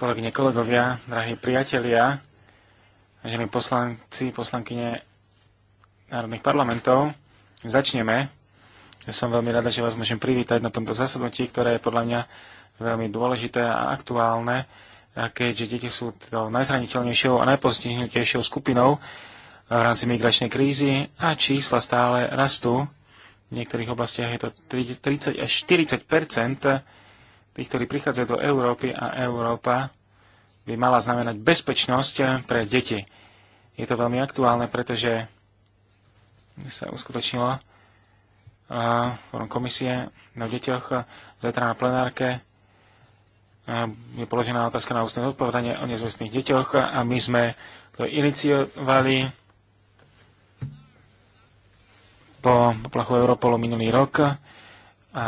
Kolegyne, kolegovia, drahí priatelia, vážení poslanci, poslankyne národných parlamentov, začneme. Ja som veľmi rada, že vás môžem privítať na tomto zasadnutí, ktoré je podľa mňa veľmi dôležité a aktuálne, keďže deti sú to najzraniteľnejšou a najpostihnutejšou skupinou v rámci migračnej krízy a čísla stále rastú v niektorých oblastiach je to 30 až 40 tých, ktorí prichádzajú do Európy a Európa by mala znamenať bezpečnosť pre deti. Je to veľmi aktuálne, pretože sa uskutočnilo fórum komisie na deťoch zajtra na plenárke je položená otázka na ústne odpovedanie o nezvestných deťoch a my sme to iniciovali po poplachu Europolu minulý rok a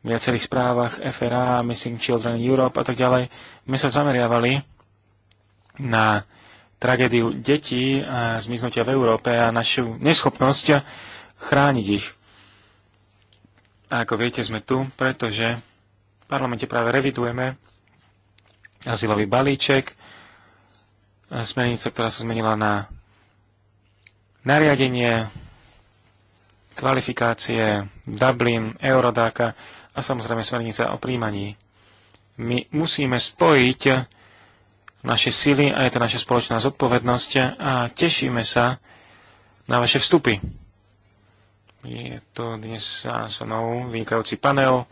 v viacerých správach FRA, Missing Children Europe a tak ďalej, my sa zameriavali na tragédiu detí a zmiznutia v Európe a našu neschopnosť chrániť ich. A ako viete, sme tu, pretože v parlamente práve revidujeme azylový balíček, smernica, ktorá sa zmenila na nariadenie kvalifikácie, Dublin, Eurodáka a samozrejme smernica o príjmaní. My musíme spojiť naše sily a je to naša spoločná zodpovednosť a tešíme sa na vaše vstupy. Je to dnes so mnou vynikajúci panel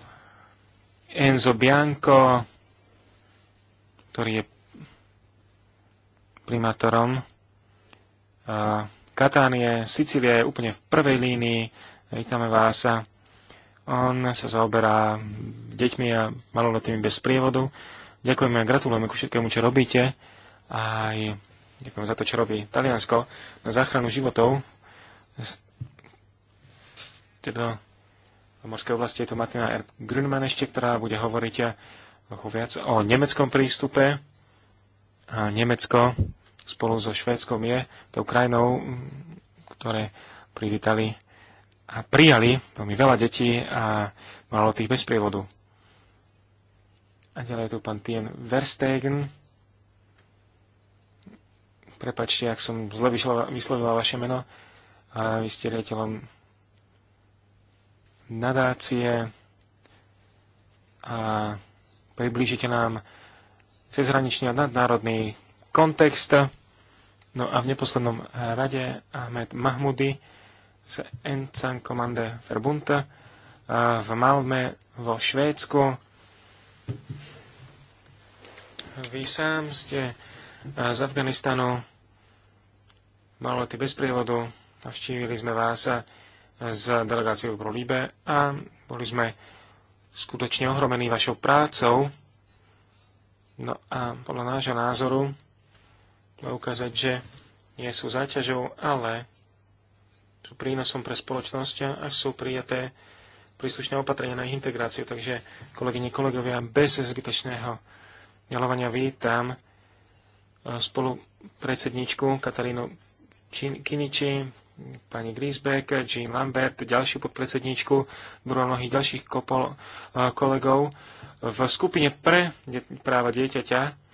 Enzo Bianco, ktorý je primátorom Katánie, Sicília je úplne v prvej línii. Vítame vás. On sa zaoberá deťmi a maloletými bez prievodu. Ďakujeme a gratulujeme ku všetkému, čo robíte. Aj ďakujem za to, čo robí Taliansko na záchranu životov. Teda v morskej oblasti je tu Martina R. Grünman ešte, ktorá bude hovoriť trochu viac o nemeckom prístupe. A Nemecko spolu so Švédskom je tou krajinou, ktoré privítali a prijali veľmi veľa detí a malo tých bez prievodu. A ďalej je tu pán Tien Verstegen. Prepačte, ak som zle vyslovila vaše meno. A vy ste riaditeľom nadácie a priblížite nám cezhraničný a nadnárodný kontext. No a v neposlednom rade Ahmed Mahmudi z Encan Komande Verbunta eh, v Malme vo Švédsku. Vy sám ste eh, z Afganistanu malolety bez prievodu. Navštívili sme vás s eh, delegáciou pro Líbe a boli sme skutočne ohromení vašou prácou. No a podľa nášho názoru ukázať, že nie sú záťažou, ale sú prínosom pre spoločnosť, až sú prijaté príslušné opatrenia na ich integráciu. Takže, kolegyne, kolegovia, bez zbytočného ďalovania vítam eh, spolu predsedničku Katarínu Kiniči, pani Griesbeck, Jean Lambert, ďalšiu podpredsedničku, budú mnohých ďalších kopol, eh, kolegov v skupine pre práva dieťaťa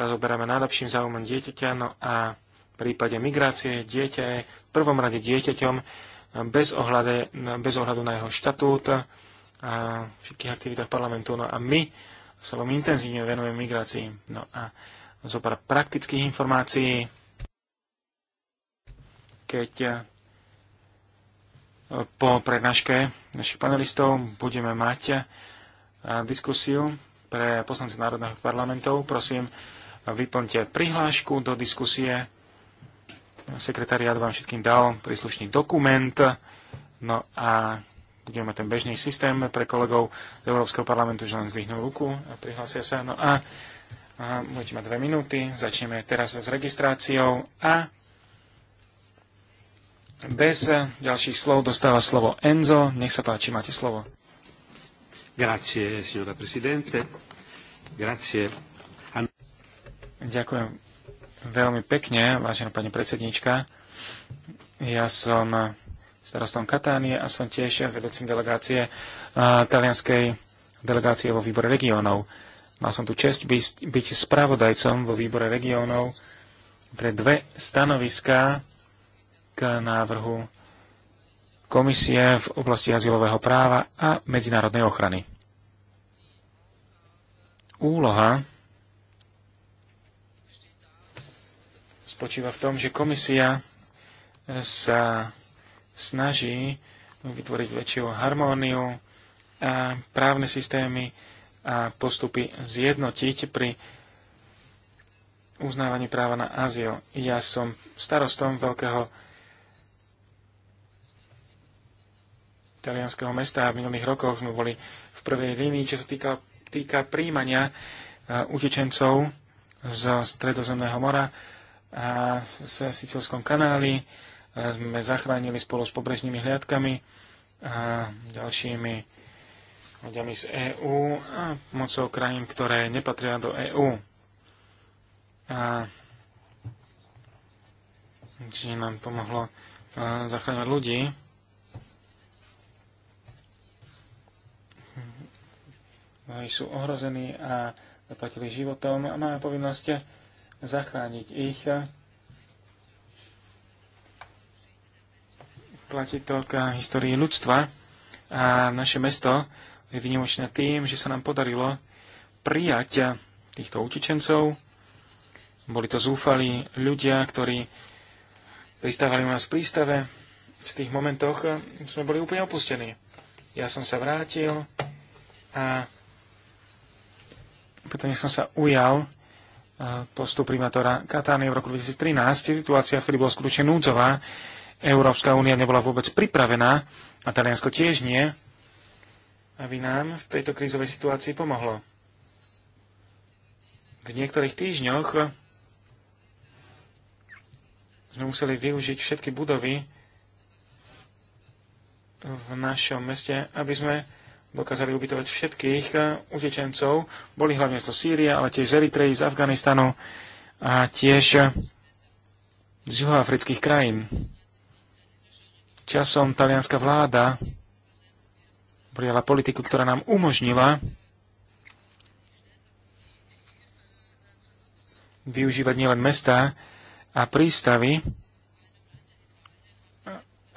Zoberáme najlepším záujmom dieťaťa, no a v prípade migrácie dieťa je v prvom rade dieťaťom bez, ohľade, bez ohľadu na jeho štatút a všetkých aktivitách parlamentu. No a my sa vám intenzívne venujeme migrácii. No a zopár praktických informácií, keď eh, po prednáške našich panelistov budeme mať eh, diskusiu pre poslancov národných parlamentov. Prosím, vyplňte prihlášku do diskusie. Sekretariát vám všetkým dal príslušný dokument. No a budeme ten bežný systém pre kolegov z Európskeho parlamentu, že len zdvihnú ruku a prihlásia sa. No a, a budete mať dve minúty. Začneme teraz s registráciou a bez ďalších slov dostáva slovo Enzo. Nech sa páči, máte slovo. Grazie, signora Presidente. Grazie Ďakujem veľmi pekne, vážená pani predsednička. Ja som starostom Katánie a som tiež vedúcim delegácie talianskej delegácie vo výbore regiónov. Mal som tu čest byť, byť spravodajcom vo výbore regiónov pre dve stanoviská k návrhu komisie v oblasti azylového práva a medzinárodnej ochrany. Úloha spočíva v tom, že komisia sa snaží vytvoriť väčšiu harmóniu a právne systémy a postupy zjednotiť pri uznávaní práva na azyl. Ja som starostom veľkého talianského mesta a v minulých rokoch sme boli v prvej línii, čo sa týka, týka príjmania eh, utečencov zo Stredozemného mora a sa Sicilskom kanáli sme zachránili spolu s pobrežnými hliadkami a ďalšími ľuďami z EÚ a mocou krajín, ktoré nepatria do EÚ. A či nám pomohlo zachrániť ľudí. Mnohí sú ohrození a zaplatili životom a máme povinnosti zachrániť ich. Platí to k histórii ľudstva a naše mesto je vynimočné tým, že sa nám podarilo prijať týchto utečencov. Boli to zúfali ľudia, ktorí pristávali u nás v prístave. V tých momentoch sme boli úplne opustení. Ja som sa vrátil a potom som sa ujal postup primátora Katány v roku 2013. Situácia vtedy bola skutočne núdzová. Európska únia nebola vôbec pripravená a Taliansko tiež nie, aby nám v tejto krízovej situácii pomohlo. V niektorých týždňoch sme museli využiť všetky budovy v našom meste, aby sme dokázali ubytovať všetkých e, utečencov. Boli hlavne z Sýrie, ale tiež z Eritreji, z Afganistanu a tiež e, z juhoafrických krajín. Časom talianská vláda prijala politiku, ktorá nám umožnila využívať nielen mesta a prístavy.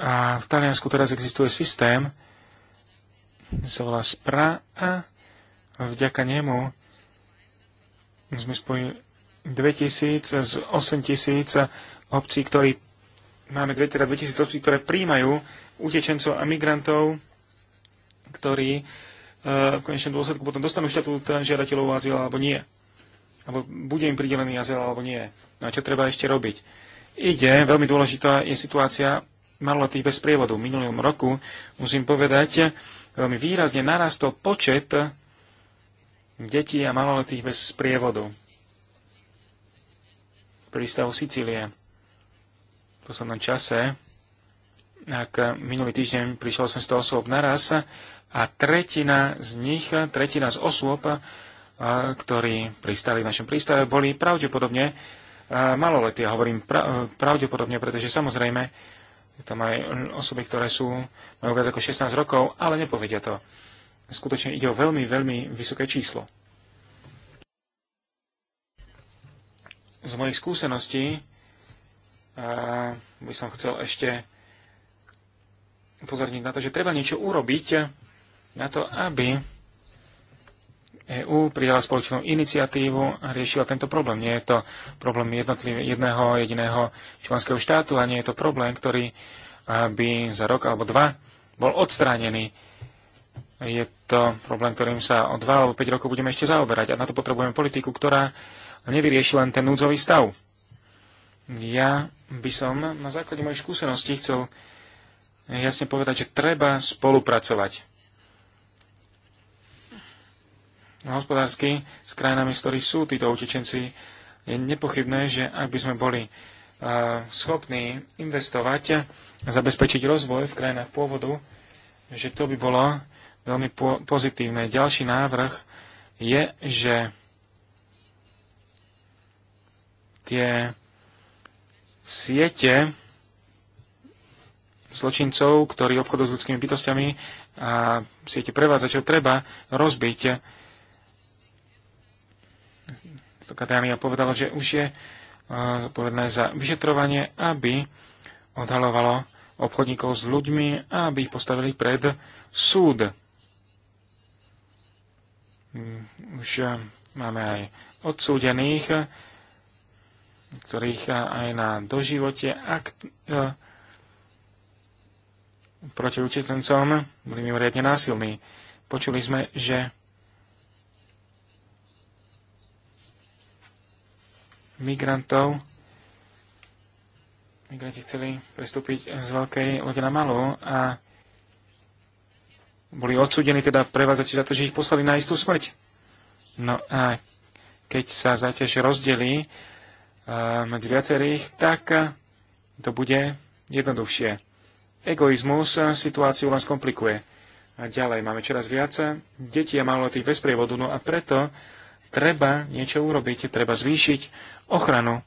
A v Taliansku teraz existuje systém, sa Spra a vďaka nemu sme spojili 2000 z 8000 obcí, ktorí máme teda 2000 obcí, ktoré príjmajú utečencov a migrantov, ktorí e, v konečnom dôsledku potom dostanú štatút žiadateľov o azyl alebo nie. Alebo bude im pridelený azyl alebo nie. No a čo treba ešte robiť? Ide, veľmi dôležitá je situácia maloletých bez prievodu. Minulom roku, musím povedať, veľmi výrazne narastol počet detí a maloletých bez prievodu. Prístavu Sicílie. V poslednom čase, ak minulý týždeň prišlo 800 osôb naraz a tretina z nich, tretina z osôb, ktorí pristali v našom prístave, boli pravdepodobne maloletí. Ja hovorím pravdepodobne, pretože samozrejme tam aj osoby, ktoré sú, majú viac ako 16 rokov, ale nepovedia to. Skutočne ide o veľmi, veľmi vysoké číslo. Z mojich skúseností by som chcel ešte upozorniť na to, že treba niečo urobiť na to, aby EÚ prijala spoločnú iniciatívu a riešila tento problém. Nie je to problém jedného jediného členského štátu a nie je to problém, ktorý by za rok alebo dva bol odstránený. Je to problém, ktorým sa o dva alebo 5 rokov budeme ešte zaoberať a na to potrebujeme politiku, ktorá nevyrieši len ten núdzový stav. Ja by som na základe mojich skúseností chcel jasne povedať, že treba spolupracovať hospodársky s krajinami, z ktorých sú títo utečenci, je nepochybné, že ak by sme boli schopní investovať a zabezpečiť rozvoj v krajinách pôvodu, že to by bolo veľmi po- pozitívne. Ďalší návrh je, že tie siete zločincov, ktorí obchodujú s ľudskými bytostiami a siete prevádzačov treba rozbiť to Katalina povedala, že už je e, zodpovedné za vyšetrovanie, aby odhalovalo obchodníkov s ľuďmi a aby ich postavili pred súd. Mm, už e, máme aj odsúdených, ktorých e, aj na doživote akt, e, proti učiteľcom boli mimoriadne násilní. Počuli sme, že migrantov. Migranti chceli prestúpiť z veľkej lode na malú a boli odsudení teda prevádzači za to, že ich poslali na istú smrť. No a keď sa záťaž rozdelí e, medzi viacerých, tak to bude jednoduchšie. Egoizmus situáciu len skomplikuje. A ďalej máme čoraz viac detí a tých bez prievodu, no a preto treba niečo urobiť, treba zvýšiť ochranu.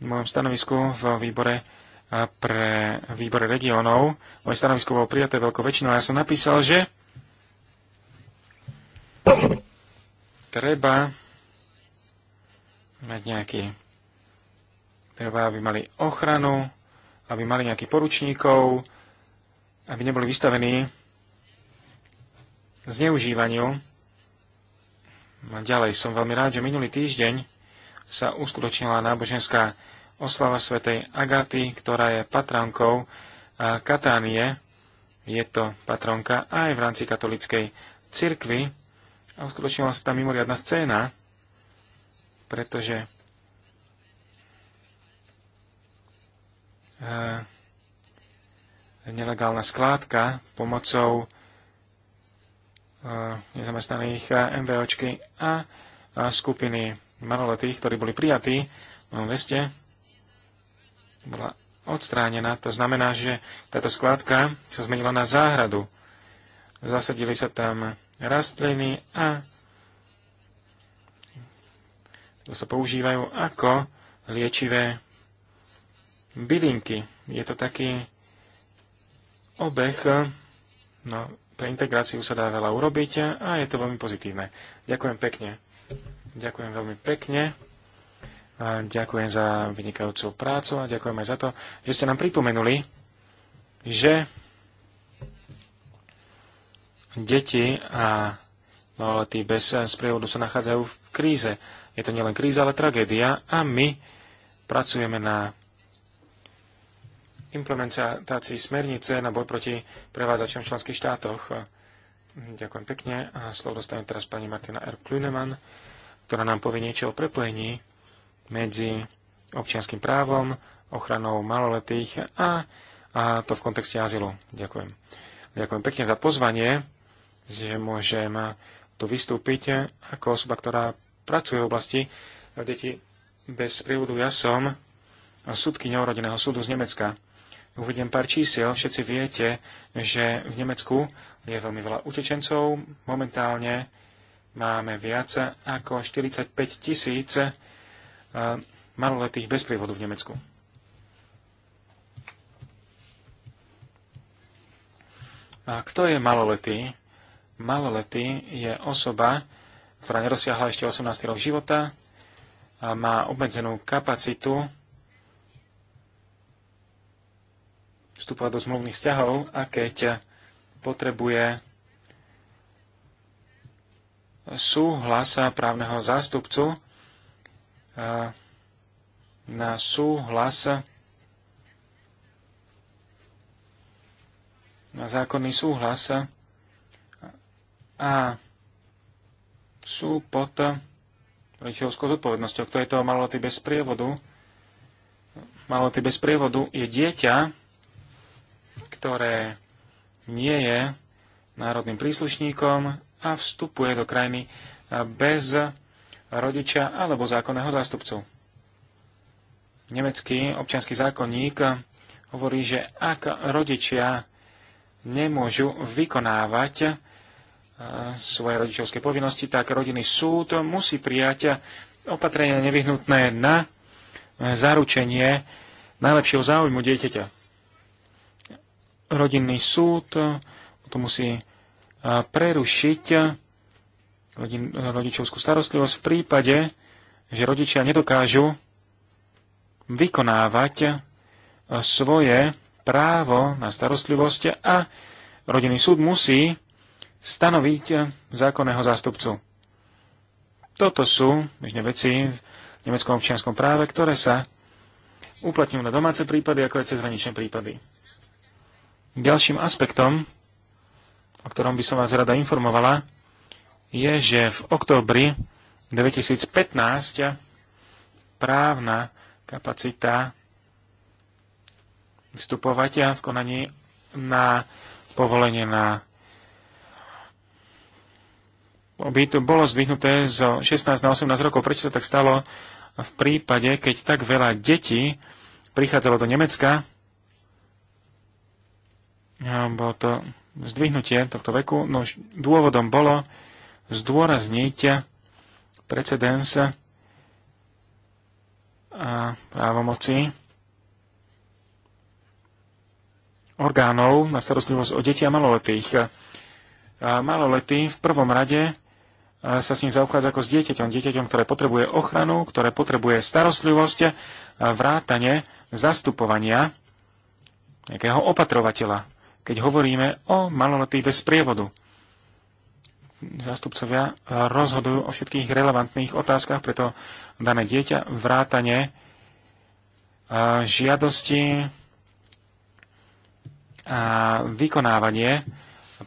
V mojom stanovisku v výbore pre výbore regionov, moje stanovisko bolo prijaté veľkou väčšinou a ja som napísal, že treba mať nejaký treba, aby mali ochranu, aby mali nejakých poručníkov, aby neboli vystavení zneužívaniu Ďalej som veľmi rád, že minulý týždeň sa uskutočnila náboženská oslava svätej Agaty, ktorá je patronkou Katánie. Je to patronka aj v rámci katolickej cirkvi. A uskutočnila sa tam mimoriadná scéna, pretože nelegálna skládka pomocou nezamestnaných MVOčky a skupiny maloletých, ktorí boli prijatí v mojom veste, bola odstránená. To znamená, že táto skládka sa zmenila na záhradu. Zasadili sa tam rastliny a to sa používajú ako liečivé bylinky. Je to taký obeh, no, pre integráciu sa dá veľa urobiť a je to veľmi pozitívne. Ďakujem pekne. Ďakujem veľmi pekne. A ďakujem za vynikajúcu prácu a ďakujem aj za to, že ste nám pripomenuli, že deti a maloletí bez sprievodu sa nachádzajú v kríze. Je to nielen kríza, ale tragédia a my pracujeme na implementácii smernice na boj proti prevádzačom v členských štátoch. Ďakujem pekne a slovo dostane teraz pani Martina R. Kluneman, ktorá nám povie niečo o prepojení medzi občianským právom, ochranou maloletých a, a to v kontexte azylu. Ďakujem. Ďakujem pekne za pozvanie, že môžem tu vystúpiť ako osoba, ktorá pracuje v oblasti detí bez prívodu Ja som súdky neurodeného súdu z Nemecka. Uvediem pár čísel. Všetci viete, že v Nemecku je veľmi veľa utečencov. Momentálne máme viac ako 45 tisíc eh, maloletých bez prievodu v Nemecku. A kto je maloletý? Maloletý je osoba, ktorá nerozsiahla ešte 18 rok života, a má obmedzenú kapacitu vstupovať do zmluvných vzťahov a keď potrebuje súhlasa právneho zástupcu na súhlas na zákonný súhlas a sú pod rodičovskou zodpovednosťou. Kto je to maloty bez prievodu? maloty bez prievodu je dieťa, ktoré nie je národným príslušníkom a vstupuje do krajiny bez rodiča alebo zákonného zástupcu. Nemecký občianský zákonník hovorí, že ak rodičia nemôžu vykonávať e, svoje rodičovské povinnosti, tak rodinný súd musí prijať opatrenia nevyhnutné na zaručenie najlepšieho záujmu dieťaťa rodinný súd potom musí prerušiť rodin, rodičovskú starostlivosť v prípade, že rodičia nedokážu vykonávať svoje právo na starostlivosť a rodinný súd musí stanoviť zákonného zástupcu. Toto sú bežné veci v nemeckom občianskom práve, ktoré sa uplatňujú na domáce prípady, ako aj cezhraničné prípady. Ďalším aspektom, o ktorom by som vás rada informovala, je, že v októbri 2015 právna kapacita vstupovať v konaní na povolenie na pobyt bolo zdvihnuté zo 16 na 18 rokov. Prečo sa tak stalo v prípade, keď tak veľa detí prichádzalo do Nemecka bolo to zdvihnutie tohto veku, no dôvodom bolo zdôrazniť precedens a právomoci orgánov na starostlivosť o deti a maloletých. A maloletí v prvom rade sa s ním zaobchádza ako s dieťaťom. Dieťaťom, ktoré potrebuje ochranu, ktoré potrebuje starostlivosť, a vrátanie, zastupovania nejakého opatrovateľa keď hovoríme o maloletých bez prievodu. Zástupcovia rozhodujú o všetkých relevantných otázkach, preto dané dieťa vrátane žiadosti a vykonávanie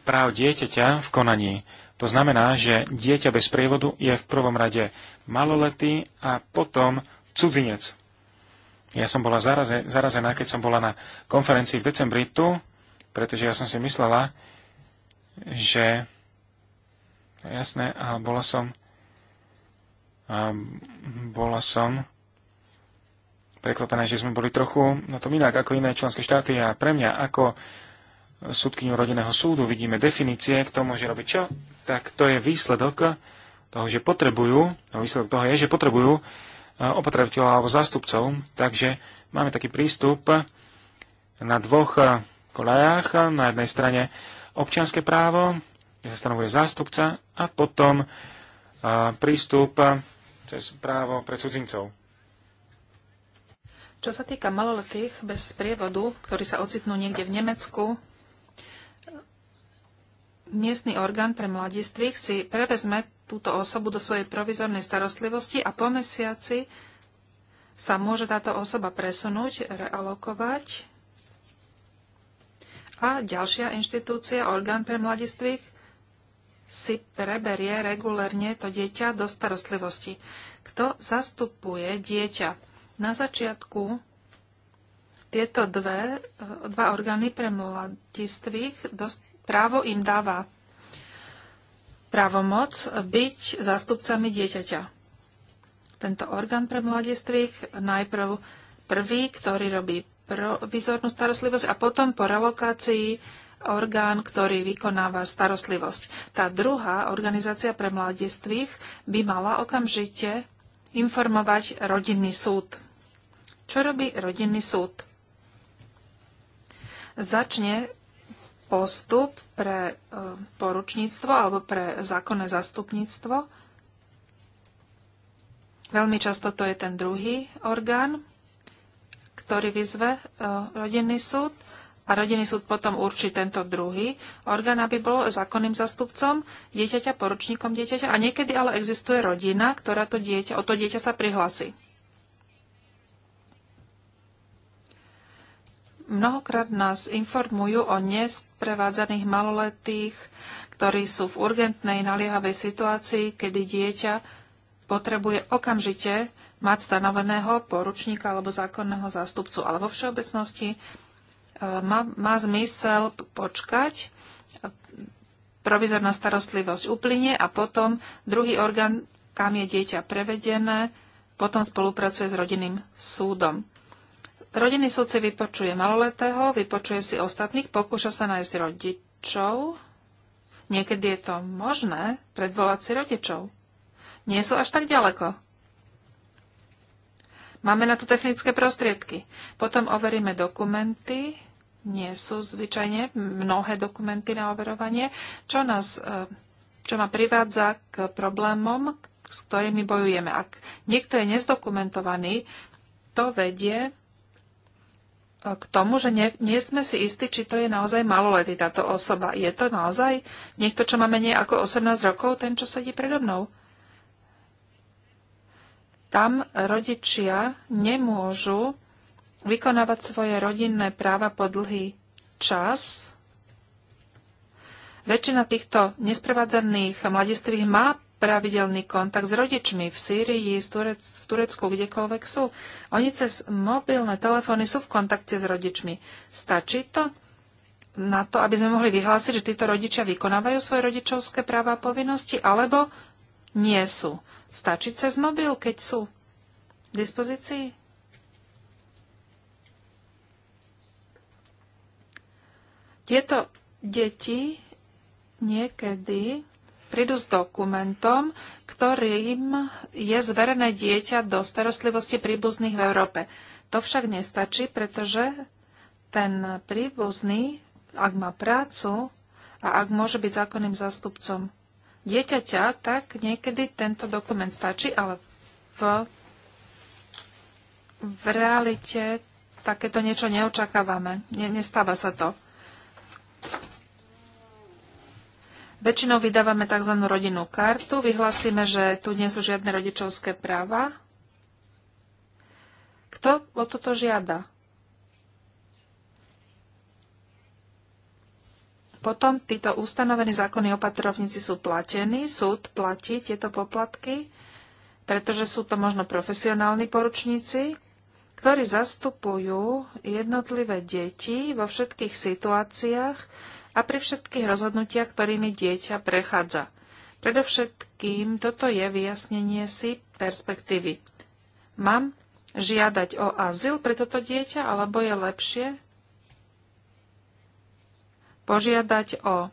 práv dieťaťa v konaní. To znamená, že dieťa bez prievodu je v prvom rade maloletý a potom cudzinec. Ja som bola zarazená, keď som bola na konferencii v decembri tu pretože ja som si myslela, že jasné, a bola som a bola som prekvapená, že sme boli trochu na no tom inak ako iné členské štáty a pre mňa ako súdkyňu rodinného súdu vidíme definície, kto môže robiť čo, tak to je výsledok toho, že potrebujú, a no výsledok toho je, že potrebujú e, opatrovateľa alebo zástupcov, takže máme taký prístup na dvoch e, kolejách, Na jednej strane občianské právo, kde sa stanovuje zástupca a potom prístup cez právo pre cudzincov. Čo sa týka maloletých bez prievodu, ktorí sa ocitnú niekde v Nemecku, miestny orgán pre mladistvých si prevezme túto osobu do svojej provizornej starostlivosti a po mesiaci sa môže táto osoba presunúť, realokovať a ďalšia inštitúcia, orgán pre mladistvých, si preberie regulérne to dieťa do starostlivosti. Kto zastupuje dieťa? Na začiatku tieto dve, dva orgány pre mladistvých dost, právo im dáva právomoc byť zástupcami dieťaťa. Tento orgán pre mladistvých najprv prvý, ktorý robí provizornú starostlivosť a potom po relokácii orgán, ktorý vykonáva starostlivosť. Tá druhá organizácia pre mladistvých by mala okamžite informovať rodinný súd. Čo robí rodinný súd? Začne postup pre e, poručníctvo alebo pre zákonné zastupníctvo. Veľmi často to je ten druhý orgán, ktorý vyzve e, rodinný súd a rodinný súd potom určí tento druhý orgán, aby bol zákonným zastupcom dieťaťa, poručníkom dieťaťa. A niekedy ale existuje rodina, ktorá to dieťa, o to dieťa sa prihlasí. Mnohokrát nás informujú o nesprevádzaných maloletých, ktorí sú v urgentnej naliehavej situácii, kedy dieťa potrebuje okamžite mať stanoveného poručníka alebo zákonného zástupcu. Ale vo všeobecnosti e, má, má zmysel počkať, provizorná starostlivosť uplynie a potom druhý orgán, kam je dieťa prevedené, potom spolupracuje s rodinným súdom. Rodinný súd si vypočuje maloletého, vypočuje si ostatných, pokúša sa nájsť rodičov. Niekedy je to možné predvolať si rodičov. Nie sú až tak ďaleko. Máme na to technické prostriedky. Potom overíme dokumenty. Nie sú zvyčajne mnohé dokumenty na overovanie, čo, nás, e, čo ma privádza k problémom, s ktorými bojujeme. Ak niekto je nezdokumentovaný, to vedie e, k tomu, že nie, nie sme si istí, či to je naozaj maloletý táto osoba. Je to naozaj niekto, čo má menej ako 18 rokov, ten, čo sedí predo mnou? tam rodičia nemôžu vykonávať svoje rodinné práva po dlhý čas. Väčšina týchto nesprevádzaných mladistvých má pravidelný kontakt s rodičmi v Sýrii, v Turecku, kdekoľvek sú. Oni cez mobilné telefóny sú v kontakte s rodičmi. Stačí to na to, aby sme mohli vyhlásiť, že títo rodičia vykonávajú svoje rodičovské práva a povinnosti, alebo nie sú stačiť cez mobil, keď sú v dispozícii? Tieto deti niekedy prídu s dokumentom, ktorým je zverené dieťa do starostlivosti príbuzných v Európe. To však nestačí, pretože ten príbuzný, ak má prácu a ak môže byť zákonným zástupcom dieťaťa, tak niekedy tento dokument stačí, ale v, v realite takéto niečo neočakávame. Ne, nestáva sa to. Väčšinou vydávame tzv. rodinnú kartu, vyhlasíme, že tu nie sú žiadne rodičovské práva. Kto o toto žiada? Potom títo ustanovení zákony opatrovníci sú platení, súd platí tieto poplatky, pretože sú to možno profesionálni poručníci, ktorí zastupujú jednotlivé deti vo všetkých situáciách a pri všetkých rozhodnutiach, ktorými dieťa prechádza. Predovšetkým toto je vyjasnenie si perspektívy. Mám žiadať o azyl pre toto dieťa, alebo je lepšie požiadať o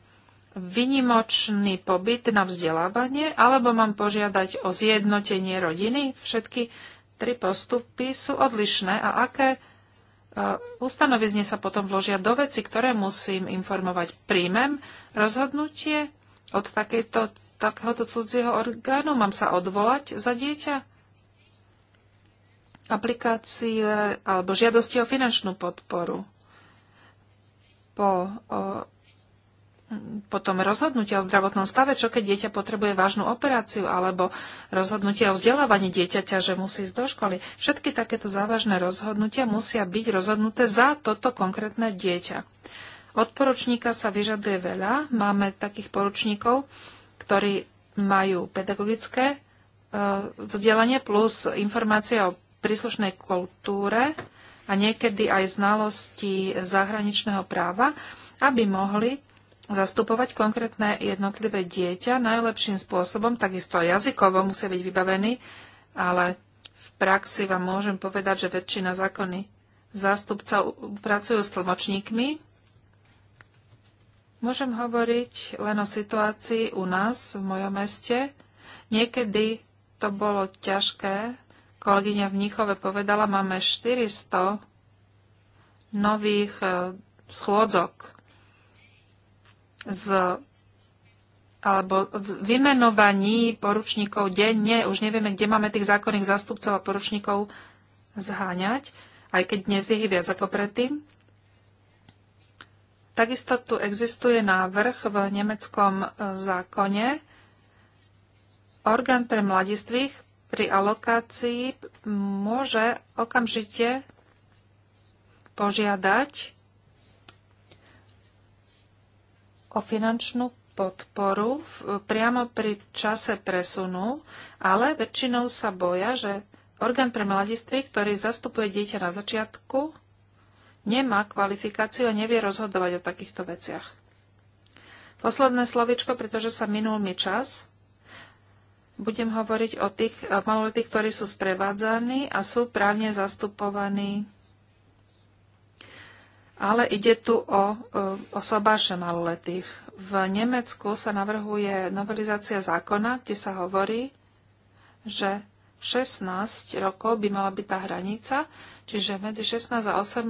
vynimočný pobyt na vzdelávanie, alebo mám požiadať o zjednotenie rodiny. Všetky tri postupy sú odlišné a aké e, ustanovizne sa potom vložia do veci, ktoré musím informovať. Príjmem rozhodnutie od takejto, takéhoto cudzieho orgánu? Mám sa odvolať za dieťa? Aplikácie alebo žiadosti o finančnú podporu? po, po tom rozhodnutí o zdravotnom stave, čo keď dieťa potrebuje vážnu operáciu, alebo rozhodnutie o vzdelávaní dieťaťa, že musí ísť do školy. Všetky takéto závažné rozhodnutia musia byť rozhodnuté za toto konkrétne dieťa. Odporučníka sa vyžaduje veľa. Máme takých poručníkov, ktorí majú pedagogické e, vzdelanie plus informácie o príslušnej kultúre a niekedy aj znalosti zahraničného práva, aby mohli zastupovať konkrétne jednotlivé dieťa najlepším spôsobom, takisto jazykovo musia byť vybavení, ale v praxi vám môžem povedať, že väčšina zákony zástupcov pracujú s tlmočníkmi. Môžem hovoriť len o situácii u nás v mojom meste. Niekedy to bolo ťažké kolegyňa v Níchove povedala, máme 400 nových e, schôdzok z alebo vymenovaní poručníkov denne, už nevieme, kde máme tých zákonných zástupcov a poručníkov zháňať, aj keď dnes je ich viac ako predtým. Takisto tu existuje návrh v nemeckom e, zákone, orgán pre mladistvých pri alokácii môže okamžite požiadať o finančnú podporu priamo pri čase presunu, ale väčšinou sa boja, že orgán pre mladiství, ktorý zastupuje dieťa na začiatku, nemá kvalifikáciu a nevie rozhodovať o takýchto veciach. Posledné slovičko, pretože sa minul mi čas. Budem hovoriť o tých eh, maloletých, ktorí sú sprevádzaní a sú právne zastupovaní. Ale ide tu o eh, osobáše maloletých. V Nemecku sa navrhuje novelizácia zákona, kde sa hovorí, že 16 rokov by mala byť tá hranica, čiže medzi 16 a 18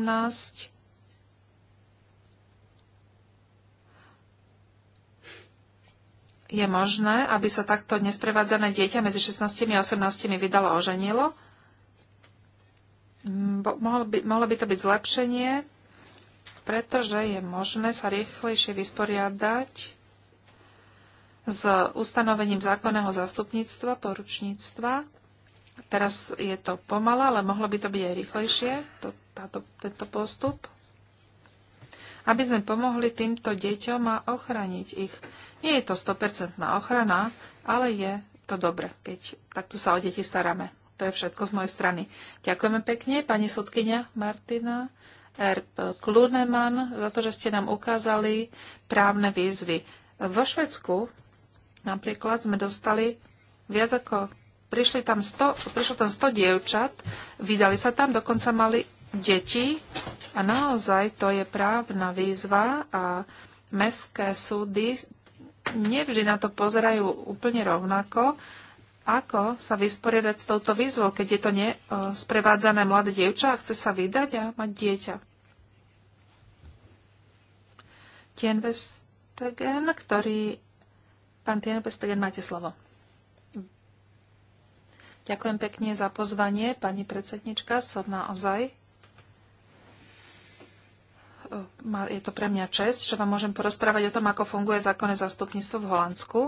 je možné, aby sa takto nesprevádzané dieťa medzi 16 a 18 vydalo oženilo. Mohlo by, mohlo by to byť zlepšenie, pretože je možné sa rýchlejšie vysporiadať s ustanovením zákonného zastupníctva, poručníctva. Teraz je to pomalé, ale mohlo by to byť aj rýchlejšie, to, táto, tento postup, aby sme pomohli týmto deťom a ochraniť ich. Nie je to 100% ochrana, ale je to dobre, keď takto sa o deti staráme. To je všetko z mojej strany. Ďakujeme pekne, pani sudkynia Martina Erb Kluneman, za to, že ste nám ukázali právne výzvy. Vo Švedsku napríklad sme dostali viac ako prišli tam 100, prišlo tam 100 dievčat, vydali sa tam, dokonca mali deti a naozaj to je právna výzva a mestské súdy nevždy na to pozerajú úplne rovnako, ako sa vysporiadať s touto výzvou, keď je to nesprevádzané mladé dievča a chce sa vydať a mať dieťa. Tienvestegen, ktorý... Pán Tienvestegen, máte slovo. Ďakujem pekne za pozvanie, pani predsednička. Som naozaj E, je to pre mňa čest, že vám môžem porozprávať o tom, ako funguje zákonné zastupníctvo v Holandsku.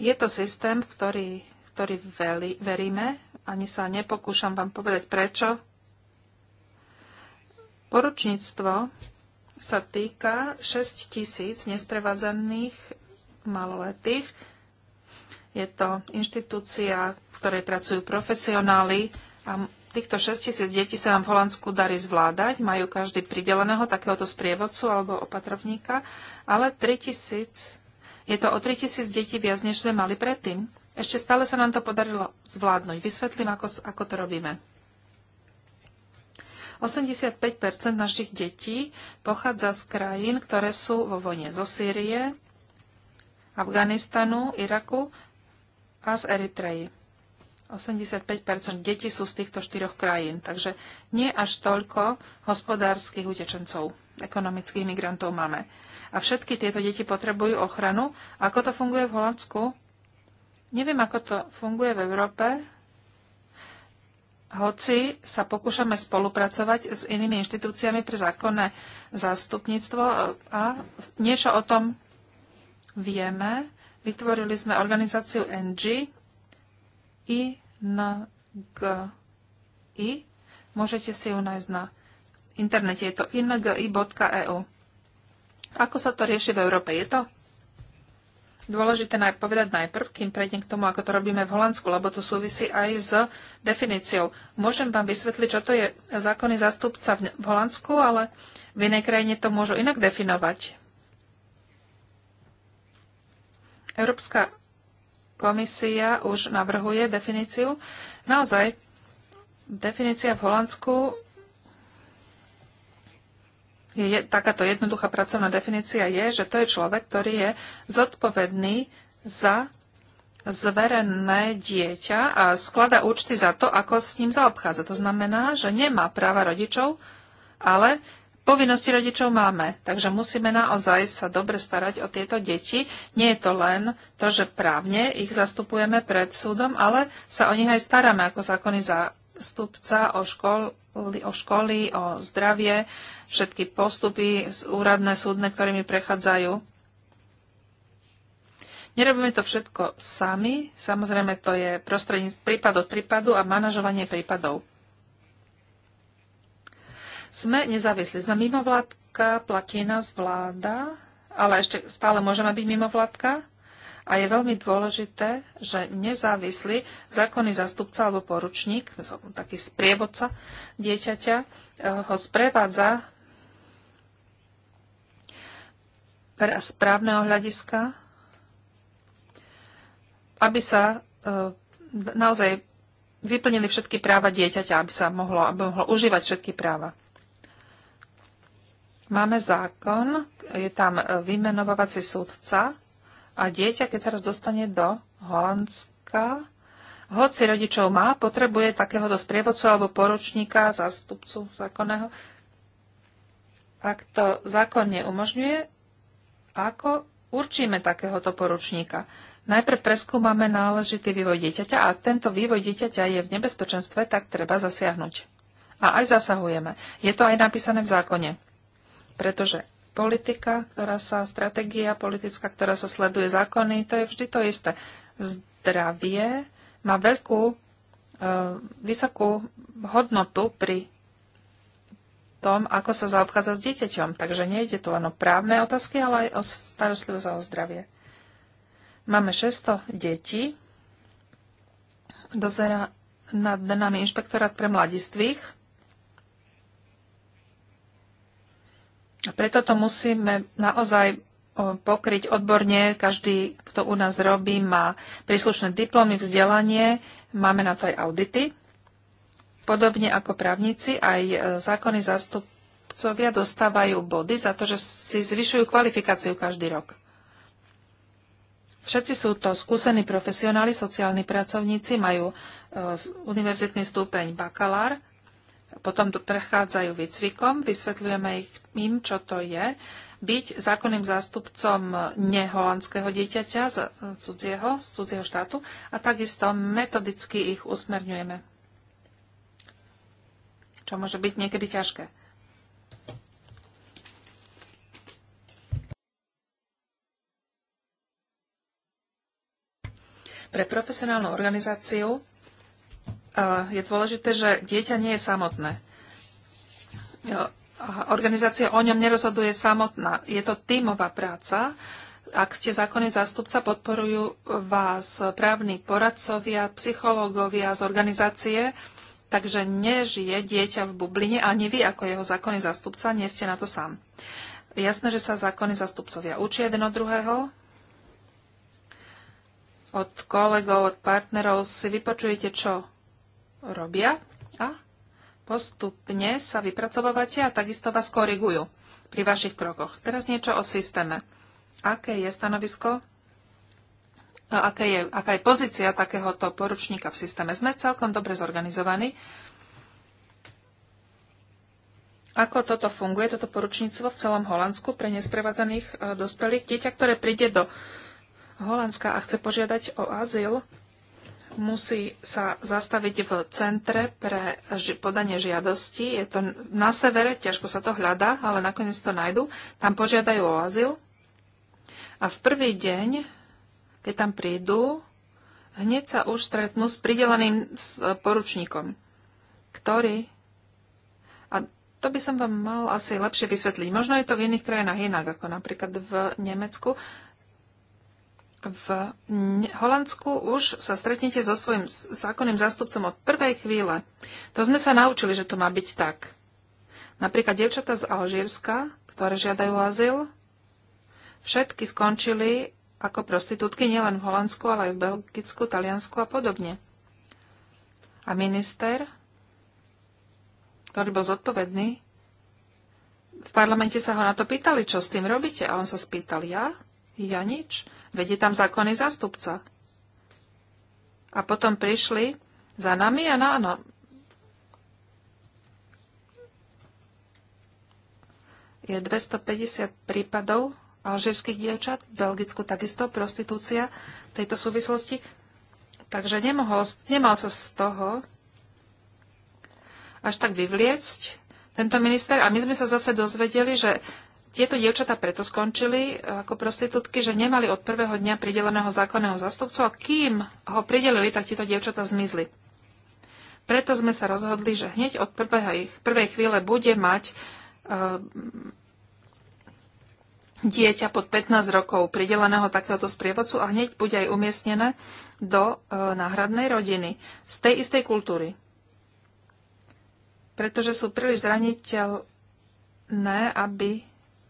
Je to systém, ktorý, ktorý veli, veríme. Ani sa nepokúšam vám povedať prečo. Poručníctvo sa týka 6 tisíc nesprevádzaných maloletých. Je to inštitúcia, v ktorej pracujú profesionáli a Týchto 6 tisíc detí sa nám v Holandsku darí zvládať, majú každý prideleného takéhoto sprievodcu alebo opatrovníka, ale 3 tisíc, je to o 3 tisíc detí viac, než sme mali predtým. Ešte stále sa nám to podarilo zvládnuť. Vysvetlím, ako, ako to robíme. 85 našich detí pochádza z krajín, ktoré sú vo vojne zo Sýrie, Afganistanu, Iraku a z Eritreji. 85 detí sú z týchto štyroch krajín, takže nie až toľko hospodárskych utečencov, ekonomických migrantov máme. A všetky tieto deti potrebujú ochranu. Ako to funguje v Holandsku? Neviem, ako to funguje v Európe, hoci sa pokúšame spolupracovať s inými inštitúciami pre zákonné zástupníctvo e, a niečo o tom vieme. Vytvorili sme organizáciu NG, i na G I. Môžete si ju nájsť na internete. Je to ingi.eu. Ako sa to rieši v Európe? Je to dôležité naj povedať najprv, kým prejdem k tomu, ako to robíme v Holandsku, lebo to súvisí aj s definíciou. Môžem vám vysvetliť, čo to je zákony zástupca v Holandsku, ale v inej krajine to môžu inak definovať. Európska Komisia už navrhuje definíciu. Naozaj, definícia v Holandsku je, je takáto jednoduchá pracovná definícia je, že to je človek, ktorý je zodpovedný za zverené dieťa a sklada účty za to, ako s ním zaobchádza. To znamená, že nemá práva rodičov, ale Povinnosti rodičov máme, takže musíme naozaj sa dobre starať o tieto deti. Nie je to len to, že právne ich zastupujeme pred súdom, ale sa o nich aj staráme ako zákony zástupca o, školy, o školy, o zdravie, všetky postupy úradné, súdne, ktorými prechádzajú. Nerobíme to všetko sami, samozrejme to je prostredníctvo prípad od prípadu a manažovanie prípadov. Sme nezávislí, sme mimovládka, platí nás vláda, ale ešte stále môžeme byť mimovládka. A je veľmi dôležité, že nezávislý zákonný zastupca alebo poručník, taký sprievodca dieťaťa, eh, ho sprevádza z právneho hľadiska, aby sa eh, naozaj vyplnili všetky práva dieťaťa, aby sa mohlo, aby mohlo užívať všetky práva. Máme zákon, je tam e, vymenovávací súdca a dieťa, keď sa raz dostane do Holandska, hoci rodičov má, potrebuje takéhoto sprievodcu alebo poručníka, zástupcu zákonného. Ak to zákon neumožňuje, ako určíme takéhoto poručníka? Najprv preskúmame náležitý vývoj dieťaťa a ak tento vývoj dieťaťa je v nebezpečenstve, tak treba zasiahnuť. A aj zasahujeme. Je to aj napísané v zákone. Pretože politika, ktorá sa, stratégia politická, ktorá sa sleduje zákony, to je vždy to isté. Zdravie má veľkú, e, vysokú hodnotu pri tom, ako sa zaobchádza s dieťaťom. Takže nejde tu len o právne otázky, ale aj o starostlivosť a o zdravie. Máme 600 detí. Dozera nad nami inšpektorát pre mladistvých Preto to musíme naozaj pokryť odborne. Každý, kto u nás robí, má príslušné diplomy, vzdelanie. Máme na to aj audity. Podobne ako právnici, aj e, zákony zástupcovia dostávajú body za to, že si zvyšujú kvalifikáciu každý rok. Všetci sú to skúsení profesionáli, sociálni pracovníci, majú e, univerzitný stupeň bakalár, potom prechádzajú výcvikom, vysvetľujeme im, čo to je, byť zákonným zástupcom neholandského dieťaťa z cudzieho, z cudzieho štátu a takisto metodicky ich usmerňujeme. Čo môže byť niekedy ťažké. Pre profesionálnu organizáciu Eh, je dôležité, že dieťa nie je samotné. Organizácia o ňom nerozhoduje samotná. Je to tímová práca. Ak ste zákonný zástupca, podporujú vás právni poradcovia, psychológovia z organizácie, takže nežije dieťa v bubline ani vy ako jeho zákonný zástupca nie ste na to sám. Jasné, že sa zákonní zastupcovia učia jeden od druhého, od kolegov, od partnerov si vypočujete, čo robia a postupne sa vypracovávate a takisto vás korigujú pri vašich krokoch. Teraz niečo o systéme. Aké je stanovisko? Aké je, aká je pozícia takéhoto poručníka v systéme? Sme celkom dobre zorganizovaní. Ako toto funguje, toto poručníctvo v celom Holandsku pre nesprevádzaných e, dospelých? Dieťa, ktoré príde do Holandska a chce požiadať o azyl, musí sa zastaviť v centre pre podanie žiadosti. Je to na severe, ťažko sa to hľadá, ale nakoniec to nájdu. Tam požiadajú o azyl. A v prvý deň, keď tam prídu, hneď sa už stretnú s prideleným poručníkom, ktorý... A to by som vám mal asi lepšie vysvetliť. Možno je to v iných krajinách inak, ako napríklad v Nemecku v Holandsku už sa stretnete so svojím zákonným zástupcom od prvej chvíle. To sme sa naučili, že to má byť tak. Napríklad dievčatá z Alžírska, ktoré žiadajú azyl, všetky skončili ako prostitútky nielen v Holandsku, ale aj v Belgicku, Taliansku a podobne. A minister, ktorý bol zodpovedný, v parlamente sa ho na to pýtali, čo s tým robíte. A on sa spýtal, ja ja nič. Veď je tam zákonný zastupca. A potom prišli za nami a na, na, no. je 250 prípadov alžírskych dievčat, v Belgicku takisto prostitúcia v tejto súvislosti. Takže nemohol, nemal sa z toho až tak vyvliecť tento minister. A my sme sa zase dozvedeli, že tieto dievčatá preto skončili eh, ako prostitútky, že nemali od prvého dňa prideleného zákonného zastupcu a kým ho pridelili, tak tieto dievčatá zmizli. Preto sme sa rozhodli, že hneď od prvej, prvej chvíle bude mať uh, dieťa pod 15 rokov prideleného takéhoto sprievodcu a hneď bude aj umiestnené do uh, náhradnej rodiny z tej istej kultúry. Pretože sú príliš zraniteľné, aby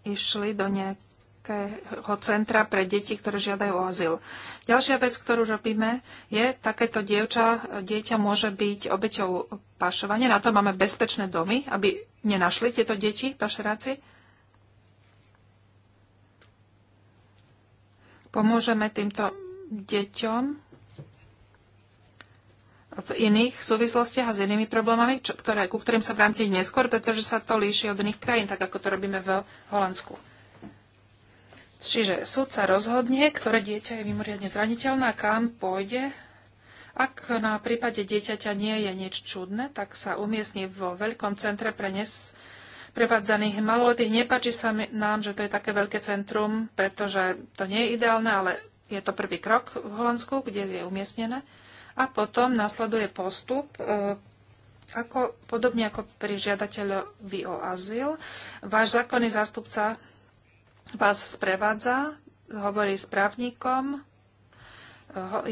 išli do nejakého centra pre deti, ktoré žiadajú o azyl. Ďalšia vec, ktorú robíme, je takéto dievča, dieťa môže byť obeťou pašovania. Na to máme bezpečné domy, aby nenašli tieto deti pašeráci. Pomôžeme týmto deťom v iných súvislostiach a s inými problémami, čo, ktoré, ku ktorým sa vrátim neskôr, pretože sa to líši od iných krajín, tak ako to robíme v Holandsku. Čiže súd sa rozhodne, ktoré dieťa je mimoriadne zraniteľné a kam pôjde. Ak na prípade dieťaťa nie je nič čudné, tak sa umiestni vo veľkom centre pre nes prevádzaných maloletých. Nepáči sa nám, že to je také veľké centrum, pretože to nie je ideálne, ale je to prvý krok v Holandsku, kde je umiestnené. A potom nasleduje postup, e, ako, podobne ako pri žiadateľovi o azyl. Váš zákonný zástupca vás sprevádza, hovorí s právnikom, e,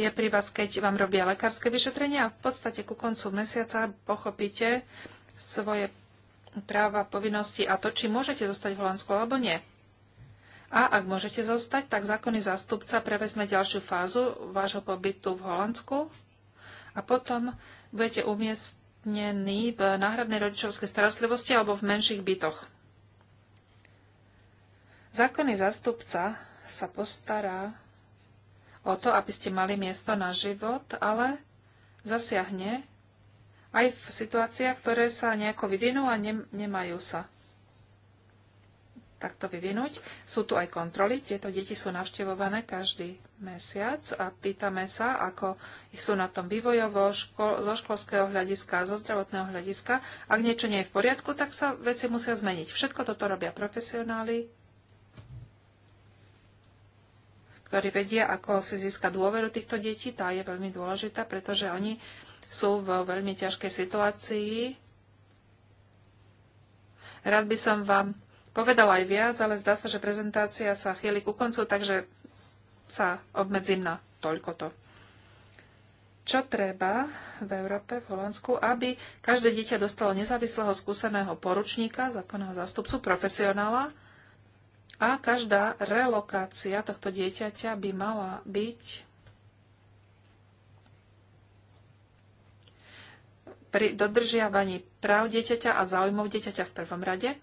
je pri vás, keď vám robia lekárske vyšetrenia a v podstate ku koncu mesiaca pochopíte svoje práva, povinnosti a to, či môžete zostať v Holandsku alebo nie. A ak môžete zostať, tak zákonný zástupca prevezme ďalšiu fázu vášho pobytu v Holandsku a potom budete umiestnení v náhradnej rodičovskej starostlivosti alebo v menších bytoch. Zákonný zastupca sa postará o to, aby ste mali miesto na život, ale zasiahne aj v situáciách, ktoré sa nejako vyvinú a nemajú sa takto vyvinúť. Sú tu aj kontroly. Tieto deti sú navštevované každý mesiac a pýtame sa, ako sú na tom vývojovo, ško- zo školského hľadiska, zo zdravotného hľadiska. Ak niečo nie je v poriadku, tak sa veci musia zmeniť. Všetko toto robia profesionáli, ktorí vedia, ako si získa dôveru týchto detí. Tá je veľmi dôležitá, pretože oni sú v veľmi ťažkej situácii. Rád by som vám povedala aj viac, ale zdá sa, že prezentácia sa chýli ku koncu, takže sa obmedzím na toľkoto. Čo treba v Európe, v Holandsku, aby každé dieťa dostalo nezávislého skúseného poručníka, zákonného zástupcu, profesionála a každá relokácia tohto dieťaťa by mala byť pri dodržiavaní práv dieťaťa a záujmov dieťaťa v prvom rade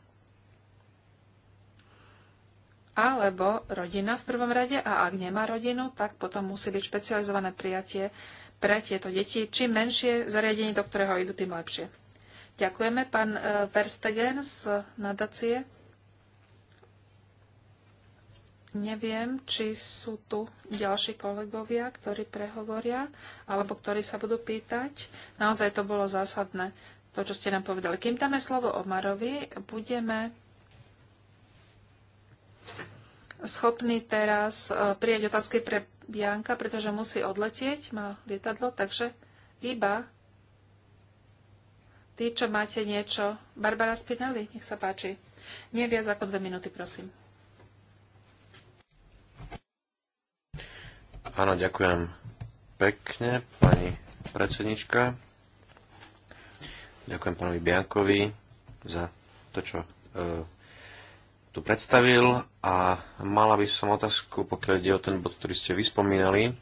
alebo rodina v prvom rade a ak nemá rodinu, tak potom musí byť špecializované prijatie pre tieto deti. Čím menšie zariadenie, do ktorého idú, tým lepšie. Ďakujeme, pán e, Verstegen z nadácie. Neviem, či sú tu ďalší kolegovia, ktorí prehovoria, alebo ktorí sa budú pýtať. Naozaj to bolo zásadné, to, čo ste nám povedali. Kým dáme slovo Omarovi, budeme schopný teraz e, prijať otázky pre Bianka, pretože musí odletieť, má lietadlo, takže iba tí, čo máte niečo. Barbara Spinelli, nech sa páči. Nie viac ako dve minúty, prosím. Áno, ďakujem pekne, pani predsednička. Ďakujem pánovi Biankovi za to, čo e, tu predstavil a mala by som otázku, pokiaľ ide o ten bod, ktorý ste vyspomínali.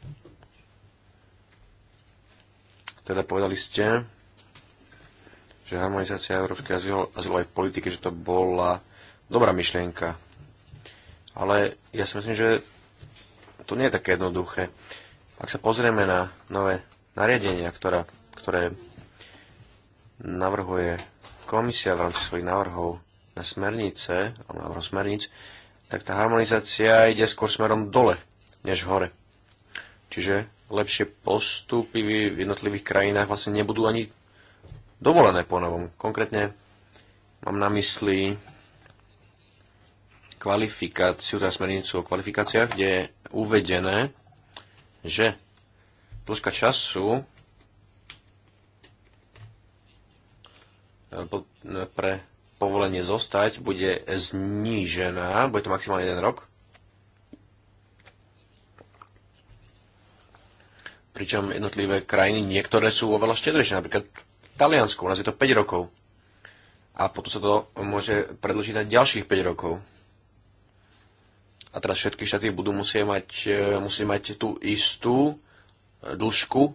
Teda povedali ste, že harmonizácia európskej azylovej politiky, že to bola dobrá myšlienka. Ale ja si myslím, že to nie je také jednoduché. Ak sa pozrieme na nové nariadenia, ktorá, ktoré navrhuje komisia v rámci svojich návrhov, na smernice, alebo návrhom smerníc, tak tá harmonizácia ide skôr smerom dole, než hore. Čiže lepšie postupy v jednotlivých krajinách vlastne nebudú ani dovolené po novom. Konkrétne mám na mysli kvalifikáciu, teda smernicu o kvalifikáciách, kde je uvedené, že dĺžka času eh, pre povolenie zostať, bude znížená, bude to maximálne jeden rok. Pričom jednotlivé krajiny, niektoré sú oveľa štedrejšie, napríklad Taliansko, u nás je to 5 rokov. A potom sa to môže predlžiť na ďalších 5 rokov. A teraz všetky štáty budú musieť mať, e, musieť mať tú istú dĺžku e,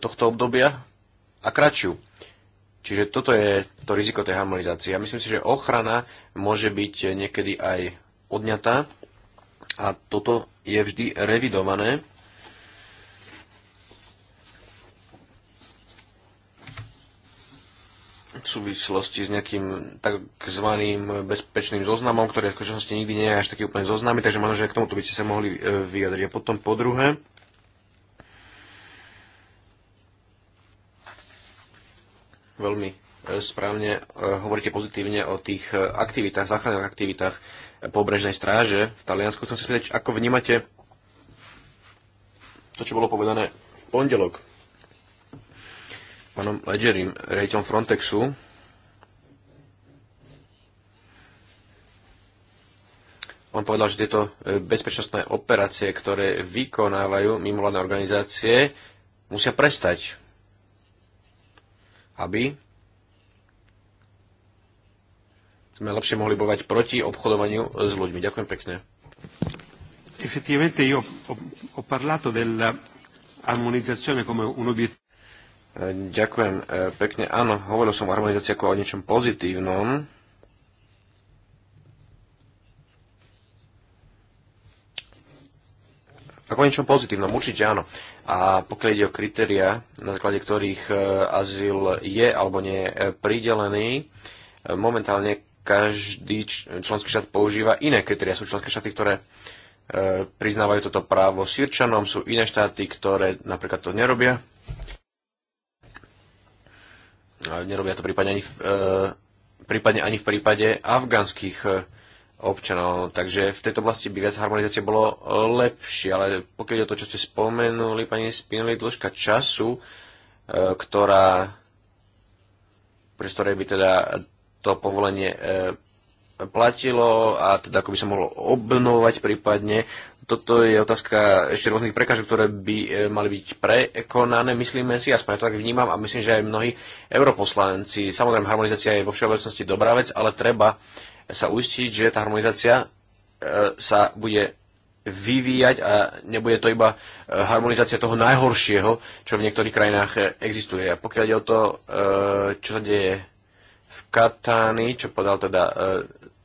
tohto obdobia a kratšiu. Čiže toto je to riziko tej harmonizácie. Ja myslím si, že ochrana môže byť niekedy aj odňatá a toto je vždy revidované. v súvislosti s nejakým takzvaným bezpečným zoznamom, ktorý v skutočnosti nikdy nie je až taký úplne zoznamy, takže možno, že k tomuto by ste sa mohli e, vyjadriť. A potom po druhé, veľmi e, správne e, hovoríte pozitívne o tých e, aktivitách, záchranných aktivitách pobrežnej stráže v Taliansku. Chcem sa spýtať, ako vnímate to, čo bolo povedané v pondelok pánom Ledgerim, rejtom Frontexu, On povedal, že tieto bezpečnostné operácie, ktoré vykonávajú mimovládne organizácie, musia prestať aby sme lepšie mohli bovať proti obchodovaniu s ľuďmi. Ďakujem pekne. io ho, come un obiettivo. Ďakujem eh, pekne. Áno, hovoril som o harmonizácii ako o niečom pozitívnom ako niečom pozitívnom, určite áno. A pokiaľ ide o kritéria, na základe ktorých e, azyl je alebo nie je pridelený, e, momentálne každý členský štát používa iné kritéria. Sú členské štáty, ktoré e, priznávajú toto právo sírčanom, sú iné štáty, ktoré napríklad to nerobia. Nerobia to prípadne ani v, prípadne ani v prípade afgánskych občanov. Takže v tejto oblasti by viac harmonizácie bolo e, lepšie, ale pokiaľ je to, čo ste spomenuli, pani Spinelli, dĺžka času, e, ktorá pri ktorej by teda to povolenie e, platilo a teda ako by sa mohlo obnovať prípadne. Toto je otázka ešte rôznych prekážok, ktoré by mali byť prekonané, myslíme si, aspoň ja to tak vnímam a myslím, že aj mnohí europoslanci. Samozrejme, harmonizácia je vo všeobecnosti dobrá vec, ale treba sa uistiť, že tá harmonizácia e, sa bude vyvíjať a nebude to iba e, harmonizácia toho najhoršieho, čo v niektorých krajinách e, existuje. A pokiaľ ide o to, čo sa deje v Katáni, čo podal teda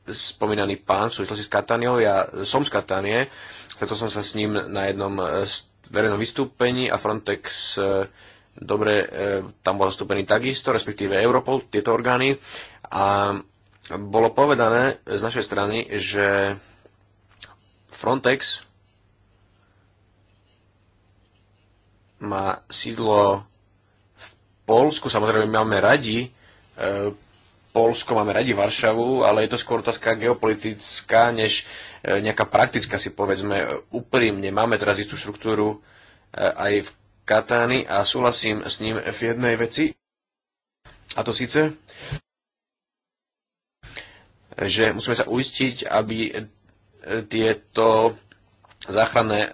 spomínaný pán v súvislosti s Katániou, ja som z Katánie, preto som sa s ním na jednom verejnom vystúpení a Frontex dobre tam bol zastúpený takisto, respektíve Europol, tieto orgány a bolo povedané z našej strany, že Frontex má sídlo v Polsku. Samozrejme, máme radi e, Polsko, máme radi Varšavu, ale je to skôr otázka geopolitická, než e, nejaká praktická, si povedzme e, úprimne. Máme teraz istú štruktúru aj v Katány a súhlasím s ním v jednej veci. A to síce, že musíme sa uistiť, aby tieto záchranné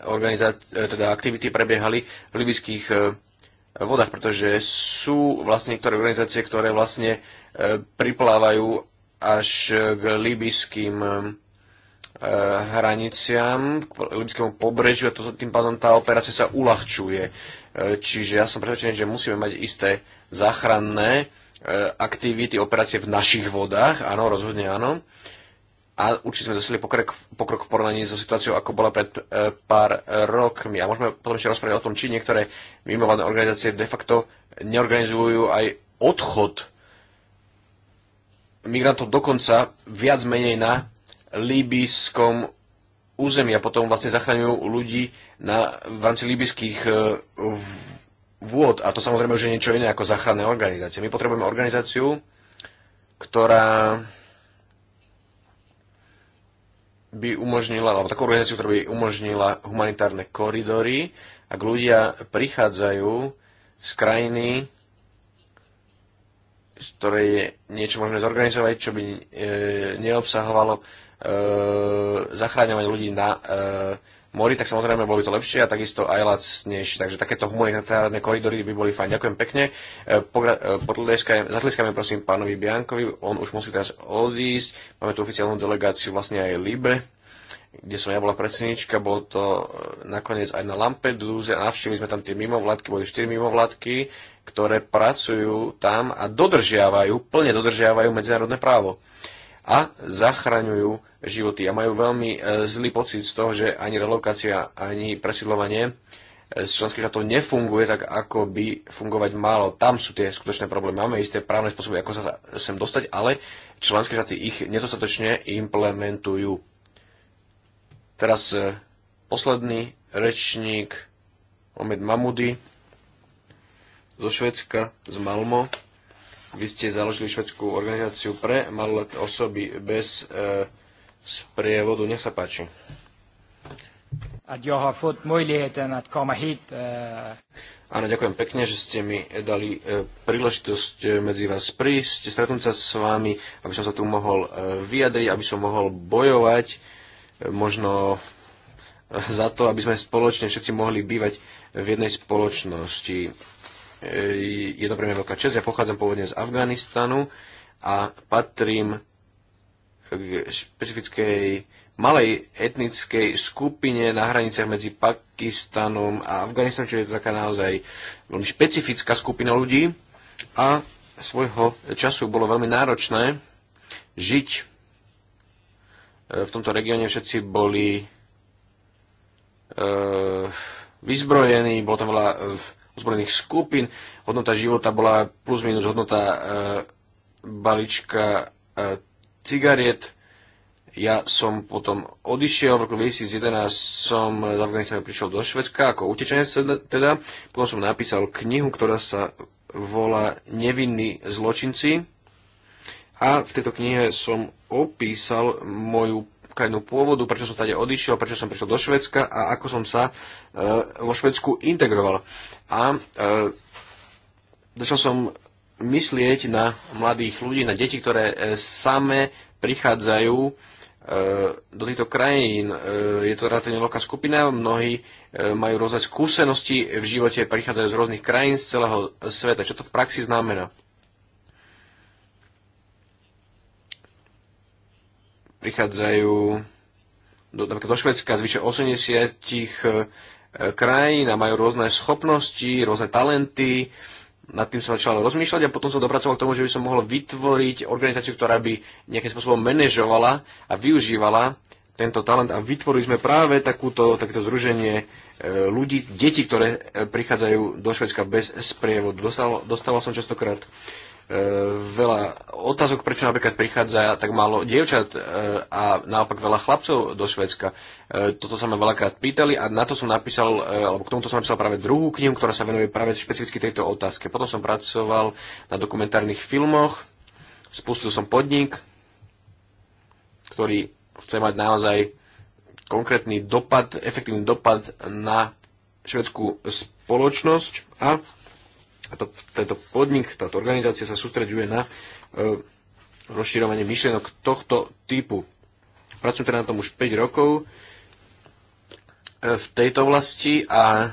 teda aktivity prebiehali v libyských e, vodách, pretože sú vlastne niektoré organizácie, ktoré vlastne e, priplávajú až k libyským e, hraniciam, k libyskému pobrežiu a to, tým pádom tá operácia sa uľahčuje. Čiže ja som presvedčený, že musíme mať isté záchranné Eh, aktivity, operácie v našich vodách, áno, rozhodne áno. A určite sme dosiahli pokrok, pokrok v porovnaní so situáciou, ako bola pred e, pár rokmi. A môžeme potom ešte rozprávať o tom, či niektoré mimovládne organizácie de facto neorganizujú aj odchod migrantov dokonca viac menej na líbyskom území a potom vlastne zachraňujú ľudí na, v rámci líbyských e, v, vôd. A to samozrejme už je niečo iné ako záchranné organizácie. My potrebujeme organizáciu, ktorá by umožnila, alebo takú organizáciu, ktorá by umožnila humanitárne koridory, ak ľudia prichádzajú z krajiny, z ktorej je niečo možné zorganizovať, čo by e, neobsahovalo e, zachráňovať ľudí na e, mori, tak samozrejme bolo by to lepšie a takisto aj lacnejšie. Takže takéto humanitárne koridory by boli fajn. Ďakujem pekne. E, e, Zatliskáme prosím pánovi Biankovi, on už musí teraz odísť. Máme tu oficiálnu delegáciu vlastne aj Libe kde som ja bola predsednička, bolo to e, nakoniec aj na Lampedúze a navštívili sme tam tie mimovládky, boli 4 mimovládky, ktoré pracujú tam a dodržiavajú, plne dodržiavajú medzinárodné právo. Uh, a zachraňujú životy a majú veľmi e, zlý pocit z toho, že ani relokácia, ani presidlovanie e, z členských štátov nefunguje tak, ako by fungovať málo. Tam sú tie skutočné problémy. Máme isté právne spôsoby, ako sa sem dostať, ale členské štáty ich nedostatočne implementujú. Teraz e, posledný rečník Omed Mamudi zo Švedska, z Malmo. Vy ste založili švedskú organizáciu pre maloleté osoby bez e, sprievodu. Nech sa páči. E, Áno, ďakujem pekne, že ste mi dali e, príležitosť e, medzi vás prísť, stretnúť sa s vami, aby som sa tu mohol vyjadriť, aby som mohol bojovať možno za to, aby sme spoločne všetci mohli bývať v jednej spoločnosti E, je to pre mňa veľká čest. Ja pochádzam pôvodne z Afganistanu a patrím k špecifickej malej etnickej skupine na hraniciach medzi Pakistanom a Afganistanom, čo je to taká naozaj veľmi špecifická skupina ľudí a svojho času bolo veľmi náročné žiť e, v tomto regióne. Všetci boli e, vyzbrojení, bolo tam veľa ozbrojených skupín. Hodnota života bola plus minus hodnota e, balíčka e, cigariet. Ja som potom odišiel, v roku 2011 som z Afganistanu prišiel do Švedska ako utečenec teda, teda. Potom som napísal knihu, ktorá sa volá Nevinní zločinci. A v tejto knihe som opísal moju krajinu pôvodu, prečo som tady odišiel, prečo som prišiel do Švedska a ako som sa eh, vo Švedsku integroval. A eh, začal som myslieť na mladých ľudí, na deti, ktoré eh, same prichádzajú do týchto krajín. Je to relatívne veľká skupina, mnohí majú rôzne skúsenosti v živote, prichádzajú z rôznych krajín z celého sveta. Čo to v praxi znamená? prichádzajú do, napríklad do Švedska z vyše 80 eh, krajín a majú rôzne schopnosti, rôzne talenty. Nad tým som začal rozmýšľať a potom som dopracoval k tomu, že by som mohol vytvoriť organizáciu, ktorá by nejakým spôsobom manažovala a využívala tento talent a vytvorili sme práve takúto, takéto združenie eh, ľudí, detí, ktoré eh, prichádzajú do Švedska bez sprievodu. Dostal, dostával som častokrát E, veľa otázok, prečo napríklad prichádza tak málo dievčat e, a naopak veľa chlapcov do Švedska. E, toto sa ma veľakrát pýtali a na to som napísal, alebo k tomuto som napísal práve druhú knihu, ktorá sa venuje práve špecificky tejto otázke. Potom som pracoval na dokumentárnych filmoch, spustil som podnik, ktorý chce mať naozaj konkrétny dopad, efektívny dopad na švedskú spoločnosť a a to, tento podnik, táto organizácia sa sústreďuje na e, rozširovanie myšlienok tohto typu. Pracujem teda na tom už 5 rokov e, v tejto oblasti a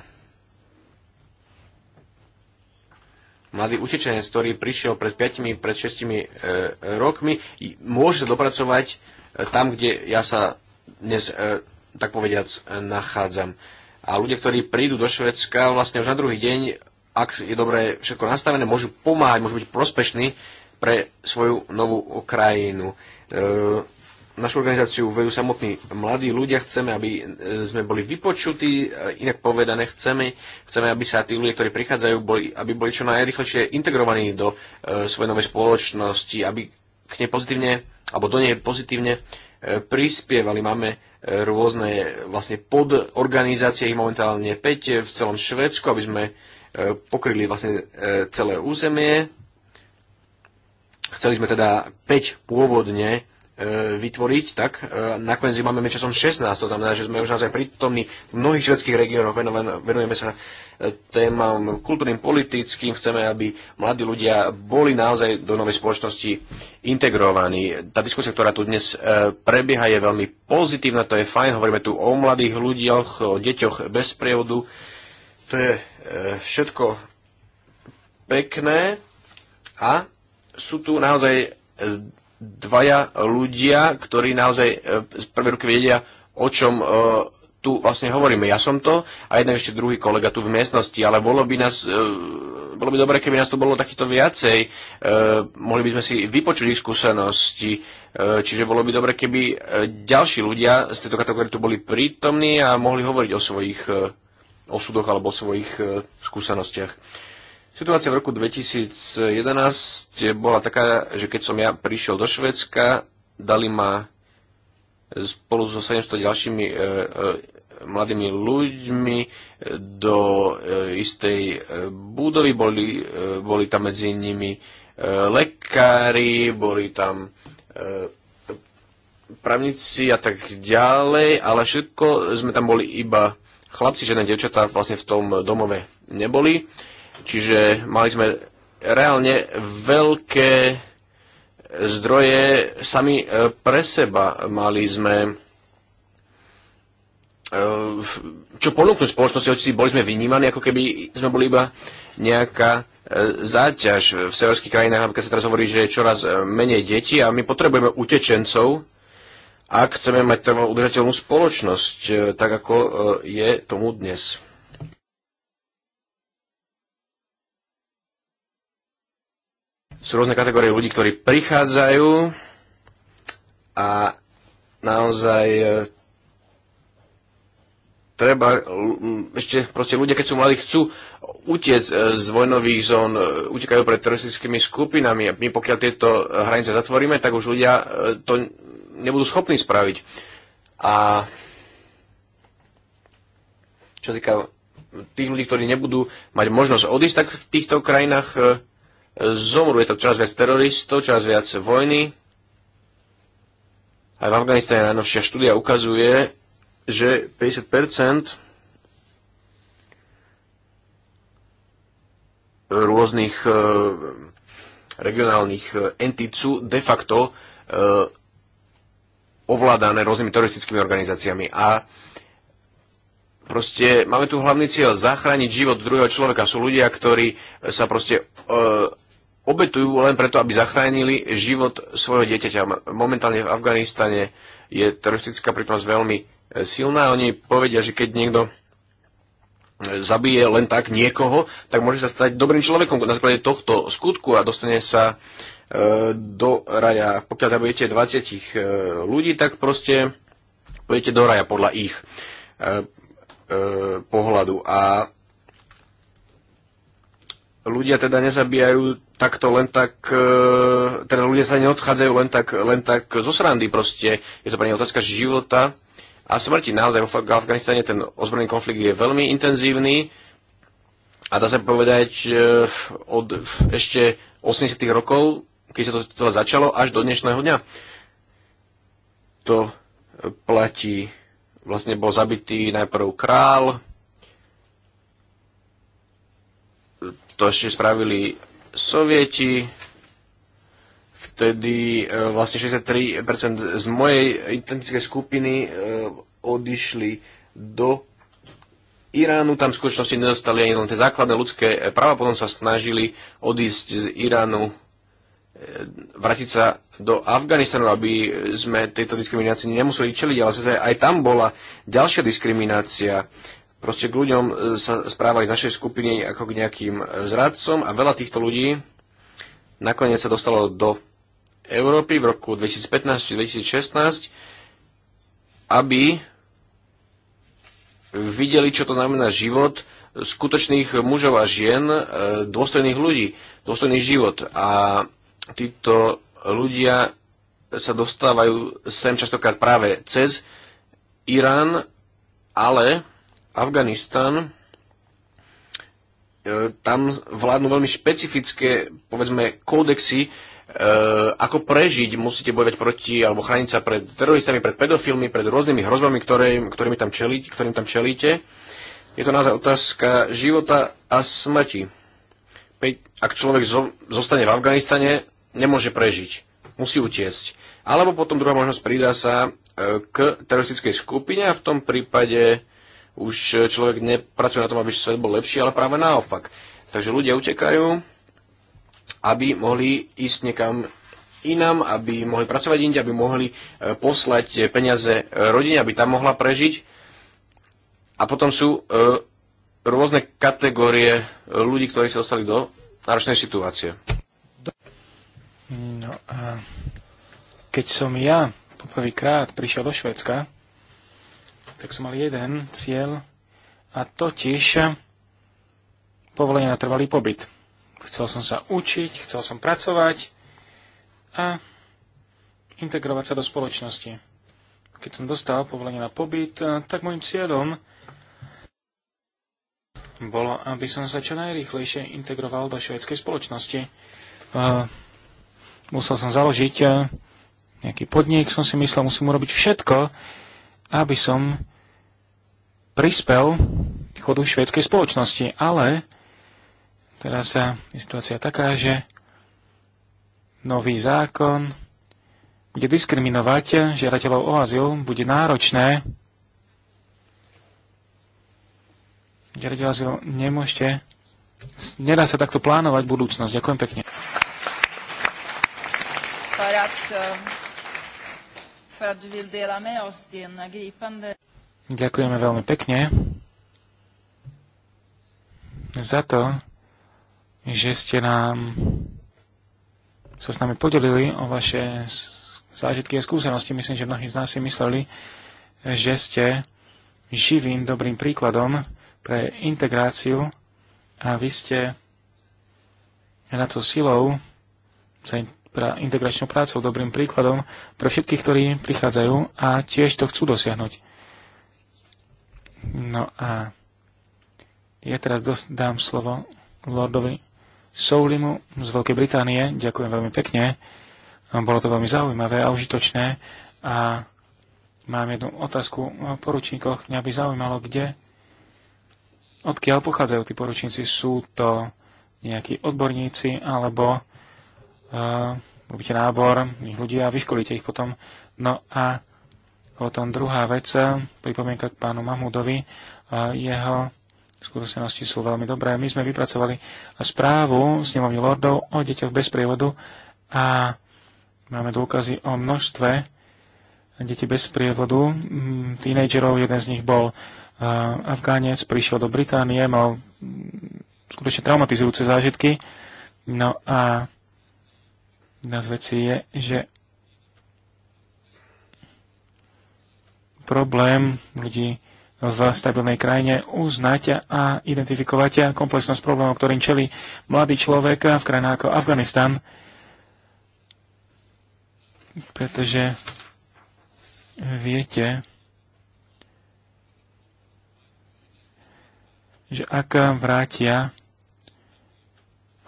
mladý utečenec, ktorý prišiel pred 5, pred 6 e, rokmi, môže sa dopracovať e, tam, kde ja sa dnes, e, tak povediac, nachádzam. A ľudia, ktorí prídu do Švedska, vlastne už na druhý deň ak je dobre všetko nastavené, môžu pomáhať, môžu byť prospešní pre svoju novú krajinu. E, našu organizáciu vedú samotní mladí ľudia, chceme, aby e, sme boli vypočutí, e, inak povedané chceme, chceme, aby sa tí ľudia, ktorí prichádzajú, boli, aby boli čo najrychlejšie integrovaní do svojej novej spoločnosti, aby k nej pozitívne, alebo do nej pozitívne prispievali. Máme rôzne vlastne podorganizácie, ich momentálne 5 v celom Švedsku, aby sme E, pokryli vlastne e, celé územie. Chceli sme teda 5 pôvodne e, vytvoriť, tak nakoniec máme časom 16, to znamená, že sme už naozaj prítomní v mnohých švedských regiónoch, venujeme sa témam kultúrnym, politickým, chceme, aby mladí ľudia boli naozaj do novej spoločnosti integrovaní. Tá diskusia, ktorá tu dnes prebieha, je veľmi pozitívna, to je fajn, hovoríme tu o mladých ľuďoch, o deťoch bez prievodu, to je e, všetko pekné a sú tu naozaj e, dvaja ľudia, ktorí naozaj e, z prvej ruky vedia, o čom tu vlastne hovoríme. Ja som to a jeden ešte druhý kolega tu v miestnosti, ale bolo by, nás, bolo by dobre, keby nás tu bolo takýchto viacej. Mohli by sme si vypočuť ich skúsenosti, čiže bolo by dobre, keby ďalší ľudia z tejto kategórie tu boli prítomní a mohli hovoriť o svojich osudoch alebo o svojich e, skúsenostiach. Situácia v roku 2011 bola taká, že keď som ja prišiel do Švedska, dali ma spolu so 700 ďalšími e, e, mladými ľuďmi e, do e, istej e, budovy. Boli, e, boli tam medzi nimi e, lekári, boli tam e, a tak ďalej, ale všetko sme tam boli iba chlapci, žiadne devčatá vlastne v tom domove neboli, čiže mali sme reálne veľké zdroje sami e, pre seba. Mali sme e, čo ponúknuť spoločnosti, hoci boli sme vynímaní, ako keby sme boli iba nejaká e, záťaž. V severských krajinách napríklad sa teraz hovorí, že je čoraz menej detí a my potrebujeme utečencov, ak chceme mať trvalo udržateľnú spoločnosť, e, tak ako e, je tomu dnes. Sú rôzne kategórie ľudí, ktorí prichádzajú a naozaj e, treba, ešte proste ľudia, keď sú mladí, chcú utiec z vojnových zón, utekajú pred teroristickými skupinami. My pokiaľ tieto hranice zatvoríme, tak už ľudia to nebudú schopní spraviť. A čo týka tých ľudí, ktorí nebudú mať možnosť odísť, tak v týchto krajinách e, zomruje Je to čoraz viac teroristov, čoraz viac vojny. Aj v Afganistane najnovšia štúdia ukazuje, že 50% rôznych e, regionálnych e, entit sú de facto ovládané rôznymi teroristickými organizáciami. A proste máme tu hlavný cieľ zachrániť život druhého človeka. Sú ľudia, ktorí sa proste uh, obetujú len preto, aby zachránili život svojho dieťaťa. Momentálne v Afganistane je teroristická prítomnosť veľmi e, silná. Oni povedia, že keď niekto zabije len tak niekoho, tak môže sa stať dobrým človekom na základe tohto skutku a dostane sa do raja. Pokiaľ tam budete 20 eh, ľudí, tak proste pôjdete do raja podľa ich eh, eh, pohľadu. A ľudia teda nezabíjajú takto len tak, teda ľudia sa neodchádzajú len tak, len tak zo srandy proste. Je to pre otázka života a smrti. Naozaj v Afganistane ten ozbrojený konflikt je veľmi intenzívny a dá sa povedať od ešte 80 rokov keď sa to celé začalo až do dnešného dňa. To platí, vlastne bol zabitý najprv král, to ešte spravili sovieti, vtedy e, vlastne 63% z mojej identickej skupiny e, odišli do Iránu, tam v skutočnosti nedostali ani len tie základné ľudské práva, potom sa snažili odísť z Iránu vrátiť sa do Afganistanu, aby sme tejto diskriminácii nemuseli čeliť, ale zase aj tam bola ďalšia diskriminácia. Proste k ľuďom e, sa správali z našej skupiny ako k nejakým e, zradcom a veľa týchto ľudí nakoniec sa dostalo do Európy v roku 2015 či 2016, aby videli, čo to znamená život skutočných mužov a žien, e, dôstojných ľudí, dôstojný život. A títo ľudia sa dostávajú sem častokrát práve cez Irán, ale Afganistan, e, tam vládnu veľmi špecifické, povedzme, kódexy, e, ako prežiť, musíte bojovať proti, alebo chrániť sa pred teroristami, pred pedofilmi, pred rôznymi hrozbami, ktoré, ktorými tam čelíte, ktorým tam čelíte. Je to naozaj otázka života a smrti. Ak človek zostane v Afganistane, nemôže prežiť, musí utiesť. Alebo potom druhá možnosť pridá sa e, k teroristickej skupine a v tom prípade už človek nepracuje na tom, aby svet bol lepší, ale práve naopak. Takže ľudia utekajú, aby mohli ísť niekam inám, aby mohli pracovať inde, aby mohli e, poslať peniaze e, rodine, aby tam mohla prežiť. A potom sú rôzne kategórie ľudí, ktorí sa dostali do náročnej situácie. No a keď som ja poprvýkrát prišiel do Švedska, tak som mal jeden cieľ, a totiž povolenie na trvalý pobyt. Chcel som sa učiť, chcel som pracovať a integrovať sa do spoločnosti. Keď som dostal povolenie na pobyt, tak môjim cieľom bolo, aby som sa čo najrýchlejšie integroval do švedskej spoločnosti musel som založiť eh, nejaký podnik, som si myslel, musím urobiť všetko, aby som prispel k chodu švédskej spoločnosti. Ale teraz je situácia taká, že nový zákon bude diskriminovať žiadateľov o azyl, bude náročné. Žiadateľ azyl nemôžete. Nedá sa takto plánovať budúcnosť. Ďakujem pekne för att, eh, för att du vill dela med oss eh, gripande... Ďakujeme veľmi pekne za to, že ste nám sa s nami podelili o vaše zážitky a skúsenosti. Myslím, že mnohí z nás si mysleli, že ste živým dobrým príkladom pre integráciu a vy ste hracou silou pra, integračnou prácou, dobrým príkladom pre všetkých, ktorí prichádzajú a tiež to chcú dosiahnuť. No a ja teraz dos- dám slovo Lordovi Soulimu z Veľkej Británie. Ďakujem veľmi pekne. Bolo to veľmi zaujímavé a užitočné. A mám jednu otázku o poručníkoch. Mňa by zaujímalo, kde, odkiaľ pochádzajú tí poručníci. Sú to nejakí odborníci alebo robíte nábor ich ľudí a vyškolíte ich potom. No a potom druhá vec, pripomienka k pánu Mahmudovi, jeho skúsenosti sú veľmi dobré. My sme vypracovali správu s nemovní lordov o deťoch bez prievodu a máme dôkazy o množstve detí bez prievodu. Mm, Tínejdžerov, jeden z nich bol Afgánec, prišiel do Británie, mal mm, skutočne traumatizujúce zážitky. No a Jedna z vecí je, že problém ľudí v stabilnej krajine uznať a identifikovať komplexnosť problémov, ktorým čeli mladý človek v krajinách ako Afganistan, pretože viete, že ak vrátia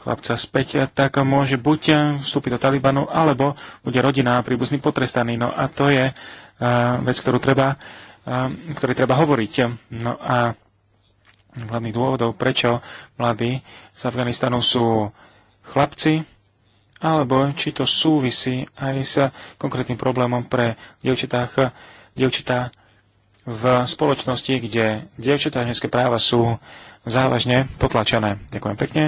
chlapca späť, tak môže buď vstúpiť do Talibanu, alebo bude rodina a príbuzný potrestaný. No a to je eh, vec, ktorú treba, eh, ktorej treba hovoriť. No a hlavných dôvodov, prečo mladí z Afganistanu sú chlapci, alebo či to súvisí aj s konkrétnym problémom pre dievčatá v spoločnosti, kde dievčatá a ženské práva sú závažne potlačené. Ďakujem pekne.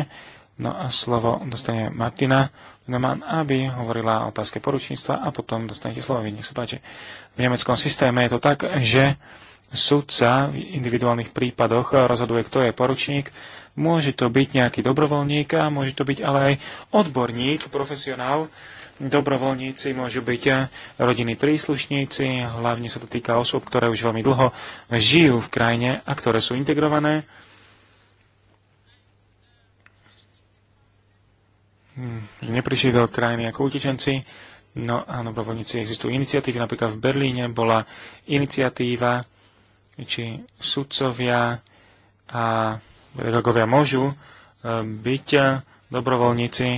No a slovo dostane Martina Neumann, aby hovorila o otázke poručníctva a potom dostanete slovo vy, nech sa páči. V nemeckom systéme je to tak, že sudca v individuálnych prípadoch rozhoduje, kto je poručník. Môže to byť nejaký dobrovoľník a môže to byť ale aj odborník, profesionál. Dobrovoľníci môžu byť rodinní príslušníci, hlavne sa to týka osôb, ktoré už veľmi dlho žijú v krajine a ktoré sú integrované Hm, neprišli do krajiny ako utečenci. No a dobrovoľníci existujú iniciatívy, napríklad v Berlíne bola iniciatíva, či sudcovia a rogovia môžu e, byť dobrovoľníci,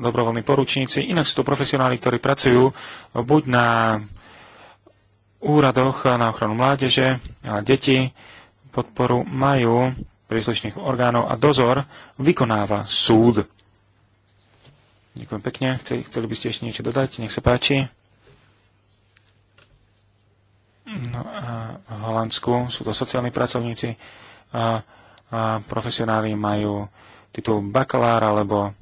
dobrovoľní poručníci. Inak sú to profesionáli, ktorí pracujú buď na úradoch na ochranu mládeže a deti, podporu majú príslušných orgánov a dozor vykonáva súd. Ďakujem pekne. Chceli, chceli by ste ešte niečo dodať? Nech sa páči. No a v Holandsku sú to sociálni pracovníci a, a profesionáli majú titul bakalár alebo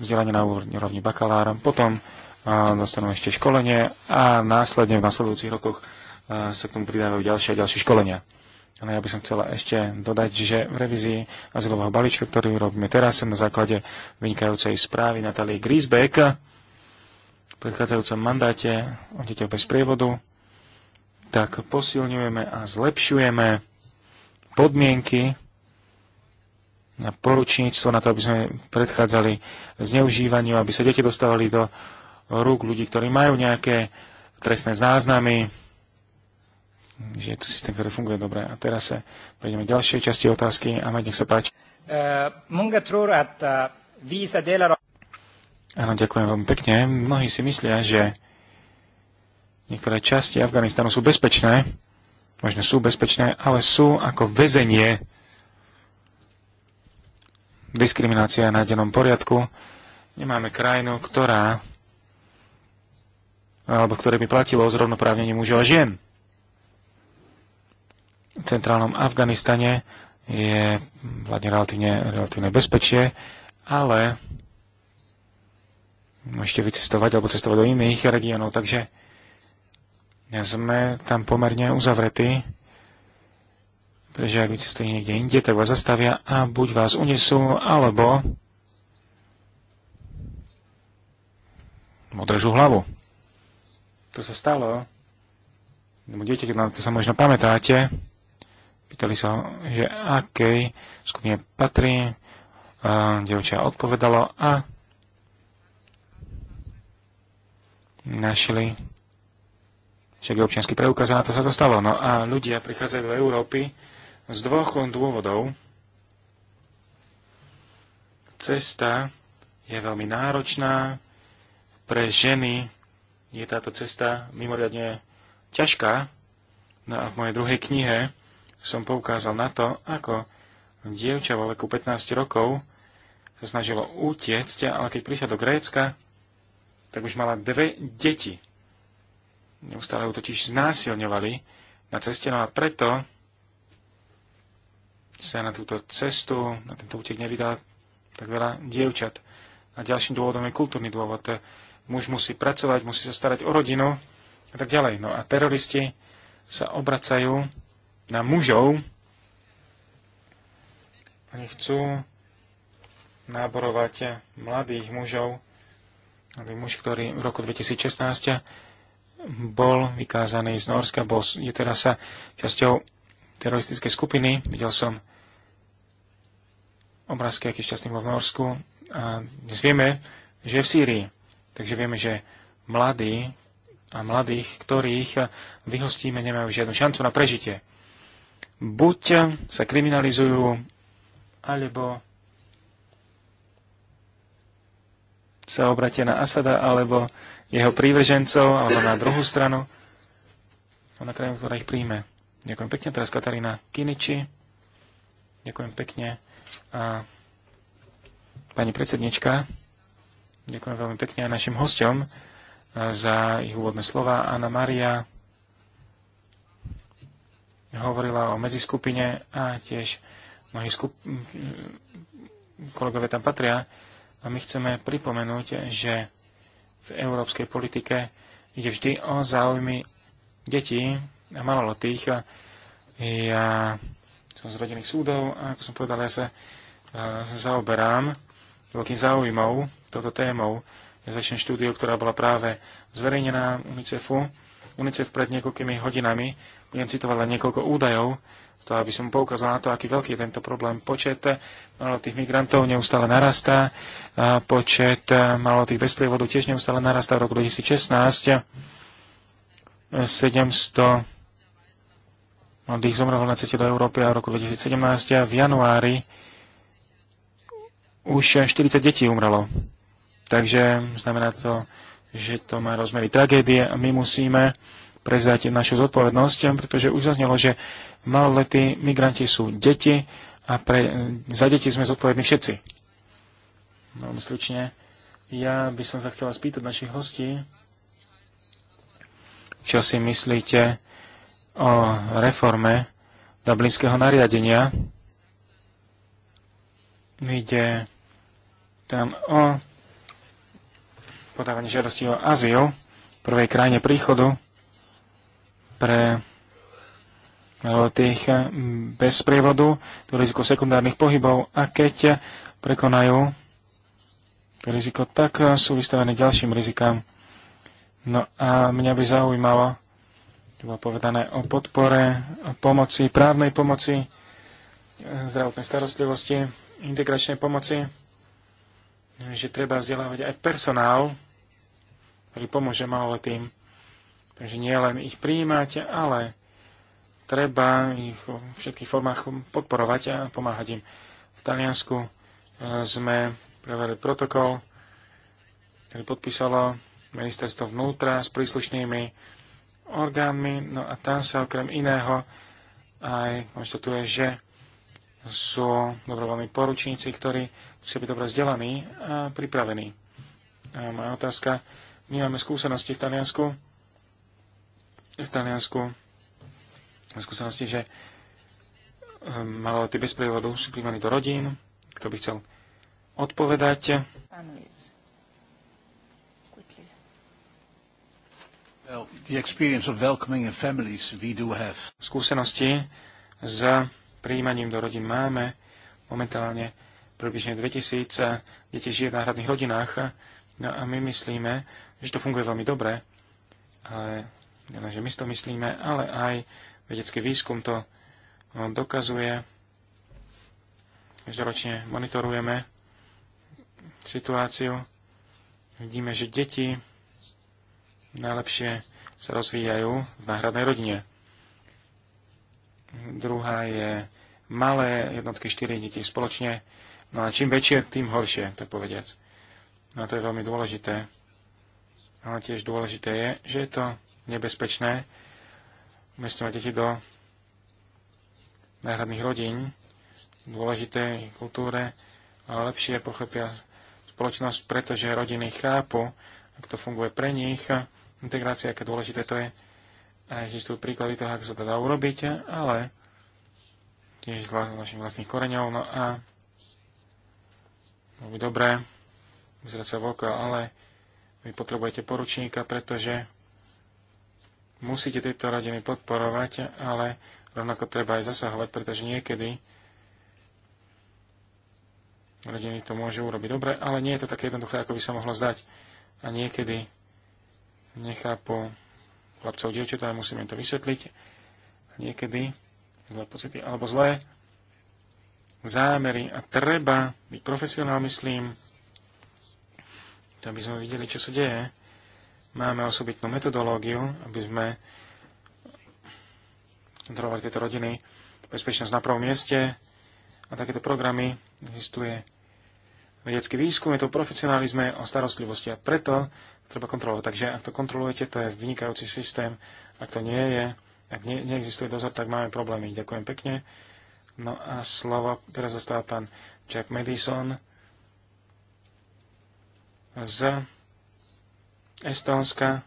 vzdelanie na úrovni bakalára. Potom a, dostanú ešte školenie a následne v nasledujúcich rokoch a, sa k tomu pridávajú ďalšie a ďalšie školenia. Ale ja by som chcela ešte dodať, že v revízii azylového balíčka, ktorý robíme teraz na základe vynikajúcej správy Natálie Grisbeck v predchádzajúcom mandáte o deťoch bez prievodu, tak posilňujeme a zlepšujeme podmienky na poručníctvo, na to, aby sme predchádzali zneužívaniu, aby sa deti dostávali do rúk ľudí, ktorí majú nejaké trestné záznamy, že je to systém, ktorý funguje dobre. A teraz sa prejdeme k ďalšej časti otázky. A nech sa páči. Äh, Áno, ďakujem veľmi pekne. Mnohí si myslia, že niektoré časti Afganistanu sú bezpečné, možno sú bezpečné, ale sú ako väzenie diskriminácia na dennom poriadku. Nemáme krajinu, ktorá alebo ktoré by platilo o zrovnoprávnení mužov a žien centrálnom Afganistane je vládne relatívne, relatívne bezpečie, ale môžete vycestovať alebo cestovať do iných regiónov, takže sme tam pomerne uzavretí, pretože ak vycestujete niekde inde, tak vás zastavia a buď vás unesú, alebo odrežú hlavu. To sa stalo. Dieťa, na to sa možno pamätáte, Pýtali sa, že akej skupine patrí. A odpovedalo a našli však je občianský preukaz a na to sa dostalo. No a ľudia prichádzajú do Európy z dvoch dôvodov. Cesta je veľmi náročná. Pre ženy je táto cesta mimoriadne ťažká. No a v mojej druhej knihe som poukázal na to, ako dievča vo veku 15 rokov sa snažilo utiecť, ale keď prišla do Grécka, tak už mala dve deti. Neustále ju totiž znásilňovali na ceste, no a preto sa na túto cestu, na tento útek nevydala tak veľa dievčat. A ďalším dôvodom je kultúrny dôvod. Muž musí pracovať, musí sa starať o rodinu a tak ďalej. No a teroristi sa obracajú na mužov. Oni chcú náborovať mladých mužov, mladý muž, ktorý v roku 2016 bol vykázaný z Norska, bol, je teraz sa časťou teroristickej skupiny. Videl som obrázky, aký šťastný bol v Norsku. A dnes vieme, že je v Sýrii. Takže vieme, že mladí a mladých, ktorých vyhostíme, nemajú žiadnu šancu na prežitie buď sa kriminalizujú, alebo sa obratia na Asada, alebo jeho prívržencov, alebo na druhú stranu, na krajinu, ktorá ich príjme. Ďakujem pekne. Teraz Katarína Kiniči. Ďakujem pekne. A pani predsednička, ďakujem veľmi pekne aj našim hostom za ich úvodné slova. Anna Maria, hovorila o medziskupine a tiež moji skup... kolegovia tam patria. A my chceme pripomenúť, že v európskej politike ide vždy o záujmy detí a malolotých. Ja som z rodinných súdov a ako som povedal, ja sa, zaoberám veľkým záujmom touto témou. Ja začnem štúdiu, ktorá bola práve zverejnená UNICEFu UNICEF pred niekoľkými hodinami. Budem citovať len niekoľko údajov, z toho, aby som poukázal na to, aký veľký je tento problém. Počet eh, malotých migrantov neustále narastá, počet eh, malotých bez tiež neustále narastá. V roku 2016 700 eh, mladých zomrelo na cete do Európy a v roku 2017 a v januári už 40 detí umrelo. Takže znamená to že to má rozmery tragédie a my musíme prezdať našu zodpovednosť, pretože už zaznelo, že maloletí migranti sú deti a pre, za deti sme zodpovední všetci. Veľmi stručne. Ja by som sa chcela spýtať našich hostí, čo si myslíte o reforme dublinského nariadenia. Ide tam o podávanie žiadosti o azyl v prvej krajine príchodu pre tých eh, bez prievodu, to riziko sekundárnych pohybov a keď prekonajú to riziko, tak eh, sú vystavené ďalším rizikám. No a mňa by zaujímalo, to bolo povedané o podpore, o pomoci, právnej pomoci, eh, zdravotnej starostlivosti, integračnej pomoci, že treba vzdelávať aj personál, ktorý pomôže maloletým. Takže nie len ich prijímať, ale treba ich vo všetkých formách podporovať a pomáhať im. V Taliansku e, sme preverili protokol, ktorý podpísalo ministerstvo vnútra s príslušnými orgánmi, no a tam sa okrem iného aj konštatuje, že sú dobrovoľní poručníci, ktorí musia byť dobre vzdelaní a pripravení. A moja otázka my máme skúsenosti v Taliansku, v Taliansku skúsenosti, že ehm, malo ty bez prievodu sú príjmaní do rodín, kto by chcel odpovedať. Well, Skúsenosti s príjmaním do rodín máme. Momentálne približne 2000 detí žije v náhradných rodinách. No a my myslíme, že to funguje veľmi dobre, ale že my si to myslíme, ale aj vedecký výskum to dokazuje. Každoročne monitorujeme situáciu. Vidíme, že deti najlepšie sa rozvíjajú v náhradnej rodine. Druhá je malé jednotky 4 deti spoločne. No a čím väčšie, tým horšie, tak povediac. No a to je veľmi dôležité ale tiež dôležité je, že je to nebezpečné umiestňovať deti do náhradných rodín, dôležité kultúre, ale lepšie pochopia spoločnosť, pretože rodiny chápu, ako to funguje pre nich, integrácia, aké dôležité to je. A existujú príklady toho, ako sa to dá urobiť, ale tiež z našich vlastných koreňov, no a bolo by dobré vyzerať sa voko, ale vy potrebujete poručníka, pretože musíte tieto rodiny podporovať, ale rovnako treba aj zasahovať, pretože niekedy rodiny to môžu urobiť dobre, ale nie je to také jednoduché, ako by sa mohlo zdať. A niekedy nechápu chlapcov, dievčatá, musíme to vysvetliť. Niekedy zlé pocity alebo zlé zámery a treba byť profesionál, myslím, to, aby sme videli, čo sa deje. Máme osobitnú metodológiu, aby sme kontrolovali tieto rodiny, bezpečnosť na prvom mieste a takéto programy existuje vedecký výskum, je to profesionalizme o starostlivosti a preto treba kontrolovať. Takže ak to kontrolujete, to je vynikajúci systém. Ak to nie je, ak nie, neexistuje dozor, tak máme problémy. Ďakujem pekne. No a slovo teraz zostáva pán Jack Madison z Estónska.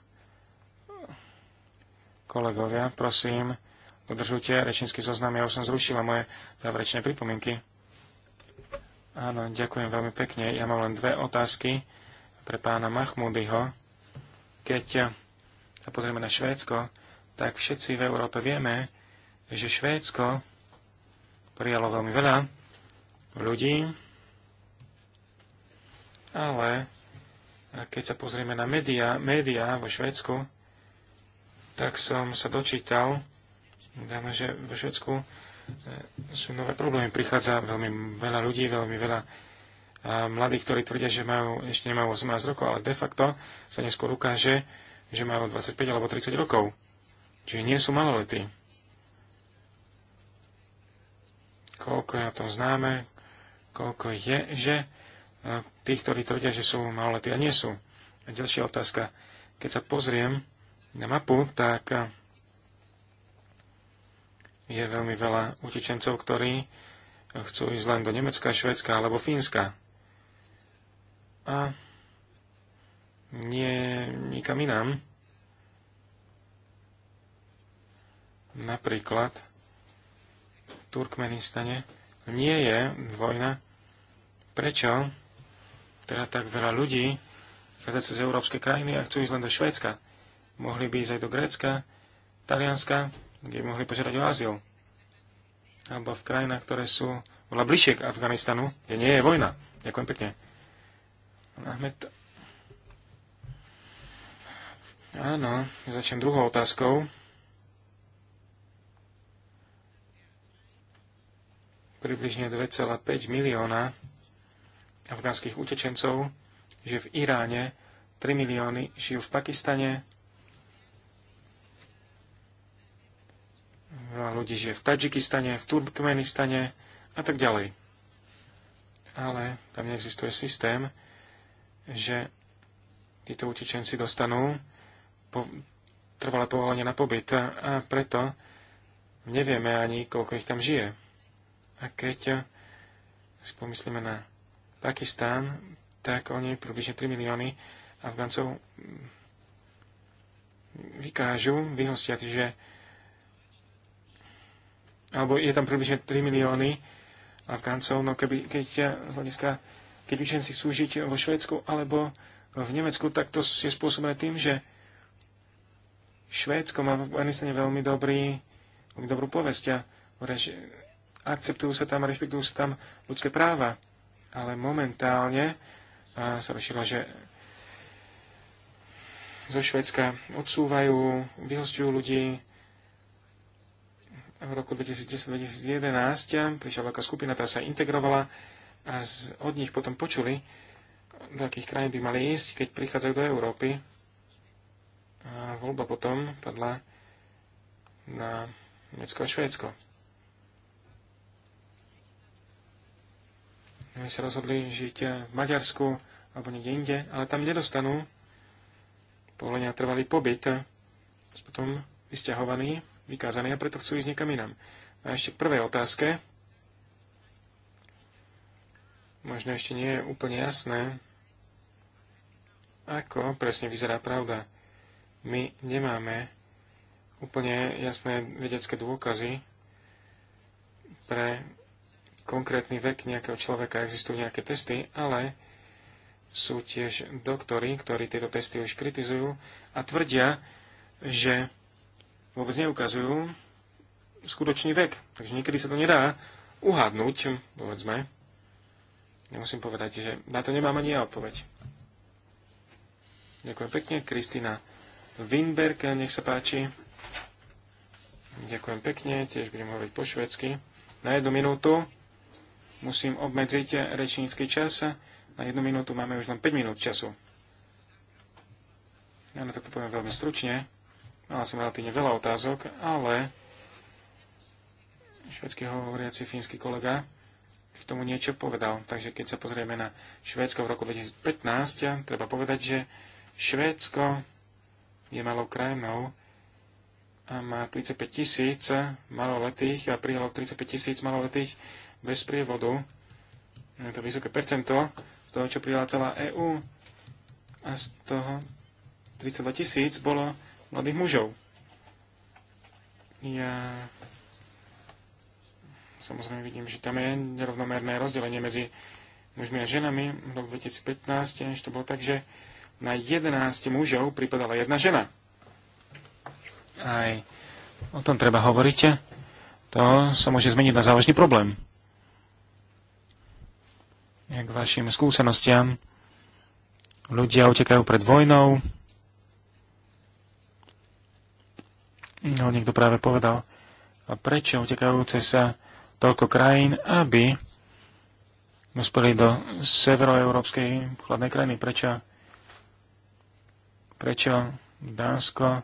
Kolegovia, prosím, dodržujte rečnícky zoznam. Ja už som zrušila moje záverečné pripomienky. Áno, ďakujem veľmi pekne. Ja mám len dve otázky pre pána Mahmúdyho. Keď sa pozrieme na Švédsko, tak všetci v Európe vieme, že Švédsko prijalo veľmi veľa ľudí, ale keď sa pozrieme na médiá, médiá vo Švedsku, tak som sa dočítal, dáme, že vo Švedsku e, sú nové problémy. Prichádza veľmi veľa ľudí, veľmi veľa e, mladých, ktorí tvrdia, že majú, ešte nemajú 18 rokov, ale de facto sa neskôr ukáže, že majú 25 alebo 30 rokov. Čiže nie sú maloletí. Koľko je o tom známe, koľko je, že tých, ktorí tvrdia, že sú maloletí a nie sú. A ďalšia otázka. Keď sa pozriem na mapu, tak eh, je veľmi veľa utečencov, ktorí chcú ísť len do Nemecka, Švedska alebo Fínska. A nie nikam inám. Napríklad v Turkmenistane nie je vojna. Prečo teda tak veľa ľudí prichádzať z európskej krajiny a chcú ísť len do Švédska. Mohli by ísť aj do Grécka, Talianska, kde mohli požiadať o azyl. Alebo v krajinách, ktoré sú oveľa bližšie k Afganistanu, kde nie je vojna. Ďakujem pekne. Ahmed. Áno, začnem druhou otázkou. Približne 2,5 milióna afgánskych utečencov, že v Iráne 3 milióny žijú v Pakistane, veľa ľudí žije v Tadžikistane, v Turkmenistane a tak ďalej. Ale tam neexistuje systém, že títo utečenci dostanú po, trvalé povolenie na pobyt a preto nevieme ani, koľko ich tam žije. A keď si pomyslíme na Pakistán, tak oni približne 3 milióny Afgancov vykážu, vyhostia, že alebo je tam približne 3 milióny Afgáncov, no keby, keď z hľadiska, keď učenci chcú žiť vo Švedsku alebo v Nemecku, tak to je spôsobené tým, že Švédsko má v Afganistane veľmi dobrý, dobrú povesť a akceptujú sa tam a rešpektujú sa tam ľudské práva ale momentálne sa vyšila, že zo Švedska odsúvajú, vyhostujú ľudí. V roku 2010-2011 prišla veľká skupina, tá sa integrovala a z, od nich potom počuli, do akých krajín by mali ísť, keď prichádzajú do Európy. A voľba potom padla na Nemecko a Švédsko. sa rozhodli žiť eh, v Maďarsku alebo niekde inde, ale tam nedostanú povolenia trvalý pobyt, sú potom vysťahovaní, vykázaní a preto chcú ísť niekam inám. A ešte k prvej otázke. Možno ešte nie je úplne jasné, ako presne vyzerá pravda. My nemáme úplne jasné vedecké dôkazy pre konkrétny vek nejakého človeka, existujú nejaké testy, ale sú tiež doktory, ktorí tieto testy už kritizujú a tvrdia, že vôbec neukazujú skutočný vek. Takže niekedy sa to nedá uhádnuť, povedzme. Nemusím povedať, že na to nemám ani ja odpoveď. Ďakujem pekne. Kristina Winberg, nech sa páči. Ďakujem pekne, tiež budem hovoriť po švedsky. Na jednu minútu musím obmedziť rečnícky čas. Na jednu minútu máme už len 5 minút času. Ja na to poviem veľmi stručne. Mala som relatívne veľa otázok, ale švedský hovoriaci fínsky kolega k tomu niečo povedal. Takže keď sa pozrieme na Švédsko v roku 2015, treba povedať, že Švédsko je malou krajinou a má 35 tisíc maloletých a prijalo 35 tisíc maloletých bez prievodu. Je to vysoké percento z toho, čo prijala celá EÚ a z toho 32 tisíc bolo mladých mužov. Ja samozrejme vidím, že tam je nerovnomerné rozdelenie medzi mužmi a ženami. V roku 2015 ešte to bolo tak, že na 11 mužov pripadala jedna žena. Aj o tom treba hovoriť. To sa môže zmeniť na závažný problém k vašim skúsenostiam. Ľudia utekajú pred vojnou. No, niekto práve povedal, a prečo utekajú cez sa toľko krajín, aby dospeli do severoeurópskej chladnej krajiny. Prečo, prečo Dánsko,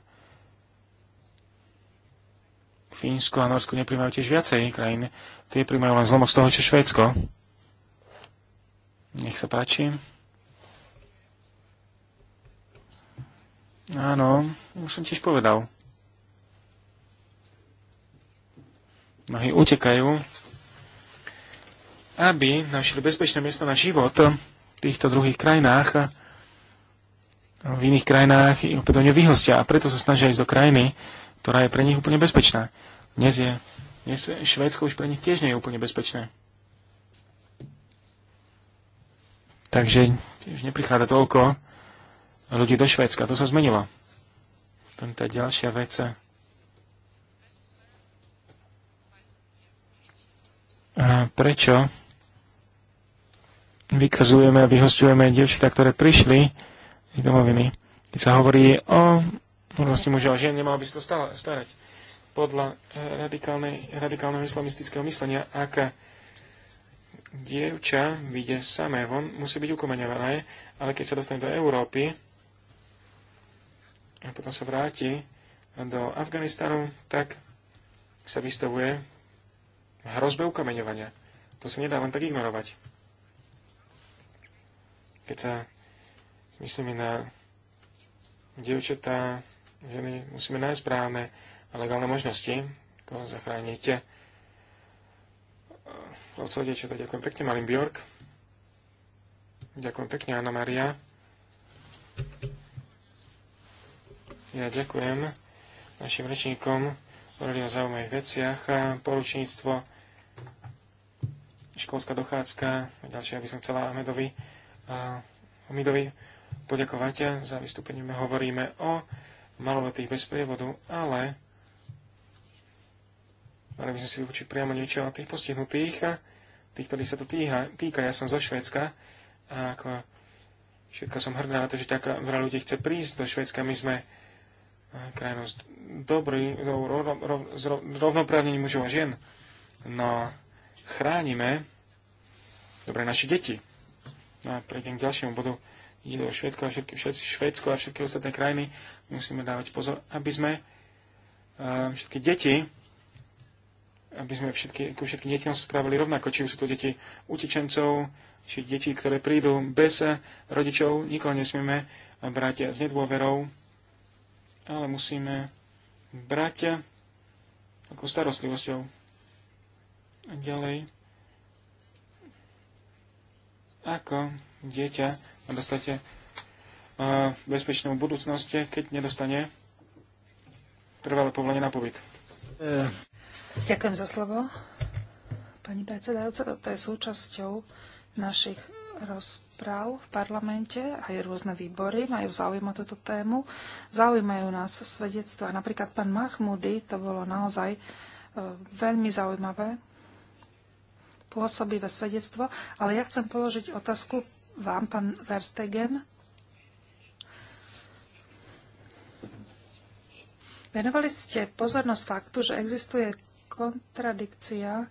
Fínsko a Norsko neprimajú tiež viacej krajín. Tie primajú len zlomok z toho, čo Švédsko. Nech sa páči. Áno, už som tiež povedal. Mnohí utekajú, aby našli bezpečné miesto na život v týchto druhých krajinách v iných krajinách ich opätovne vyhostia a preto sa snažia ísť do krajiny, ktorá je pre nich úplne bezpečná. Dnes je, dnes Švédsko už pre nich tiež nie je úplne bezpečné. Takže už neprichádza toľko ľudí do Švédska. To sa zmenilo. Tam tá ďalšia vec. A prečo vykazujeme a vyhostujeme dievčatá, ktoré prišli z domoviny? Keď sa hovorí o rovnosti muža a žien, nemalo by sa to starať. Podľa eh, radikálneho islamistického myslenia, ak dievča vyjde samé von, musí byť ukomeňované, ale keď sa dostane do Európy a potom sa vráti do Afganistanu, tak sa vystavuje hrozbe ukameňovania. To sa nedá len tak ignorovať. Keď sa myslíme na dievčatá, ženy, musíme nájsť správne a legálne možnosti, ako zachrániť Otco, srdečka ďakujem pekne, Malým Bjork. Ďakujem pekne, Anna Maria. Ja ďakujem našim rečníkom, hovorili o zaujímavých veciach, poručníctvo, školská dochádzka a ďalšie, aby som chcela Ahmedovi a Omidovi poďakovať za vystúpenie. My hovoríme o maloletých bez prievodu, ale ale my sme si vyučiť priamo niečo o tých postihnutých, tých, ktorí sa to týha, týka. Ja som zo Švedska a ako všetko som hrdá na to, že tak veľa ľudí chce prísť do Švedska. My sme krajinou s dobrý, rov, rov, rov, rovnoprávnením mužov a žien. No chránime dobre naše deti. No a prejdem k ďalšiemu bodu. Ide o Švedsko a všetky, všetci, Švedsko a všetky ostatné krajiny. Musíme dávať pozor, aby sme všetky deti aby sme všetky, ku všetkým deťom spravili rovnako, či už sú to deti utečencov, či deti, ktoré prídu bez rodičov, nikoho nesmieme brať s nedôverou, ale musíme brať takou starostlivosťou. A ďalej, ako dieťa dostate eh, bezpečnú budúcnosť, keď nedostane trvalé povolenie na pobyt. Eh, Ďakujem za slovo. Pani predsedajúca, to je súčasťou našich rozpráv v parlamente, aj rôzne výbory majú záujem o túto tému. Zaujímajú nás svedectvá. Napríklad pán Mahmudy, to bolo naozaj e, veľmi zaujímavé, pôsobivé svedectvo, ale ja chcem položiť otázku vám, pán Verstegen. Venovali ste pozornosť faktu, že existuje kontradikcia,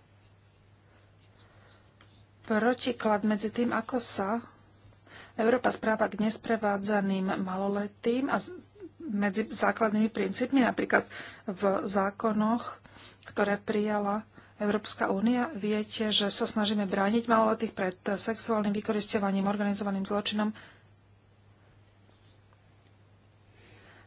protiklad medzi tým, ako sa Európa správa k nesprevádzaným maloletým a medzi základnými princípmi, napríklad v zákonoch, ktoré prijala Európska únia. Viete, že sa snažíme brániť maloletých pred sexuálnym vykoristovaním, organizovaným zločinom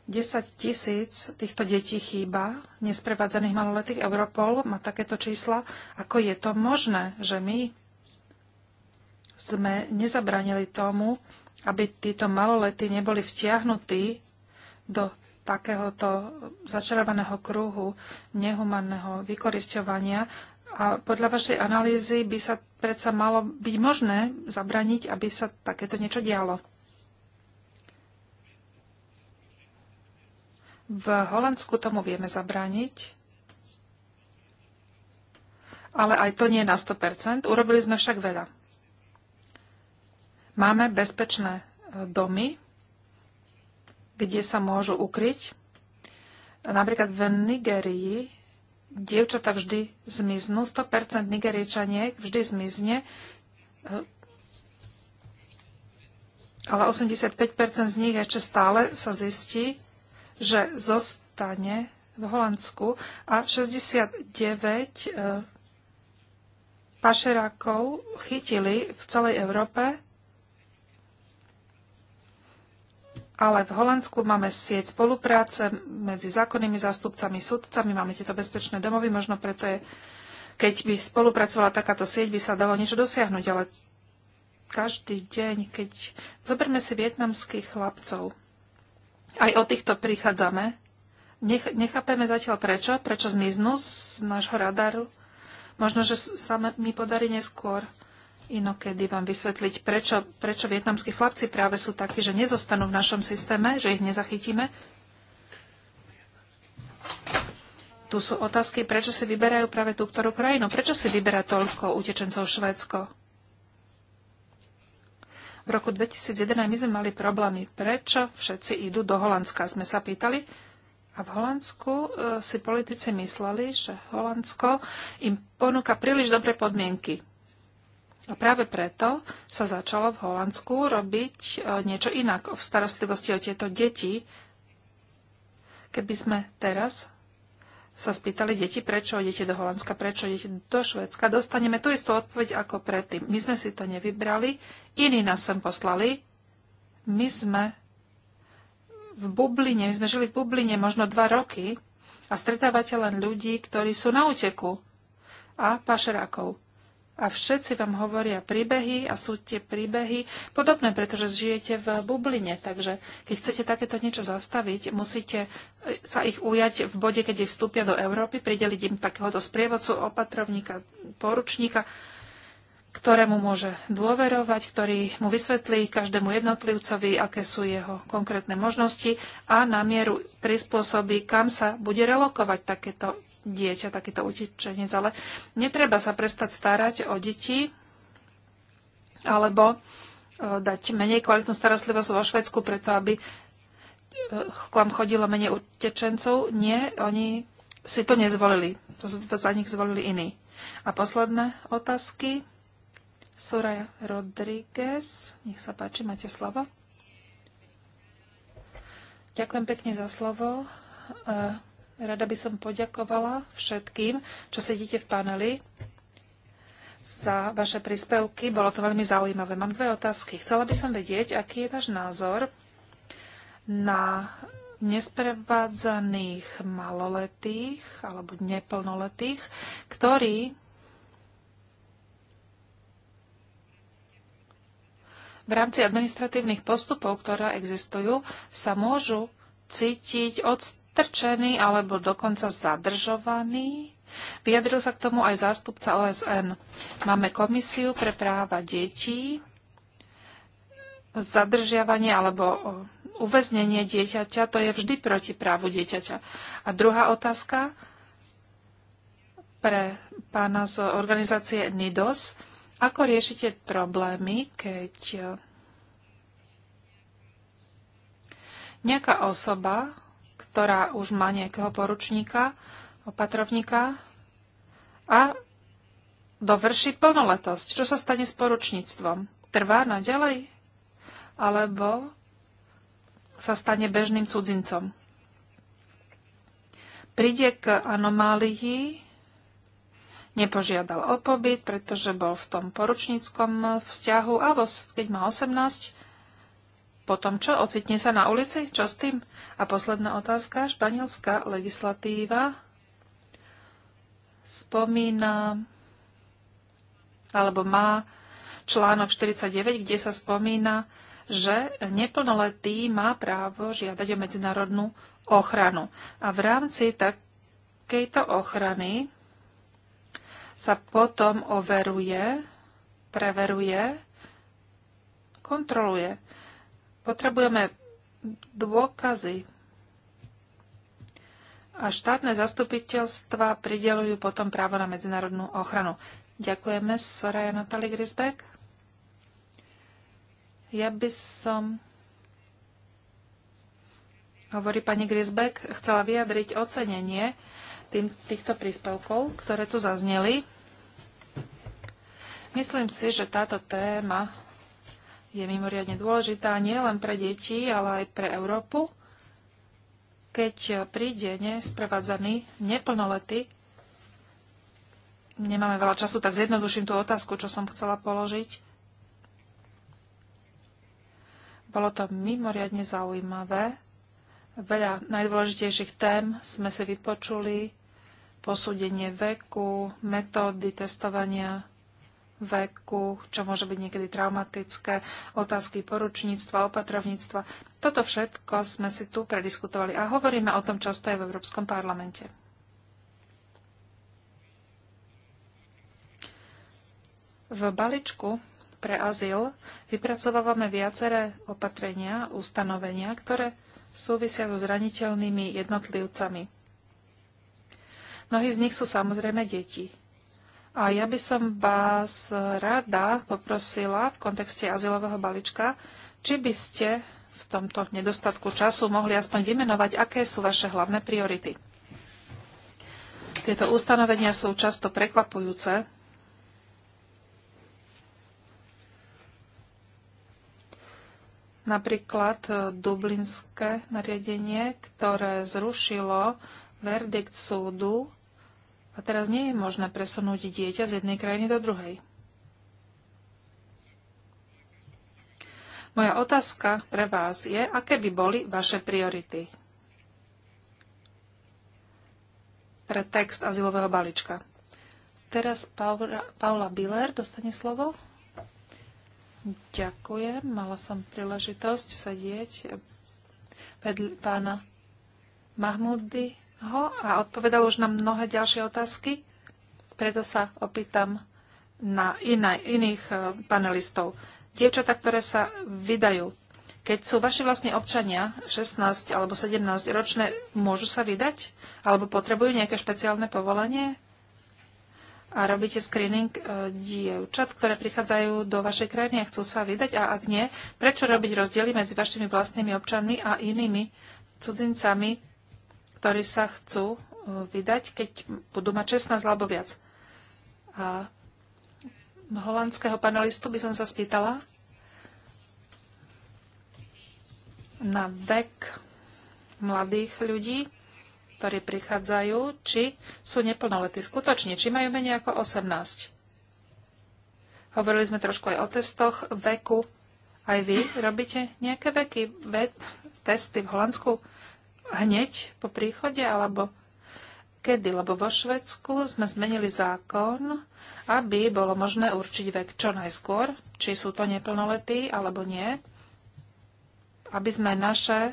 10 tisíc týchto detí chýba, nesprevádzaných maloletých. Europol má takéto čísla. Ako je to možné, že my sme nezabranili tomu, aby títo maloletí neboli vtiahnutí do takéhoto začarovaného kruhu nehumanného vykorisťovania. A podľa vašej analýzy by sa predsa malo byť možné zabraniť, aby sa takéto niečo dialo. V Holandsku tomu vieme zabrániť, ale aj to nie na 100%. Urobili sme však veľa. Máme bezpečné e, domy, kde sa môžu ukryť. Napríklad v Nigerii dievčata vždy zmiznú, 100% Nigeričaniek vždy zmizne, e, ale 85% z nich ešte stále sa zistí, že zostane v Holandsku a 69 e, pašerákov chytili v celej Európe, ale v Holandsku máme sieť spolupráce medzi zákonnými zástupcami, sudcami, máme tieto bezpečné domovy, možno preto je, keď by spolupracovala takáto sieť, by sa dalo niečo dosiahnuť, ale každý deň, keď zoberme si vietnamských chlapcov, aj o týchto prichádzame. Nech, nechápeme zatiaľ prečo, prečo zmiznú z nášho radaru. Možno, že sa mi podarí neskôr inokedy vám vysvetliť, prečo, prečo vietnamskí chlapci práve sú takí, že nezostanú v našom systéme, že ich nezachytíme. Tu sú otázky, prečo si vyberajú práve tú ktorú krajinu, prečo si vyberá toľko utečencov Švédsko. V roku 2011 my sme mali problémy. Prečo všetci idú do Holandska? Sme sa pýtali. A v Holandsku e, si politici mysleli, že Holandsko im ponúka príliš dobré podmienky. A práve preto sa začalo v Holandsku robiť e, niečo inak v starostlivosti o tieto deti. Keby sme teraz sa spýtali deti, prečo idete do Holandska, prečo idete do Švedska, dostaneme tú istú odpoveď ako predtým. My sme si to nevybrali, iní nás sem poslali, my sme v bubline, my sme žili v bubline možno dva roky a stretávate len ľudí, ktorí sú na úteku a pašerákov a všetci vám hovoria príbehy a sú tie príbehy podobné, pretože žijete v bubline. Takže keď chcete takéto niečo zastaviť, musíte e, sa ich ujať v bode, keď ich vstúpia do Európy, prideliť im takéhoto sprievodcu, opatrovníka, poručníka, ktorému môže dôverovať, ktorý mu vysvetlí každému jednotlivcovi, aké sú jeho konkrétne možnosti a na mieru prispôsobí, kam sa bude relokovať takéto dieťa, takýto utečenec, ale netreba sa prestať starať o deti alebo e, dať menej kvalitnú starostlivosť vo Švedsku, preto aby e, k vám chodilo menej utečencov. Nie, oni si to nezvolili. Za nich zvolili iní. A posledné otázky. Soraya Rodriguez, nech sa páči, máte slovo. Ďakujem pekne za slovo. E, Rada by som poďakovala všetkým, čo sedíte v paneli za vaše príspevky. Bolo to veľmi zaujímavé. Mám dve otázky. Chcela by som vedieť, aký je váš názor na nesprevádzaných maloletých alebo neplnoletých, ktorí v rámci administratívnych postupov, ktoré existujú, sa môžu cítiť od, vytrčený alebo dokonca zadržovaný. Vyjadril sa k tomu aj zástupca OSN. Máme komisiu pre práva detí, zadržiavanie alebo uväznenie dieťaťa, to je vždy proti právu dieťaťa. A druhá otázka pre pána z organizácie NIDOS. Ako riešite problémy, keď nejaká osoba ktorá už má nejakého poručníka, opatrovníka a dovrší plnoletosť. Čo sa stane s poručníctvom? Trvá naďalej? Alebo sa stane bežným cudzincom? Príde k anomálii, nepožiadal o pobyt, pretože bol v tom poručníckom vzťahu a keď má 18, potom čo? Ocitne sa na ulici? Čo s tým? A posledná otázka. Španielská legislatíva spomína alebo má článok 49, kde sa spomína, že neplnoletý má právo žiadať o medzinárodnú ochranu. A v rámci takejto ochrany sa potom overuje, preveruje, kontroluje Potrebujeme dôkazy. A štátne zastupiteľstva pridelujú potom právo na medzinárodnú ochranu. Ďakujeme, Soraya Natali Grisbeck. Ja by som, hovorí pani Grisbeck, chcela vyjadriť ocenenie tým, týchto príspevkov, ktoré tu zazneli. Myslím si, že táto téma je mimoriadne dôležitá nielen pre deti, ale aj pre Európu. Keď príde nesprevádzaný neplnoletý, nemáme veľa času, tak zjednoduším tú otázku, čo som chcela položiť. Bolo to mimoriadne zaujímavé. Veľa najdôležitejších tém sme si vypočuli. Posúdenie veku, metódy testovania, veku, čo môže byť niekedy traumatické, otázky poručníctva, opatrovníctva. Toto všetko sme si tu prediskutovali a hovoríme o tom často aj v Európskom parlamente. V balíčku pre azyl vypracovávame viaceré opatrenia, ustanovenia, ktoré súvisia so zraniteľnými jednotlivcami. Mnohí z nich sú samozrejme deti. A ja by som vás rada poprosila v kontexte azylového balíčka, či by ste v tomto nedostatku času mohli aspoň vymenovať, aké sú vaše hlavné priority. Tieto ustanovenia sú často prekvapujúce. Napríklad e, dublinské nariadenie, ktoré zrušilo verdikt súdu a teraz nie je možné presunúť dieťa z jednej krajiny do druhej. Moja otázka pre vás je, aké by boli vaše priority pre text azylového balíčka. Teraz Paula, Paula Biller dostane slovo. Ďakujem. Mala som príležitosť sedieť vedľa pána Mahmudy ho a odpovedal už na mnohé ďalšie otázky, preto sa opýtam na iné, iných e, panelistov. Dievčatá, ktoré sa vydajú, keď sú vaši vlastne občania 16 alebo 17 ročné, môžu sa vydať? Alebo potrebujú nejaké špeciálne povolenie? A robíte screening e, dievčat, ktoré prichádzajú do vašej krajiny a chcú sa vydať? A ak nie, prečo robiť rozdiely medzi vašimi vlastnými občanmi a inými cudzincami, ktorí sa chcú e, vydať, keď budú mať 16 alebo viac. A holandského panelistu by som sa spýtala na vek mladých ľudí, ktorí prichádzajú, či sú neplnoletí skutočne, či majú menej ako 18. Hovorili sme trošku aj o testoch veku. Aj vy robíte nejaké veky, ve, testy v Holandsku? hneď po príchode, alebo kedy? Lebo vo Švedsku sme zmenili zákon, aby bolo možné určiť vek čo najskôr, či sú to neplnoletí alebo nie, aby sme naše e,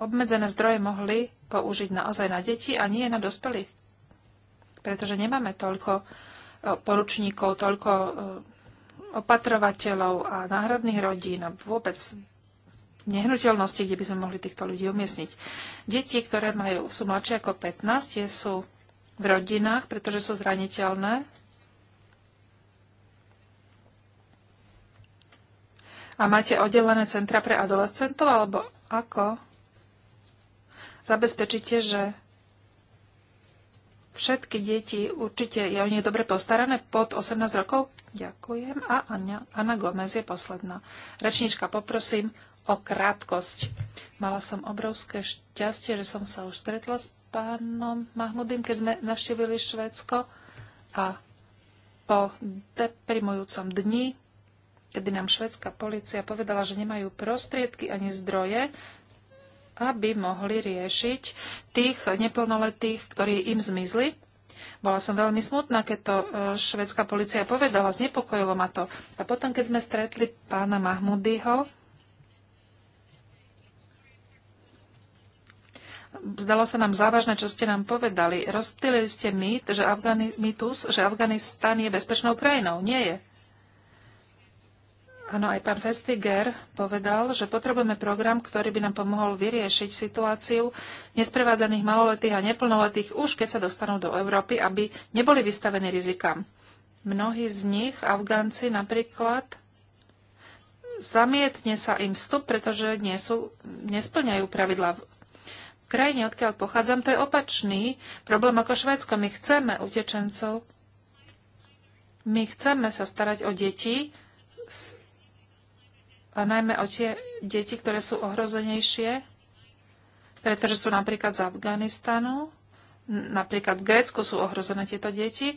obmedzené zdroje mohli použiť naozaj na deti a nie na dospelých. Pretože nemáme toľko e, poručníkov, toľko e, opatrovateľov a náhradných rodín a vôbec nehnuteľnosti, kde by sme mohli týchto ľudí umiestniť. Deti, ktoré majú, sú mladšie ako 15, tie sú v rodinách, pretože sú zraniteľné. A máte oddelené centra pre adolescentov, alebo ako? Zabezpečíte, že všetky deti určite je o nich dobre postarané pod 18 rokov? Ďakujem. A Anna, Anna Gomez je posledná. Rečnička, poprosím, o krátkosť. Mala som obrovské šťastie, že som sa už stretla s pánom Mahmudým, keď sme navštívili Švédsko a po deprimujúcom dni, kedy nám švedská policia povedala, že nemajú prostriedky ani zdroje, aby mohli riešiť tých neplnoletých, ktorí im zmizli. Bola som veľmi smutná, keď to e, švedská policia povedala, znepokojilo ma to. A potom, keď sme stretli pána Mahmudyho, Zdalo sa nám závažné, čo ste nám povedali. Rozptýlili ste mýt, že Afgani- mýtus, že Afganistan je bezpečnou krajinou. Nie je. Áno, aj pán Festiger povedal, že potrebujeme program, ktorý by nám pomohol vyriešiť situáciu nesprevádzaných maloletých a neplnoletých už keď sa dostanú do Európy, aby neboli vystavení rizikám. Mnohí z nich, Afgánci napríklad, zamietne sa im vstup, pretože nie sú, nesplňajú pravidla krajine, odkiaľ pochádzam, to je opačný problém ako Švédsko. My chceme utečencov, my chceme sa starať o deti, a najmä o tie deti, ktoré sú ohrozenejšie, pretože sú napríklad z Afganistanu, napríklad v Grécku sú ohrozené tieto deti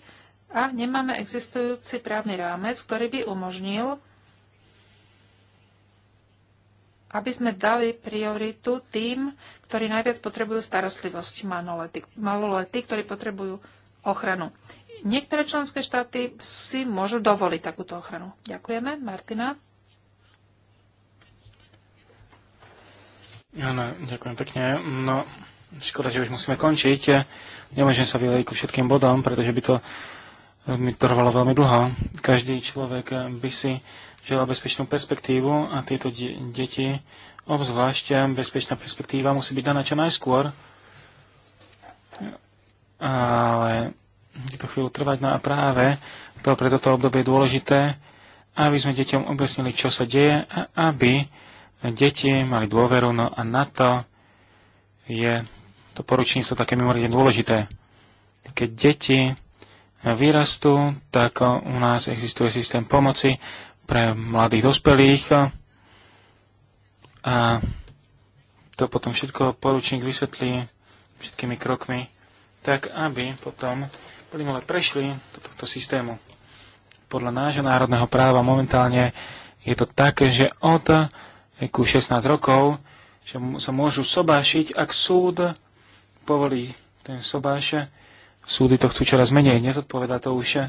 a nemáme existujúci právny rámec, ktorý by umožnil aby sme dali prioritu tým, ktorí najviac potrebujú starostlivosť maloletí, ktorí potrebujú ochranu. Niektoré členské štáty si môžu dovoliť takúto ochranu. Ďakujeme. Martina? Áno, ďakujem pekne. No, škoda, že už musíme končiť. Nemôžem sa vyleť ku všetkým bodom, pretože by to mi trvalo veľmi dlho. Každý človek by si bezpečnú perspektívu a tieto deti, obzvlášť eh, bezpečná perspektíva, musí byť daná čo najskôr, ale to chvíľu trvať na no práve to pre toto obdobie je dôležité, aby sme deťom objasnili, čo sa deje a aby deti mali dôveru, no a na to je to poručníctvo také mimoriadne dôležité. Keď deti vyrastú, tak u nás existuje systém pomoci pre mladých dospelých. A to potom všetko poručník vysvetlí všetkými krokmi, tak aby potom plynule prešli do tohto systému. Podľa nášho národného práva momentálne je to také, že od veku 16 rokov že sa môžu sobášiť, ak súd povolí ten sobáše. Súdy to chcú čoraz menej, nezodpoveda to už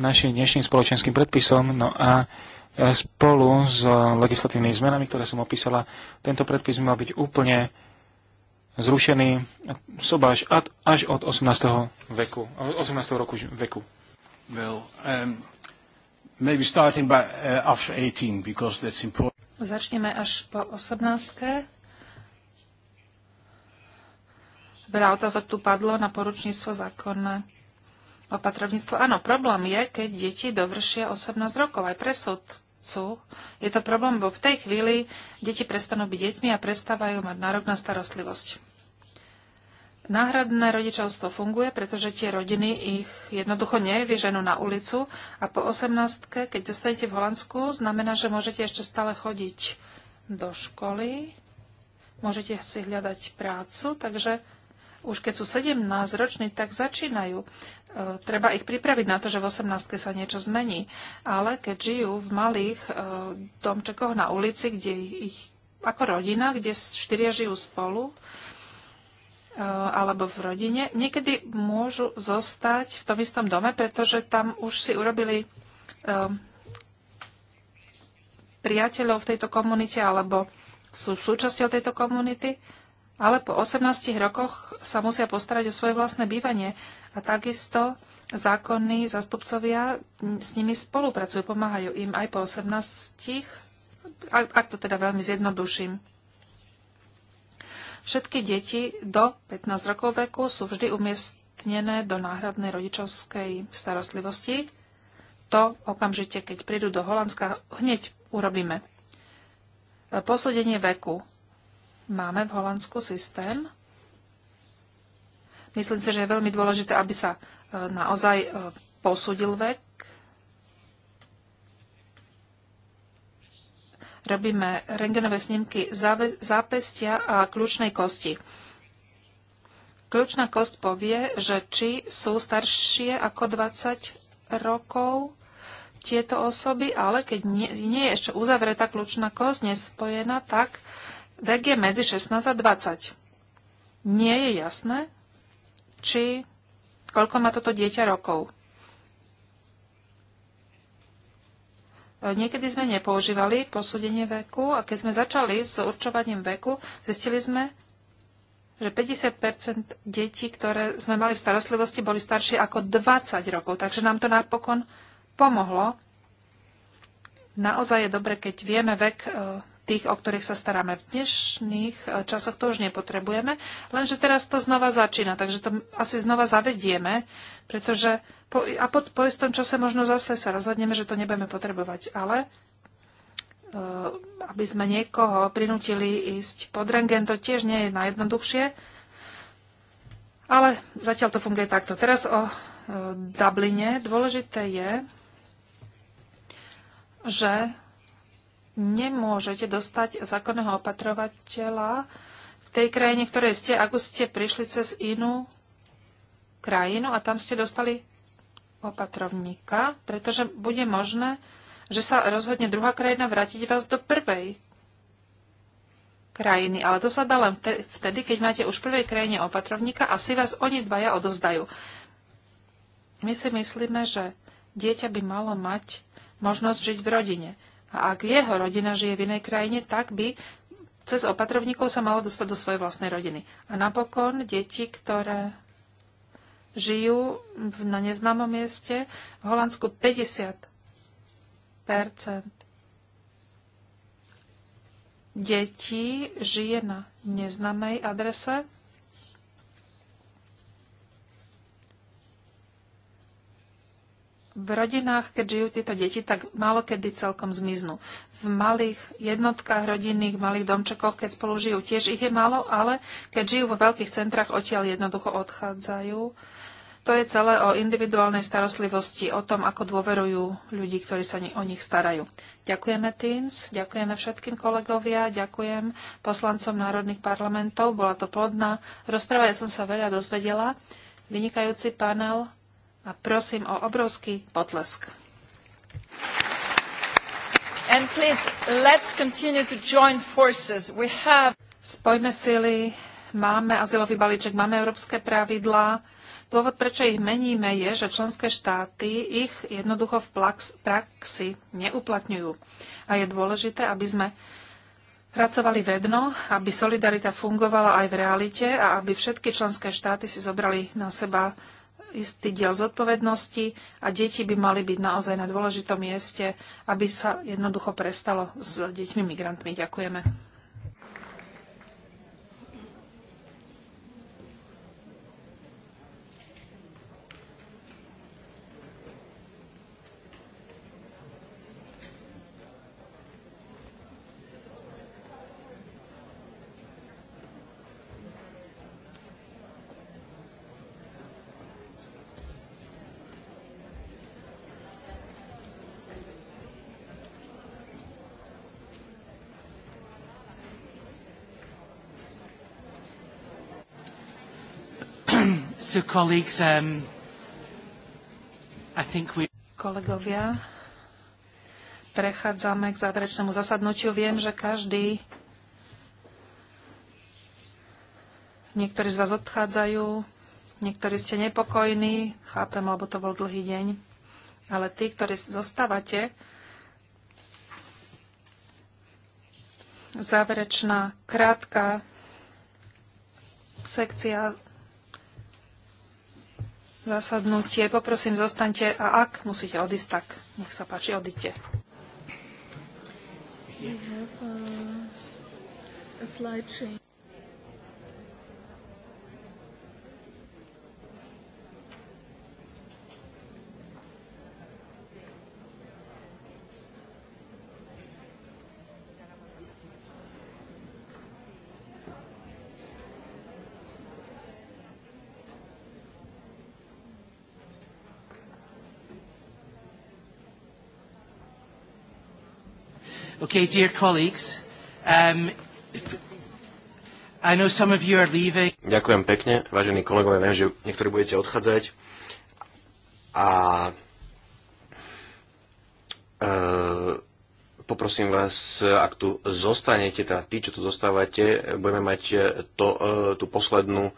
našim dnešným spoločenským predpisom. No a e, spolu s e, legislatívnymi zmenami, ktoré som opísala, tento predpis mal byť úplne zrušený sobáš až od 18. Veku, 18. roku veku. Well, um, maybe starting by, uh, after 18, because that's important. Začneme až po 18. Veľa otázok tu padlo na poručníctvo zákonné opatrovníctvo. Áno, problém je, keď deti dovršia 18 rokov. Aj pre sudcu je to problém, bo v tej chvíli deti prestanú byť deťmi a prestávajú mať nárok na starostlivosť. Náhradné rodičovstvo funguje, pretože tie rodiny ich jednoducho nevyženú na ulicu a po 18. keď dostanete v Holandsku, znamená, že môžete ešte stále chodiť do školy, môžete si hľadať prácu, takže už keď sú 17 roční, tak začínajú E, treba ich pripraviť na to, že v 18 sa niečo zmení. Ale keď žijú v malých e, domčekoch na ulici, kde ich ako rodina, kde štyria žijú spolu, e, alebo v rodine, niekedy môžu zostať v tom istom dome, pretože tam už si urobili priateľov v tejto komunite alebo sú súčasťou tejto komunity, ale po 18 rokoch sa musia postarať o svoje vlastné bývanie a takisto zákonní zastupcovia s nimi spolupracujú, pomáhajú im aj po 18, ak to teda veľmi zjednoduším. Všetky deti do 15 rokov veku sú vždy umiestnené do náhradnej rodičovskej starostlivosti. To okamžite, keď prídu do Holandska, hneď urobíme. Posúdenie veku. Máme v Holandsku systém, Myslím si, že je veľmi dôležité, aby sa e, naozaj e, posudil vek. Robíme rengenové snímky zápestia a kľúčnej kosti. Kľúčná kosť povie, že či sú staršie ako 20 rokov tieto osoby, ale keď nie, nie je ešte uzavretá kľúčná kosť, nespojená, tak vek je medzi 16 a 20. Nie je jasné, či koľko má toto dieťa rokov. Niekedy sme nepoužívali posúdenie veku a keď sme začali s určovaním veku, zistili sme, že 50 detí, ktoré sme mali v starostlivosti, boli staršie ako 20 rokov. Takže nám to napokon pomohlo. Naozaj je dobre, keď vieme vek eh, tých, o ktorých sa staráme v dnešných e, časoch, to už nepotrebujeme, lenže teraz to znova začína, takže to asi znova zavedieme, pretože po, a po, po istom čase možno zase sa rozhodneme, že to nebudeme potrebovať, ale e, aby sme niekoho prinútili ísť pod rengen, to tiež nie je najjednoduchšie, ale zatiaľ to funguje takto. Teraz o e, Dubline dôležité je, že nemôžete dostať zákonného opatrovateľa v tej krajine, ktoré ktorej ste, ako ste prišli cez inú krajinu a tam ste dostali opatrovníka, pretože bude možné, že sa rozhodne druhá krajina vrátiť vás do prvej krajiny. Ale to sa dá len vtedy, keď máte už v prvej krajine opatrovníka a si vás oni dvaja odozdajú. My si myslíme, že dieťa by malo mať možnosť žiť v rodine. A ak jeho rodina žije v inej krajine, tak by cez opatrovníkov sa malo dostať do svojej vlastnej rodiny. A napokon deti, ktoré žijú na neznámom mieste, v Holandsku 50 detí žije na neznámej adrese v rodinách, keď žijú tieto deti, tak málo kedy celkom zmiznú. V malých jednotkách rodinných, malých domčekoch, keď spolu žijú, tiež ich je málo, ale keď žijú vo veľkých centrách, odtiaľ jednoducho odchádzajú. To je celé o individuálnej starostlivosti, o tom, ako dôverujú ľudí, ktorí sa o nich starajú. Ďakujeme Teens, ďakujeme všetkým kolegovia, ďakujem poslancom národných parlamentov. Bola to plodná rozpráva, ja som sa veľa dozvedela. Vynikajúci panel a prosím o obrovský potlesk. And please, let's continue to join forces. We have... Spojme sily, máme azylový balíček, máme európske pravidlá. Dôvod, prečo ich meníme, je, že členské štáty ich jednoducho v praxi neuplatňujú. A je dôležité, aby sme pracovali vedno, aby solidarita fungovala aj v realite a aby všetky členské štáty si zobrali na seba istý diel zodpovednosti a deti by mali byť naozaj na dôležitom mieste, aby sa jednoducho prestalo s deťmi migrantmi. Ďakujeme. So colleagues, um, I think we... Kolegovia, prechádzame k záverečnému zasadnutiu. Viem, že každý, niektorí z vás odchádzajú, niektorí ste nepokojní, chápem, lebo to bol dlhý deň, ale tí, ktorí zostávate, záverečná krátka sekcia zasadnutie. Poprosím, zostaňte a ak musíte odísť, tak nech sa páči, odíte. Yeah. Okay, dear colleagues, um, I know some of you are leaving. Ďakujem pekne, vážení kolegovia, viem, že niektorí budete odchádzať. A uh, poprosím vás, ak tu zostanete, teda tí, čo tu zostávate, budeme mať to, uh, tú poslednú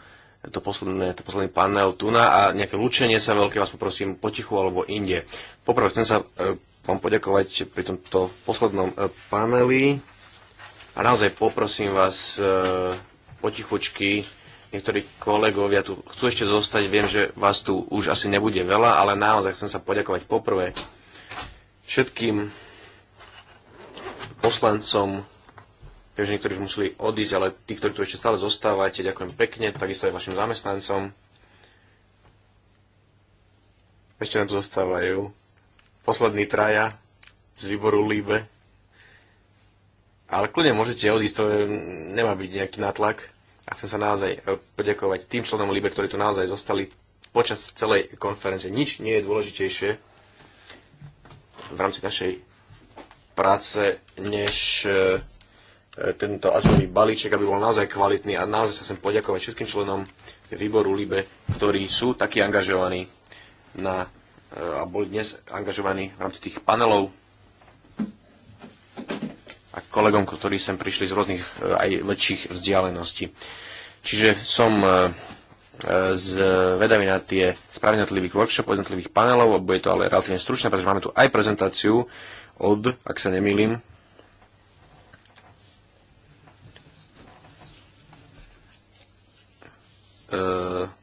to, posledné, to posledný panel tu na a nejaké lúčenie sa veľké vás poprosím potichu alebo inde. Poprvé chcem sa uh, vám poďakovať pri tomto poslednom e, paneli a naozaj poprosím vás e, potichučky, niektorí kolegovia tu chcú ešte zostať, viem, že vás tu už asi nebude veľa, ale naozaj chcem sa poďakovať poprvé všetkým poslancom, viem, že niektorí už museli odísť, ale tí, ktorí tu ešte stále zostávate, ďakujem pekne, takisto aj vašim zamestnancom. Ešte nám tu zostávajú poslední traja z výboru Líbe. Ale kľudne môžete odísť, to nemá byť nejaký nátlak. A chcem sa naozaj e, poďakovať tým členom Líbe, ktorí tu naozaj zostali počas celej konferencie. Nič nie je dôležitejšie v rámci našej práce, než e, e, tento azylový balíček, aby bol naozaj kvalitný a naozaj sa chcem poďakovať všetkým členom výboru LIBE, ktorí sú takí angažovaní na a boli dnes angažovaní v rámci tých panelov a kolegom, ktorí sem prišli z rôznych e, aj väčších vzdialeností. Čiže som e, e, zvedavý na tie správne jednotlivých workshopov, jednotlivých panelov, a bude to ale relatívne stručné, pretože máme tu aj prezentáciu od, ak sa nemýlim, E,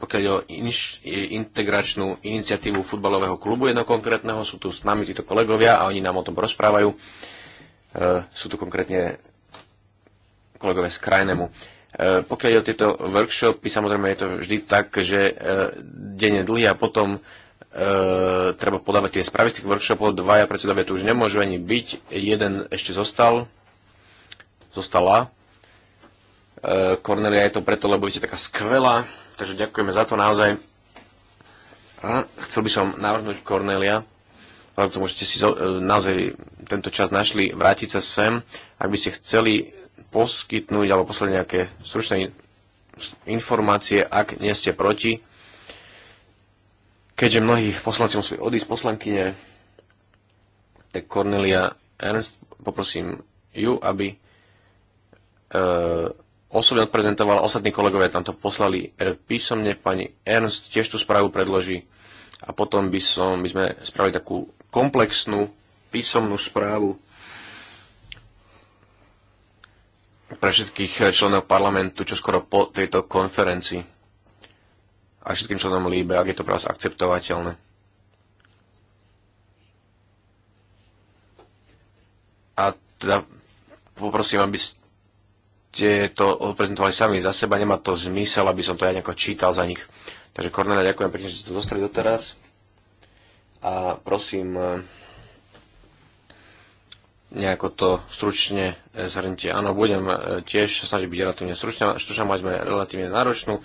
pokiaľ je o inš, e, integračnú iniciatívu futbalového klubu jedno konkrétneho, sú tu s nami títo kolegovia a oni nám o tom rozprávajú. E, sú tu konkrétne kolegovia z Krajnemu. Pokiaľ ide o tieto workshopy, samozrejme je to vždy tak, že deň je dlhý a potom treba podávať tie správy z tých workshopov. Dvaja predsedovia tu už nemôžu ani byť. Jeden ešte zostal, zostala, Cornelia je to preto, lebo vy ste taká skvelá Takže ďakujeme za to naozaj. A chcel by som navrhnúť ale k tomu, že ste si e, naozaj tento čas našli, vrátiť sa sem, ak by ste chceli poskytnúť alebo poslať nejaké stručné informácie, ak nie ste proti. Keďže mnohí poslanci museli odísť poslankyne, tak Cornelia Ernst, poprosím ju, aby e, osobne odprezentoval, ostatní kolegovia tam to poslali e, písomne, pani Ernst tiež tú správu predloží a potom by, som, by sme spravili takú komplexnú písomnú správu pre všetkých členov parlamentu, čo skoro po tejto konferencii a všetkým členom líbe, ak je to pre vás akceptovateľné. A teda poprosím, aby ste ste to odprezentovali sami za seba, nemá to zmysel, aby som to ja nejako čítal za nich. Takže Kornelia, ďakujem pekne, že ste to dostali doteraz. A prosím, eh, nejako to stručne eh, zhrnite. Áno, budem eh, tiež snažiť byť relatívne stručná. Stručná mali sme relatívne náročnú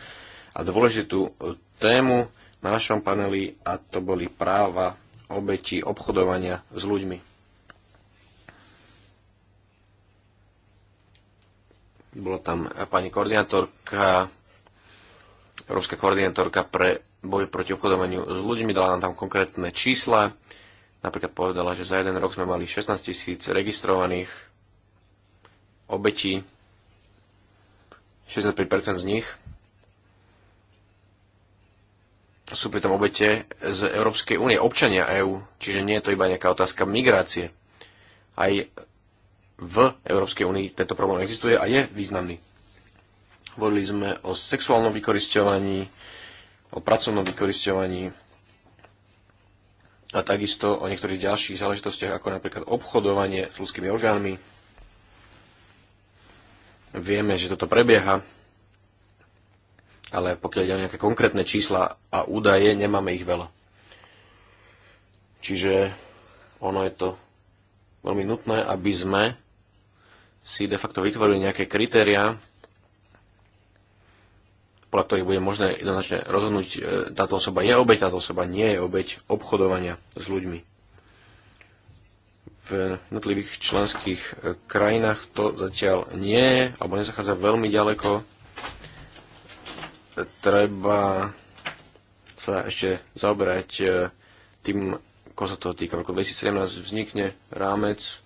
a dôležitú tému na našom paneli a to boli práva obeti obchodovania s ľuďmi. Bola tam pani koordinátorka, európska koordinátorka pre boj proti obchodovaniu s ľuďmi, dala nám tam konkrétne čísla. Napríklad povedala, že za jeden rok sme mali 16 tisíc registrovaných obetí, 65% z nich sú pritom obete z Európskej únie, občania EÚ, čiže nie je to iba nejaká otázka migrácie. Aj v Európskej únii tento problém existuje a je významný. Hovorili sme o sexuálnom vykoristovaní, o pracovnom vykoristovaní a takisto o niektorých ďalších záležitostiach, ako napríklad obchodovanie s ľudskými orgánmi. Vieme, že toto prebieha, ale pokiaľ ide o nejaké konkrétne čísla a údaje, nemáme ich veľa. Čiže ono je to veľmi nutné, aby sme si de facto vytvorili nejaké kritéria, podľa ktorých bude možné jednoznačne rozhodnúť, e, táto osoba je obeď, táto osoba nie je obeď obchodovania s ľuďmi. V jednotlivých členských e, krajinách to zatiaľ nie je, alebo nezachádza veľmi ďaleko. E, treba sa ešte zaoberať tým, koho sa to týka. V roku 2017 vznikne rámec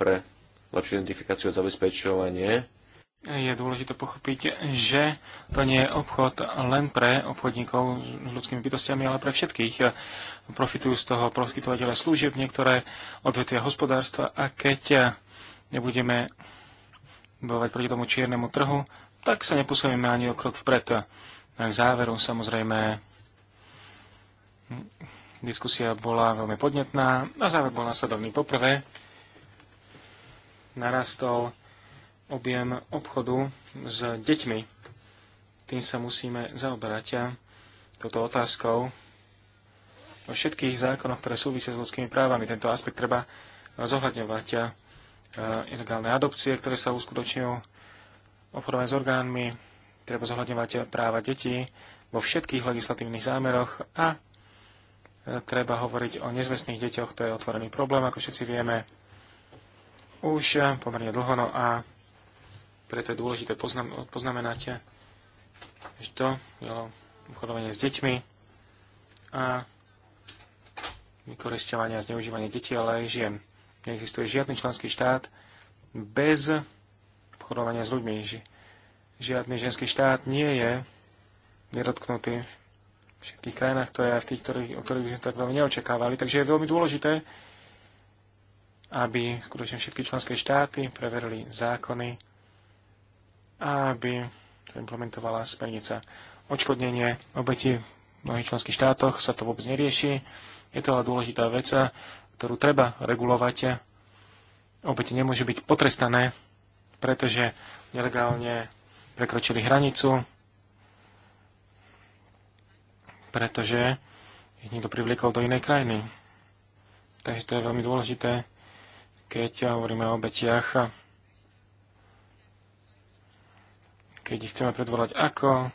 pre lepšiu identifikáciu a zabezpečovanie. Je dôležité pochopiť, že to nie je obchod len pre obchodníkov s ľudskými bytostiami, ale pre všetkých. Profitujú z toho poskytovateľe služieb, niektoré odvetvia hospodárstva a keď nebudeme bojovať proti tomu čiernemu trhu, tak sa neposunieme ani o krok vpred. A k záveru samozrejme hm, diskusia bola veľmi podnetná a záver bol nasledovný Poprvé, narastol objem obchodu s deťmi. Tým sa musíme zaoberať a touto otázkou vo všetkých zákonoch, ktoré súvisia s ľudskými právami. Tento aspekt treba zohľadňovať a e, ilegálne adopcie, ktoré sa uskutočňujú obchodové s orgánmi, treba zohľadňovať práva detí vo všetkých legislatívnych zámeroch a e, treba hovoriť o nezvestných deťoch, to je otvorený problém, ako všetci vieme už eh, pomerne dlho, no a preto je dôležité poznam, poznamenať, eh, že to je obchodovanie s deťmi a vykoristovanie a zneužívanie detí, ale aj žien. Neexistuje žiadny členský štát bez obchodovania s ľuďmi. Žiadny ženský štát nie je nedotknutý v všetkých krajinách, to je aj v tých, ktorých, o ktorých by sme tak veľmi neočakávali. Takže je veľmi dôležité, aby skutočne všetky členské štáty preverili zákony a aby sa implementovala smernica. Očkodnenie obeti v mnohých členských štátoch sa to vôbec nerieši. Je to ale dôležitá vec, ktorú treba regulovať. Obete nemôže byť potrestané, pretože nelegálne prekročili hranicu, pretože ich niekto privliekol do inej krajiny. Takže to je veľmi dôležité keď hovoríme o obetiach, keď ich chceme predvolať ako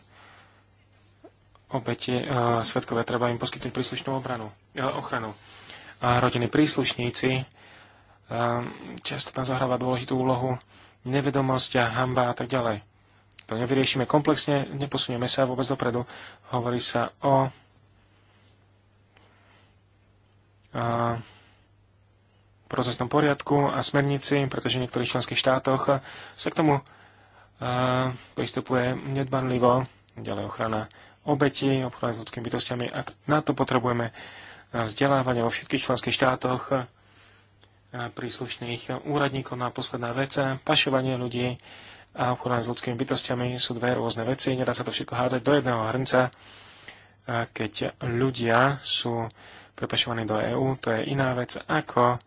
obete, eh, svetkové, treba im poskytnúť príslušnú obranu, eh, ochranu. A rodiny príslušníci eh, často tam zohráva dôležitú úlohu nevedomosť a hamba a tak ďalej. To nevyriešime komplexne, neposunieme sa vôbec dopredu. Hovorí sa o procesnom poriadku a smernici, pretože v niektorých členských štátoch sa k tomu eh, pristupuje nedbanlivo, ďalej ochrana obeti, obchodovanie s ľudskými bytostiami. A na to potrebujeme eh, vzdelávanie vo všetkých členských štátoch eh, príslušných úradníkov. na posledná vec, pašovanie ľudí a obchodovanie s ľudskými bytostiami sú dve rôzne veci. Nedá sa to všetko házať do jedného hrnca. Keď ľudia sú prepašovaní do EÚ, to je iná vec ako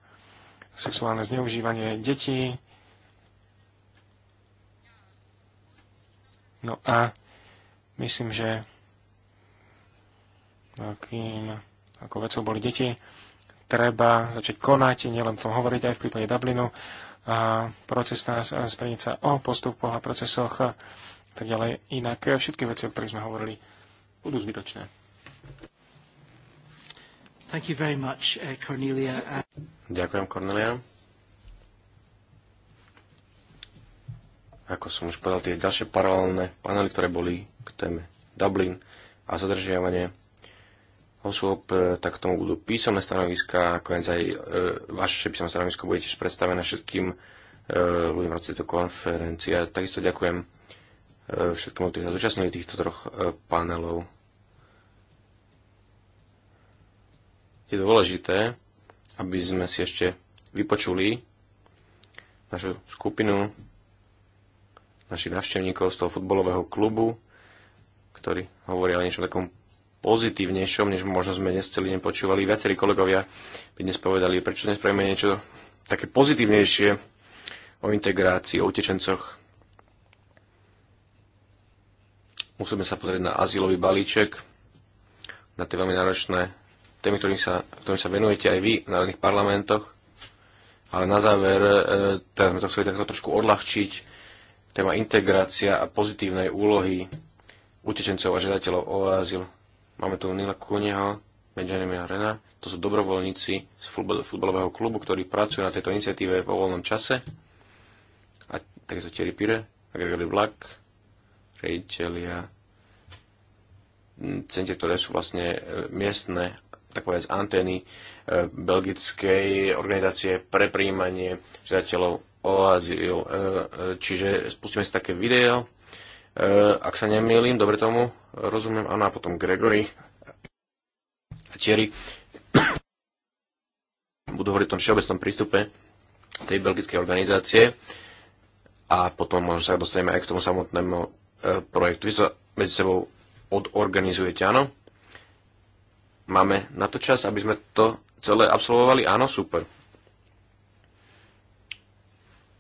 sexuálne zneužívanie detí. No a myslím, že takým ako vecou boli deti, treba začať konať, nielen to hovoriť aj v prípade Dublinu, a procesná smernica o postupoch a procesoch a tak ďalej. Inak e, všetky veci, o ktorých sme hovorili, budú zbytočné. Thank you very much, uh, Cornelia. Ďakujem, Cornelia. Ako som už povedal, tie ďalšie paralelné panely, ktoré boli k téme Dublin a zadržiavanie osôb, e, tak k tomu budú písomné stanoviska, ako aj e, vaše písomné stanovisko bude tiež predstavené všetkým e, ľuďom v rámci tejto konferencie. Takisto ďakujem e, všetkým, ktorí sa zúčastnili týchto troch e, panelov. je dôležité, aby sme si ešte vypočuli našu skupinu našich návštevníkov z toho futbalového klubu, ktorí hovoria o niečom takom pozitívnejšom, než možno sme dnes celý deň počúvali. Viacerí kolegovia by dnes povedali, prečo nespravíme niečo také pozitívnejšie o integrácii, o utečencoch. Musíme sa pozrieť na azylový balíček, na tie veľmi náročné témy, ktorým sa, ktorým sa venujete aj vy v národných parlamentoch. Ale na záver, e, teraz sme to chceli takto trošku odľahčiť, téma integrácia a pozitívnej úlohy utečencov a žiadateľov o azyl. Máme tu Nila Kuneho, Benjamina Rena, to sú dobrovoľníci z futbalového klubu, ktorí pracujú na tejto iniciatíve vo voľnom čase. A takisto Thierry Pire a Gregory Black, rejiteľia centie, ktoré sú vlastne e, miestne tak povedať, antény e, belgickej organizácie pre príjmanie žiadateľov o azyl. E, e, čiže spustíme si také video, ak sa nemýlim, dobre tomu rozumiem, áno, a potom Gregory a Thierry budú hovoriť o tom všeobecnom prístupe tej belgickej organizácie a potom možno sa dostaneme aj k tomu samotnému projektu. Vy sa medzi sebou odorganizujete, áno? Máme na to čas, aby sme to celé absolvovali? Áno, super.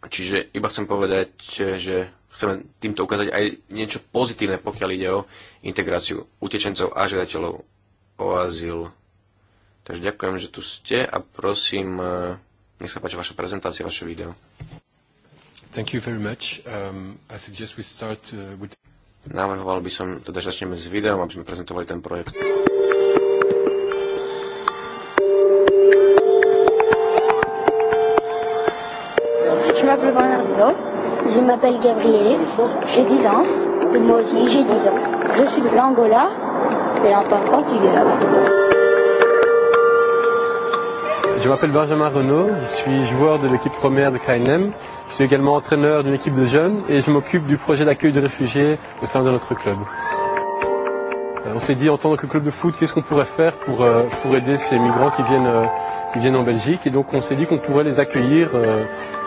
Čiže iba chcem povedať, že chceme týmto ukázať aj niečo pozitívne, pokiaľ ide o integráciu utečencov a žiadateľov o azyl. Takže ďakujem, že tu ste a prosím, eh, nech sa páči vaša prezentácia, vaše video. Thank you very much. Um, I suggest we start uh, with... Navrhoval by som, teda začneme s videom, aby sme prezentovali ten projekt. Pablo Bernardino. Je m'appelle Gabriel, j'ai 10 ans, et moi aussi j'ai 10 ans. Je suis de l'Angola, et en parle portugais. Je m'appelle Benjamin Renault, je suis joueur de l'équipe première de KNM. Je suis également entraîneur d'une équipe de jeunes et je m'occupe du projet d'accueil de réfugiés au sein de notre club. Euh, on s'est dit en tant que club de foot, qu'est-ce qu'on pourrait faire pour, euh, pour aider ces migrants qui viennent, euh, qui viennent en Belgique. Et donc on s'est dit qu'on pourrait les accueillir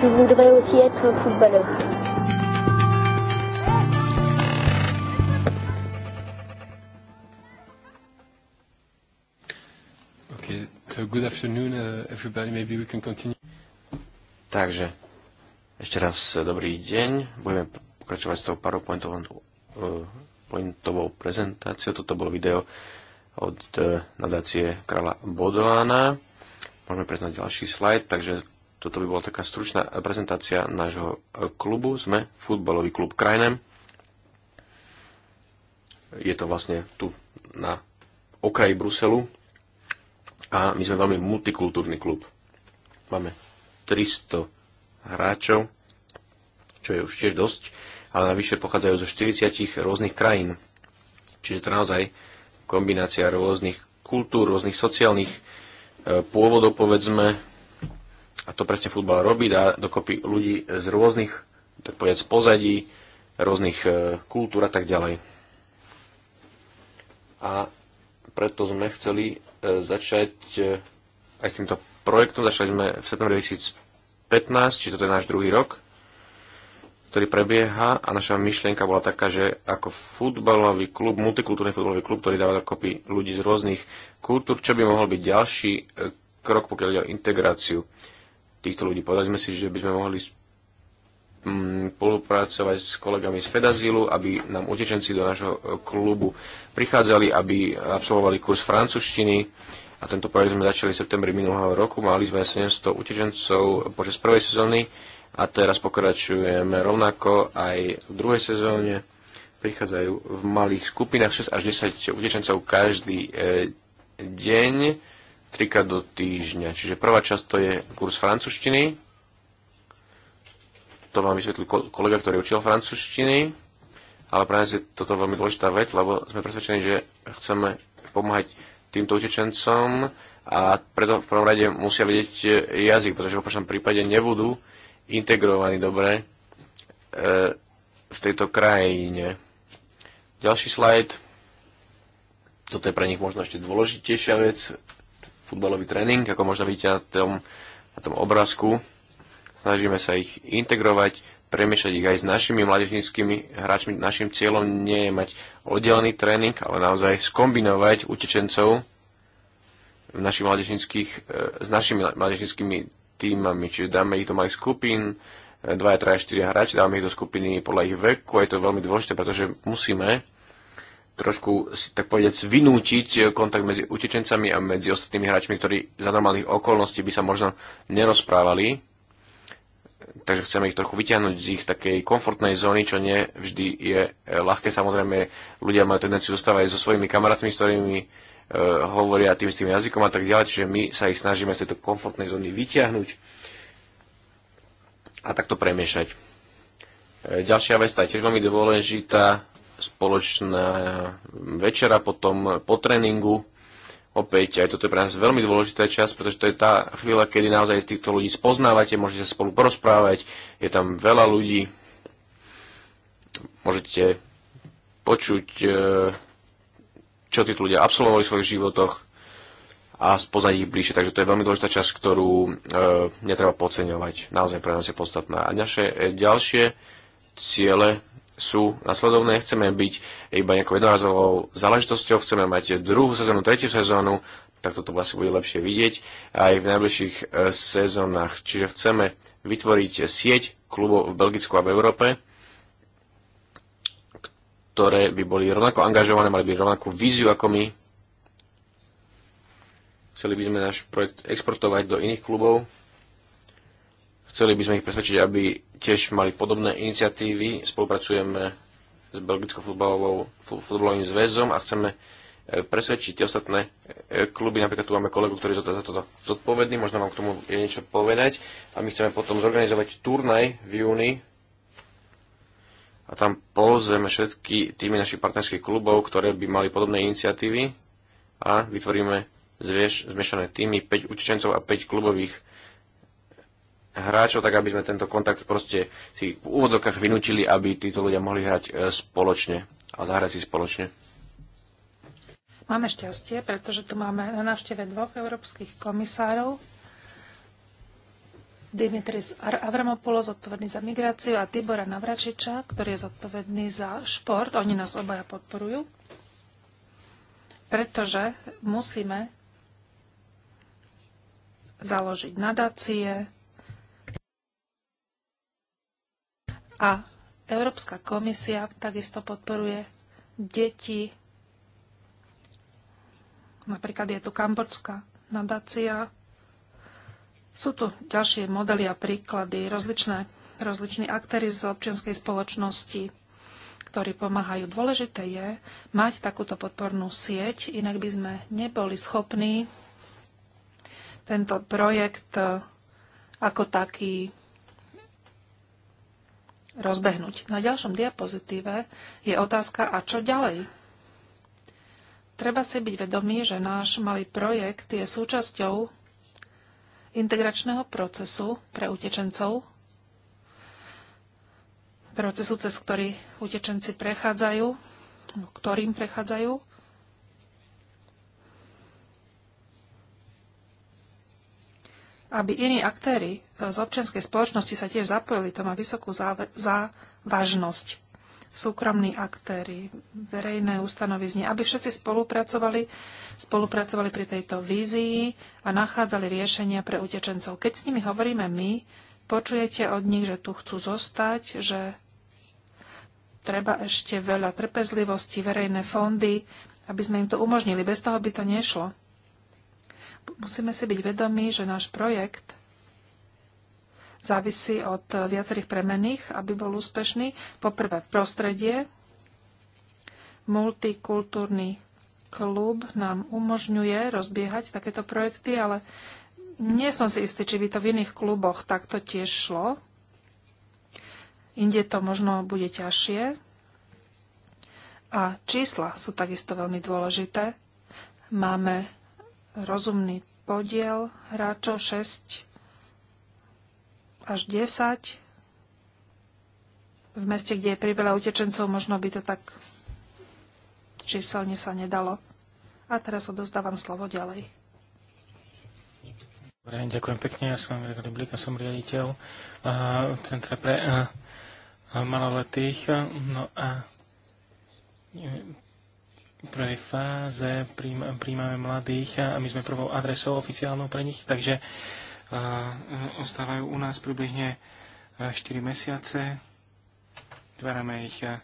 Je voudrais aussi être un footballeur. good afternoon uh, everybody, maybe we can continue. Takže, ešte raz eh, dobrý deň. Budeme pokračovať s tou PowerPointovou eh, pointovou prezentáciou. Toto bolo video od eh, nadácie kráľa Bodolána. Môžeme preznať ďalší slajd, takže toto by bola taká stručná prezentácia nášho e, klubu. Sme futbalový klub Krajnem. Je to vlastne tu na okraji Bruselu a my sme veľmi multikultúrny klub. Máme 300 hráčov, čo je už tiež dosť, ale navyše pochádzajú zo 40 rôznych krajín. Čiže to naozaj kombinácia rôznych kultúr, rôznych sociálnych e, pôvodov, povedzme, a to presne futbal robí, dá dokopy ľudí z rôznych, tak povedať, pozadí, rôznych e, kultúr a tak ďalej. A preto sme chceli e, začať e, aj s týmto projektom. Začali sme v septembri 2015, či toto je náš druhý rok, ktorý prebieha a naša myšlienka bola taká, že ako futbalový klub, multikultúrny futbalový klub, ktorý dáva dokopy ľudí z rôznych kultúr, čo by mohol byť ďalší krok, pokiaľ ide o integráciu týchto ľudí. Povedali sme si, že by sme mohli mm, spolupracovať s kolegami z Fedazilu, aby nám utečenci do nášho e, klubu prichádzali, aby absolvovali kurz francúzštiny. A tento projekt sme začali v septembri minulého roku. Mali sme 700 utečencov počas prvej sezóny a teraz pokračujeme rovnako aj v druhej sezóne. Prichádzajú v malých skupinách 6 až 10 utečencov každý e, deň trikrát do týždňa. Čiže prvá časť to je kurz francúzštiny. To vám vysvetlil kolega, ktorý učil francúzštiny. Ale pre nás je toto veľmi dôležitá vec, lebo sme presvedčení, že chceme pomáhať týmto utečencom a preto v prvom rade musia vedieť e, jazyk, pretože v opačnom prípade nebudú integrovaní dobre e, v tejto krajine. Ďalší slajd. Toto je pre nich možno ešte dôležitejšia vec futbalový tréning, ako možno vidíte na tom, na tom obrázku. Snažíme sa ich integrovať, premiešať ich aj s našimi mládežníckými hráčmi. Našim cieľom nie je mať oddelený tréning, ale naozaj skombinovať utečencov v našich mládežnických, e, s našimi mládežnickými týmami. Čiže dáme ich do malých skupín, 2, 3, 4 hráči, dáme ich do skupiny podľa ich veku. Je to veľmi dôležité, pretože musíme trošku, tak povedať, vynútiť eh, kontakt medzi utečencami a medzi ostatnými hráčmi, ktorí za normálnych okolností by sa možno nerozprávali. Takže chceme ich trochu vyťahnuť z ich takej komfortnej zóny, čo nie vždy je eh, ľahké. Samozrejme, ľudia majú tendenciu zostávať so svojimi kamarátmi, s ktorými e, hovoria tým s tým jazykom a tak ďalej, čiže my sa ich snažíme z tejto komfortnej zóny vyťahnuť a takto premiešať. E, ďalšia vec, tá je tiež veľmi dôležitá, spoločná večera potom po tréningu. Opäť, aj toto je pre nás veľmi dôležitá časť, pretože to je tá chvíľa, kedy naozaj týchto ľudí spoznávate, môžete sa spolu porozprávať, je tam veľa ľudí, môžete počuť, e, čo títo ľudia absolvovali v svojich životoch a spoznať ich bližšie. Takže to je veľmi dôležitá časť, ktorú e, netreba podceňovať. Naozaj pre nás je podstatná. A naše e, ďalšie ciele sú nasledovné. Chceme byť iba nejakou jednorazovou záležitosťou, chceme mať druhú sezónu, tretiu sezónu, tak toto asi bude lepšie vidieť aj v najbližších e, sezónach. Čiže chceme vytvoriť sieť klubov v Belgicku a v Európe, ktoré by boli rovnako angažované, mali by rovnakú víziu ako my. Chceli by sme náš projekt exportovať do iných klubov. Chceli by sme ich presvedčiť, aby tiež mali podobné iniciatívy. Spolupracujeme s Belgickou futbalovou, futbalovým zväzom a chceme e, presvedčiť tie ostatné e, kluby. Napríklad tu máme kolegu, ktorý je za toto zodpovedný, možno vám k tomu je niečo povedať. A my chceme potom zorganizovať turnaj v júni a tam pozveme všetky týmy našich partnerských klubov, ktoré by mali podobné iniciatívy a vytvoríme zmiešané týmy, 5 utečencov a 5 klubových hráčov, tak aby sme tento kontakt proste si v úvodzokách vynúčili, aby títo ľudia mohli hrať e, spoločne a zahrať si spoločne. Máme šťastie, pretože tu máme na návšteve dvoch európskych komisárov. Dimitris Avramopoulos, zodpovedný za migráciu, a Tibora Navračiča, ktorý je zodpovedný za šport. Oni nás obaja podporujú, pretože musíme založiť nadácie, A Európska komisia takisto podporuje deti. Napríklad je tu Kambodžská nadácia. Sú tu ďalšie modely a príklady, rozličné, rozliční aktéry z občianskej spoločnosti, ktorí pomáhajú. Dôležité je mať takúto podpornú sieť, inak by sme neboli schopní tento projekt eh, ako taký rozbehnúť. Na ďalšom diapozitíve je otázka, a čo ďalej? Treba si byť vedomý, že náš malý projekt je súčasťou integračného procesu pre utečencov, procesu, cez ktorý utečenci prechádzajú, ktorým prechádzajú. Aby iní aktéry z občianskej spoločnosti sa tiež zapojili. To má vysokú závažnosť. Súkromní aktéry, verejné ustanovizne, aby všetci spolupracovali, spolupracovali pri tejto vízii a nachádzali riešenia pre utečencov. Keď s nimi hovoríme my, počujete od nich, že tu chcú zostať, že treba ešte veľa trpezlivosti, verejné fondy, aby sme im to umožnili. Bez toho by to nešlo musíme si byť vedomí, že náš projekt závisí od eh, viacerých premených, aby bol úspešný. Poprvé prostredie. Multikultúrny klub nám umožňuje rozbiehať takéto projekty, ale nie som si istý, či by to v iných kluboch takto tiež šlo. Inde to možno bude ťažšie. A čísla sú takisto veľmi dôležité. Máme rozumný podiel hráčov 6 až 10 v meste, kde je priveľa utečencov, možno by to tak číselne sa nedalo. A teraz odozdávam slovo ďalej. Dobre, ďakujem pekne. Ja som Blik a som riaditeľ uh, Centra pre uh, maloletých. No a v e, prvej fáze príjmame mladých a my sme prvou adresou oficiálnou pre nich, takže uh, E, ostávajú u nás približne 4 e, mesiace. Vytvárame ich e,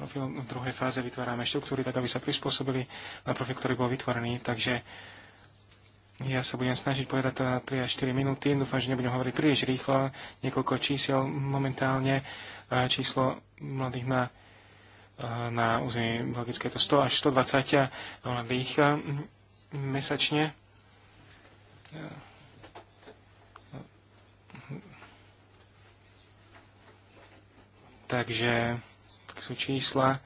profil, v druhej fáze vytvárame štruktúry, tak aby sa prispôsobili na profil, ktorý bol vytvorený. Takže ja sa budem snažiť povedať na 3 až 4 minúty. Dúfam, že nebudem hovoriť príliš rýchlo. Niekoľko čísel momentálne. Číslo mladých na na území Belgicka to 100 až 120 mladých mesačne. Takže tak sú čísla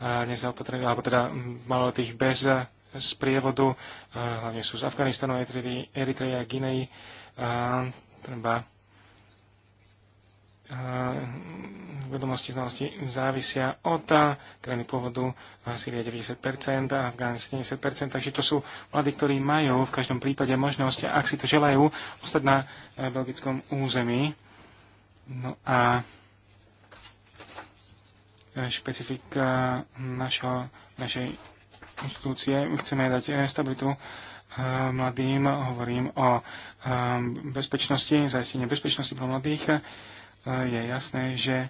eh, nezaopatrené, alebo teda hm, malo tých bez eh, z prievodu, eh, hlavne sú z Afganistanu, Eritreji a Treba Mm, vedomosti, znalosti závisia od krajiny pôvodu Sýria 90%, a Afgáns 70%, takže to sú mladí, ktorí majú v každom prípade možnosť, ak si to želajú, ostať na e, belgickom území. No a e, špecifika e, našo, našej inštitúcie. Chceme dať stabilitu mladým, hovorím o bezpečnosti, zaistenie bezpečnosti pre mladých je jasné, že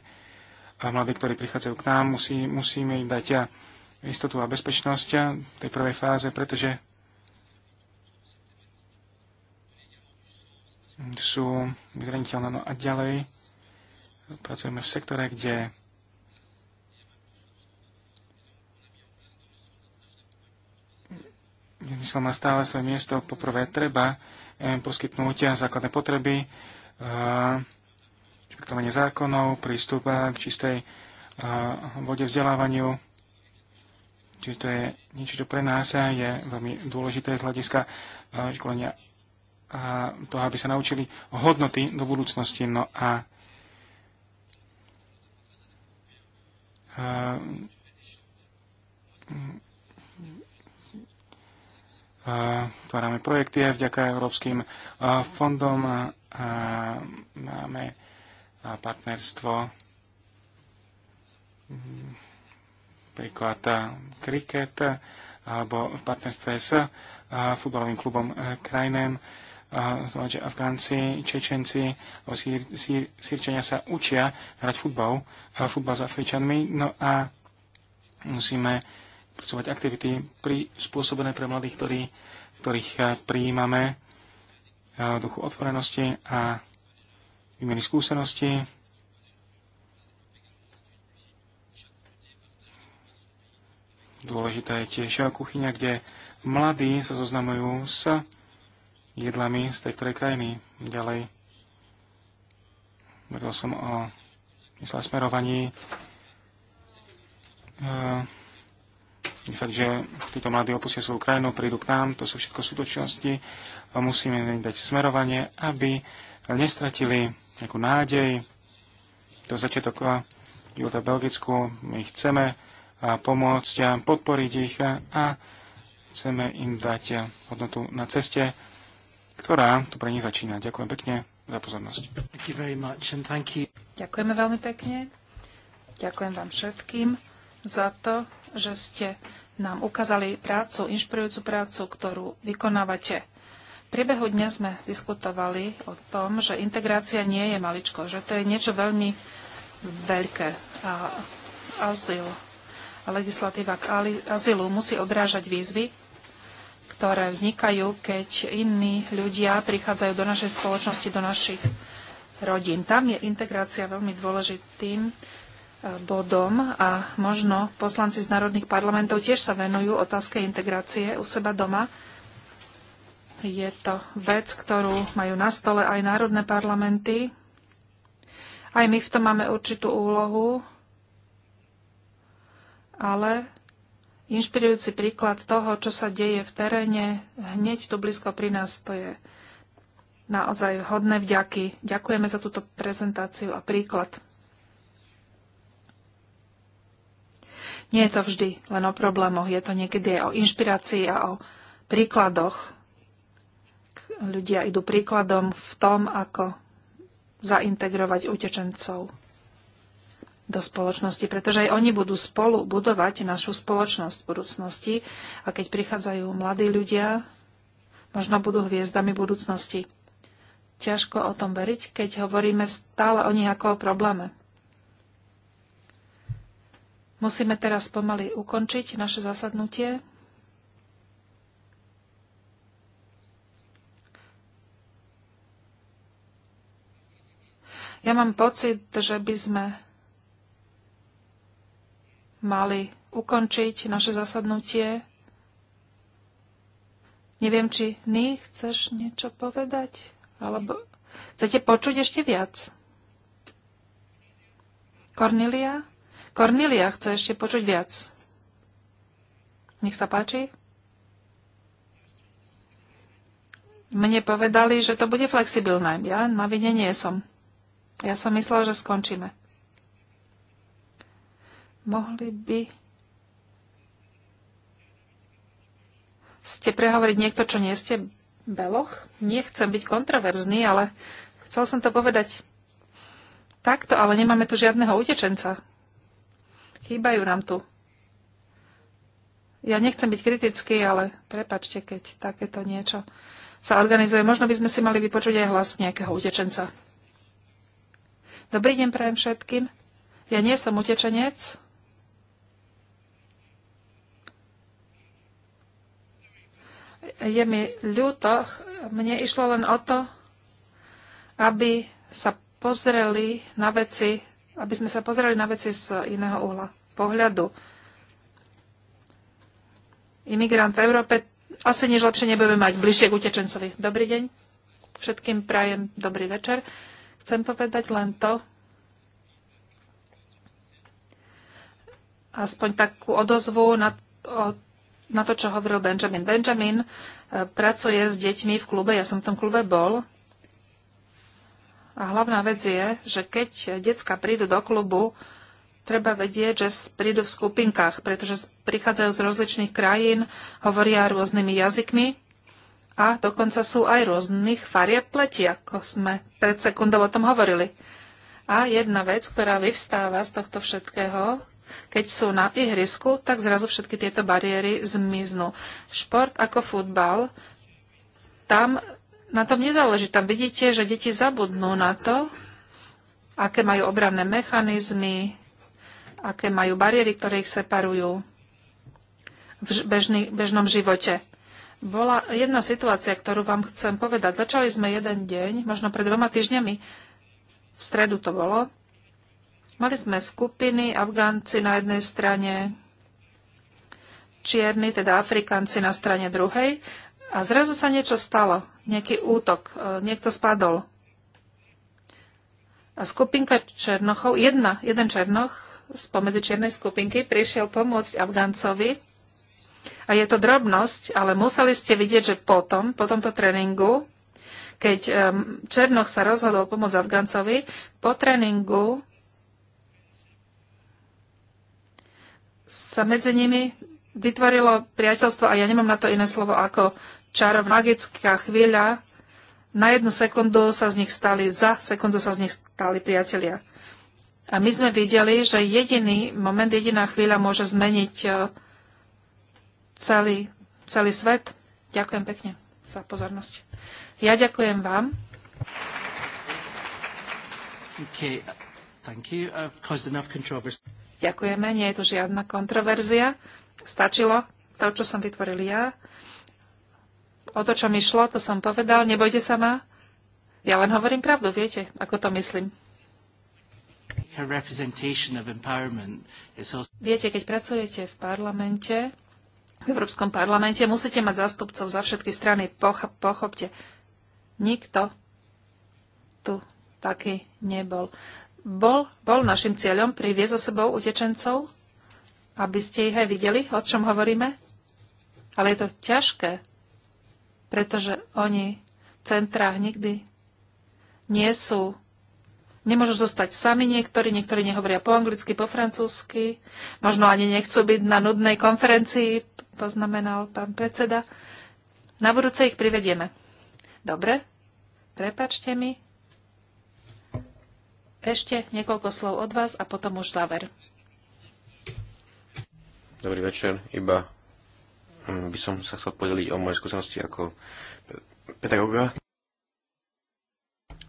mladí, ktorí prichádzajú k nám, musí, musíme im dať istotu a bezpečnosť v tej prvej fáze, pretože sú zraniteľné. No a ďalej pracujeme v sektore, kde myslím, má stále svoje miesto. Poprvé treba poskytnúť základné potreby, rešpektovanie zákonov, prístup k čistej eh, vode vzdelávaniu. Čiže to je niečo, čo pre nás je veľmi dôležité z hľadiska eh, školenia a toho, aby sa naučili hodnoty do budúcnosti. No a eh, tvárame projekty vďaka európskym fondom a máme a partnerstvo. Príklad kriket eh, eh, alebo v partnerstve s eh, futbalovým klubom Krajnen že Afgánci, Čečenci, Sýrčania Sírčania sa učia hrať futbal, futbal s Afričanmi, no a musíme pracovať aktivity prispôsobené pre mladých, ktorých prijímame v duchu otvorenosti a výmeny skúsenosti. Dôležitá je tiež kuchyňa, kde mladí sa zoznamujú s jedlami z tej ktorej krajiny. Ďalej vedel som o mysle smerovaní e, fakt, že títo mladí opustia svoju krajinu, prídu k nám, to sú všetko súdočnosti. a musíme im dať smerovanie, aby nestratili nejakú nádej. To začiatok života v Belgicku. My chceme pomôcť a podporiť ich a chceme im dať hodnotu na ceste, ktorá tu pre nich začína. Ďakujem pekne za pozornosť. Ďakujeme veľmi pekne. Ďakujem vám všetkým za to, že ste nám ukázali prácu, inšpirujúcu prácu, ktorú vykonávate priebehu dňa sme diskutovali o tom, že integrácia nie je maličko, že to je niečo veľmi veľké. A azyl a legislatíva k azylu musí odrážať výzvy, ktoré vznikajú, keď iní ľudia prichádzajú do našej spoločnosti, do našich rodín. Tam je integrácia veľmi dôležitým e, bodom a možno poslanci z národných parlamentov tiež sa venujú otázke integrácie u seba doma je to vec, ktorú majú na stole aj národné parlamenty. Aj my v tom máme určitú úlohu, ale inšpirujúci príklad toho, čo sa deje v teréne, hneď tu blízko pri nás, to je naozaj hodné vďaky. Ďakujeme za túto prezentáciu a príklad. Nie je to vždy len o problémoch, je to niekedy aj o inšpirácii a o príkladoch ľudia idú príkladom v tom, ako zaintegrovať utečencov do spoločnosti, pretože aj oni budú spolu budovať našu spoločnosť v budúcnosti a keď prichádzajú mladí ľudia, možno budú hviezdami budúcnosti. Ťažko o tom veriť, keď hovoríme stále o nich ako o probléme. Musíme teraz pomaly ukončiť naše zasadnutie. Ja mám pocit, že by sme mali ukončiť naše zasadnutie. Neviem, či Ny, chceš niečo povedať? Alebo chcete počuť ešte viac? Cornelia? Cornelia chce ešte počuť viac. Nech sa páči. Mne povedali, že to bude flexibilné. Ja na vine nie som. Ja som myslel, že skončíme. Mohli by ste prehovoriť niekto, čo nie ste beloch? Nechcem byť kontroverzný, ale chcel som to povedať takto, ale nemáme tu žiadneho utečenca. Chýbajú nám tu. Ja nechcem byť kritický, ale prepačte, keď takéto niečo sa organizuje. Možno by sme si mali vypočuť aj hlas nejakého utečenca. Dobrý deň prajem všetkým. Ja nie som utečenec. Je mi ľúto, mne išlo len o to, aby sa pozreli na veci, aby sme sa pozreli na veci z iného uhla pohľadu. Imigrant v Európe asi nič lepšie nebudeme mať bližšie k utečencovi. Dobrý deň. Všetkým prajem dobrý večer. Chcem povedať len to, aspoň takú odozvu na, to, na to, čo hovoril Benjamin. Benjamin eh, pracuje s deťmi v klube, ja som v tom klube bol. A hlavná vec je, že keď decka prídu do klubu, treba vedieť, že prídu v skupinkách, pretože prichádzajú z rozličných krajín, hovoria rôznymi jazykmi a dokonca sú aj rôznych farieb pleti, ako sme pred sekundou o tom hovorili. A jedna vec, ktorá vyvstáva z tohto všetkého, keď sú na ihrisku, tak zrazu všetky tieto bariéry zmiznú. Šport ako futbal, tam na tom nezáleží. Tam vidíte, že deti zabudnú na to, aké majú obranné mechanizmy, aké majú bariéry, ktoré ich separujú v bežný, bežnom živote bola jedna situácia, ktorú vám chcem povedať. Začali sme jeden deň, možno pred dvoma týždňami, v stredu to bolo. Mali sme skupiny, Afgánci na jednej strane, čierni, teda Afrikanci na strane druhej. A zrazu sa niečo stalo, nejaký útok, e, niekto spadol. A skupinka Černochov, jedna, jeden Černoch spomedzi čiernej skupinky prišiel pomôcť Afgáncovi, a je to drobnosť, ale museli ste vidieť, že potom, po tomto tréningu, keď ehm, Černoch sa rozhodol pomôcť Afgancovi, po tréningu sa medzi nimi vytvorilo priateľstvo a ja nemám na to iné slovo ako čarovná magická chvíľa. Na jednu sekundu sa z nich stali, za sekundu sa z nich stali priatelia. A my sme videli, že jediný moment, jediná chvíľa môže zmeniť eh, celý, celý svet. Ďakujem pekne za pozornosť. Ja ďakujem vám. Okay. Thank you. enough controversy. Ďakujeme, nie je to žiadna kontroverzia. Stačilo to, čo som vytvoril ja. O to, čo mi šlo, to som povedal. Nebojte sa ma. Ja len hovorím pravdu, viete, ako to myslím. Viete, keď pracujete v parlamente, v Európskom parlamente. Musíte mať zástupcov za všetky strany. Poch- pochopte, nikto tu taký nebol. Bol, bol našim cieľom priviesť so sebou utečencov, aby ste ich aj videli, o čom hovoríme. Ale je to ťažké, pretože oni v centrách nikdy nie sú Nemôžu zostať sami niektorí, niektorí nehovoria po anglicky, po francúzsky, možno ani nechcú byť na nudnej konferencii poznamenal pán predseda. Na budúce ich privedieme. Dobre, prepačte mi. Ešte niekoľko slov od vás a potom už záver. Dobrý večer, iba mm, by som sa chcel podeliť o moje skúsenosti ako pedagoga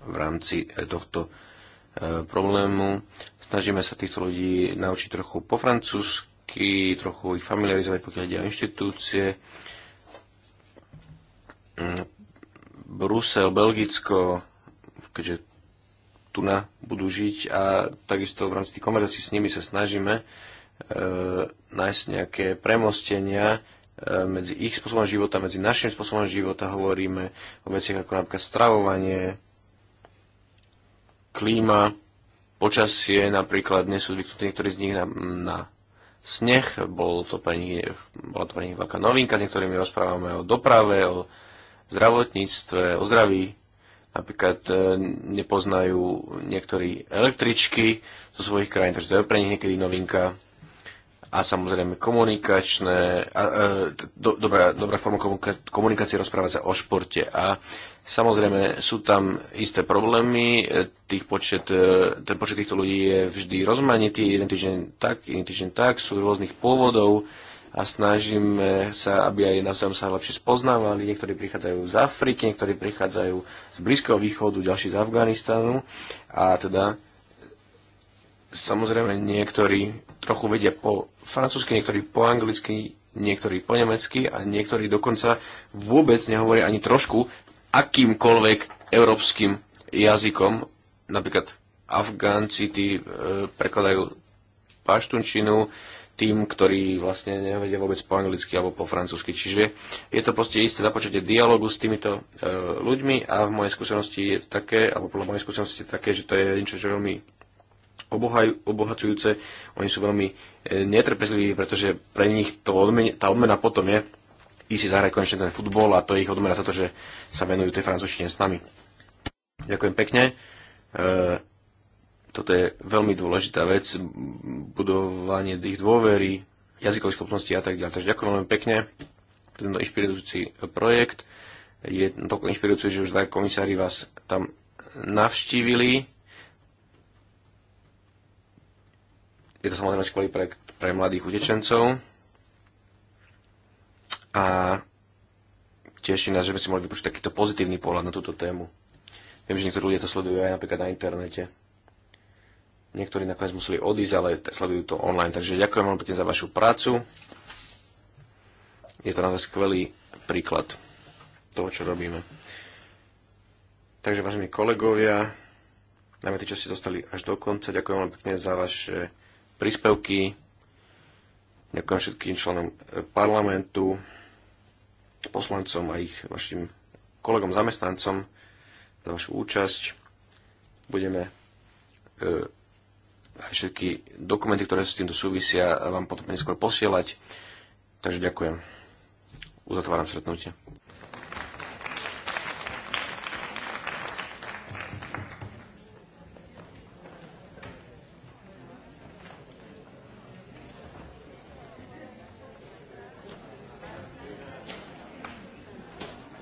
v rámci eh, tohto eh, problému. Snažíme sa týchto ľudí naučiť trochu po francúzsky, roky, trochu ich familiarizovať, pokiaľ ide o inštitúcie. Mm, Brusel, Belgicko, keďže tu na budú žiť a takisto v rámci tých konverzácií s nimi sa snažíme e, nájsť nejaké premostenia e, medzi ich spôsobom života, medzi našim spôsobom života. Hovoríme o veciach ako napríklad stravovanie, klíma, počasie, napríklad dnes sú zvyknutí niektorí z nich na, na sneh, bol to pre nich, bola to pre nich veľká novinka, s niektorými rozprávame o doprave, o zdravotníctve, o zdraví. Napríklad e, nepoznajú niektorí električky zo svojich krajín, takže to je pre nich niekedy novinka a samozrejme komunikačné, a, a, e, do, dobrá, dobrá forma komunikácie rozprávať sa o športe. A samozrejme sú tam isté problémy, e, tých počet, e, ten počet týchto ľudí je vždy rozmanitý, jeden týždeň tak, iný týždeň tak, sú rôznych pôvodov a snažíme sa, aby aj na sa lepšie spoznávali. Niektorí prichádzajú z Afriky, niektorí prichádzajú z Blízkeho východu, ďalší z Afganistanu a teda samozrejme niektorí trochu vedia po francúzsky, niektorí po anglicky, niektorí po nemecky a niektorí dokonca vôbec nehovoria ani trošku akýmkoľvek európskym jazykom. Napríklad Afgánci tí e, prekladajú paštunčinu tým, ktorí vlastne nevedia vôbec po anglicky alebo po francúzsky. Čiže je to proste isté započatie dialogu s týmito e, ľuďmi a v mojej skúsenosti je také, alebo podľa mojej skúsenosti je také, že to je niečo, čo je veľmi obohaj, obohacujúce. Oni sú veľmi e, netrpezliví, pretože pre nich to odmen, tá odmena potom je ísť si zahrať konečne ten futbol a to je ich odmena za to, že sa venujú tej francúzštine s nami. Ďakujem pekne. E, toto je veľmi dôležitá vec, budovanie ich dôvery, jazykových schopností a tak ďalej. Takže ďakujem veľmi pekne tento inšpirujúci projekt. Je toľko inšpirujúci, že už dva komisári vás tam navštívili je to samozrejme skvelý projekt pre mladých utečencov a teší nás, že sme si mohli vypočuť takýto pozitívny pohľad na túto tému. Viem, že niektorí ľudia to sledujú aj napríklad na internete. Niektorí nakoniec museli odísť, ale sledujú to online. Takže ďakujem vám pekne za vašu prácu. Je to naozaj skvelý príklad toho, čo robíme. Takže, vážení kolegovia, najmä tí, čo ste dostali až do konca, ďakujem vám pekne za vaše príspevky. Ďakujem všetkým členom eh, parlamentu, poslancom a ich vašim kolegom zamestnancom za vašu účasť. Budeme e, všetky dokumenty, ktoré s týmto súvisia, vám potom neskôr posielať. Takže ďakujem. Uzatváram stretnutie.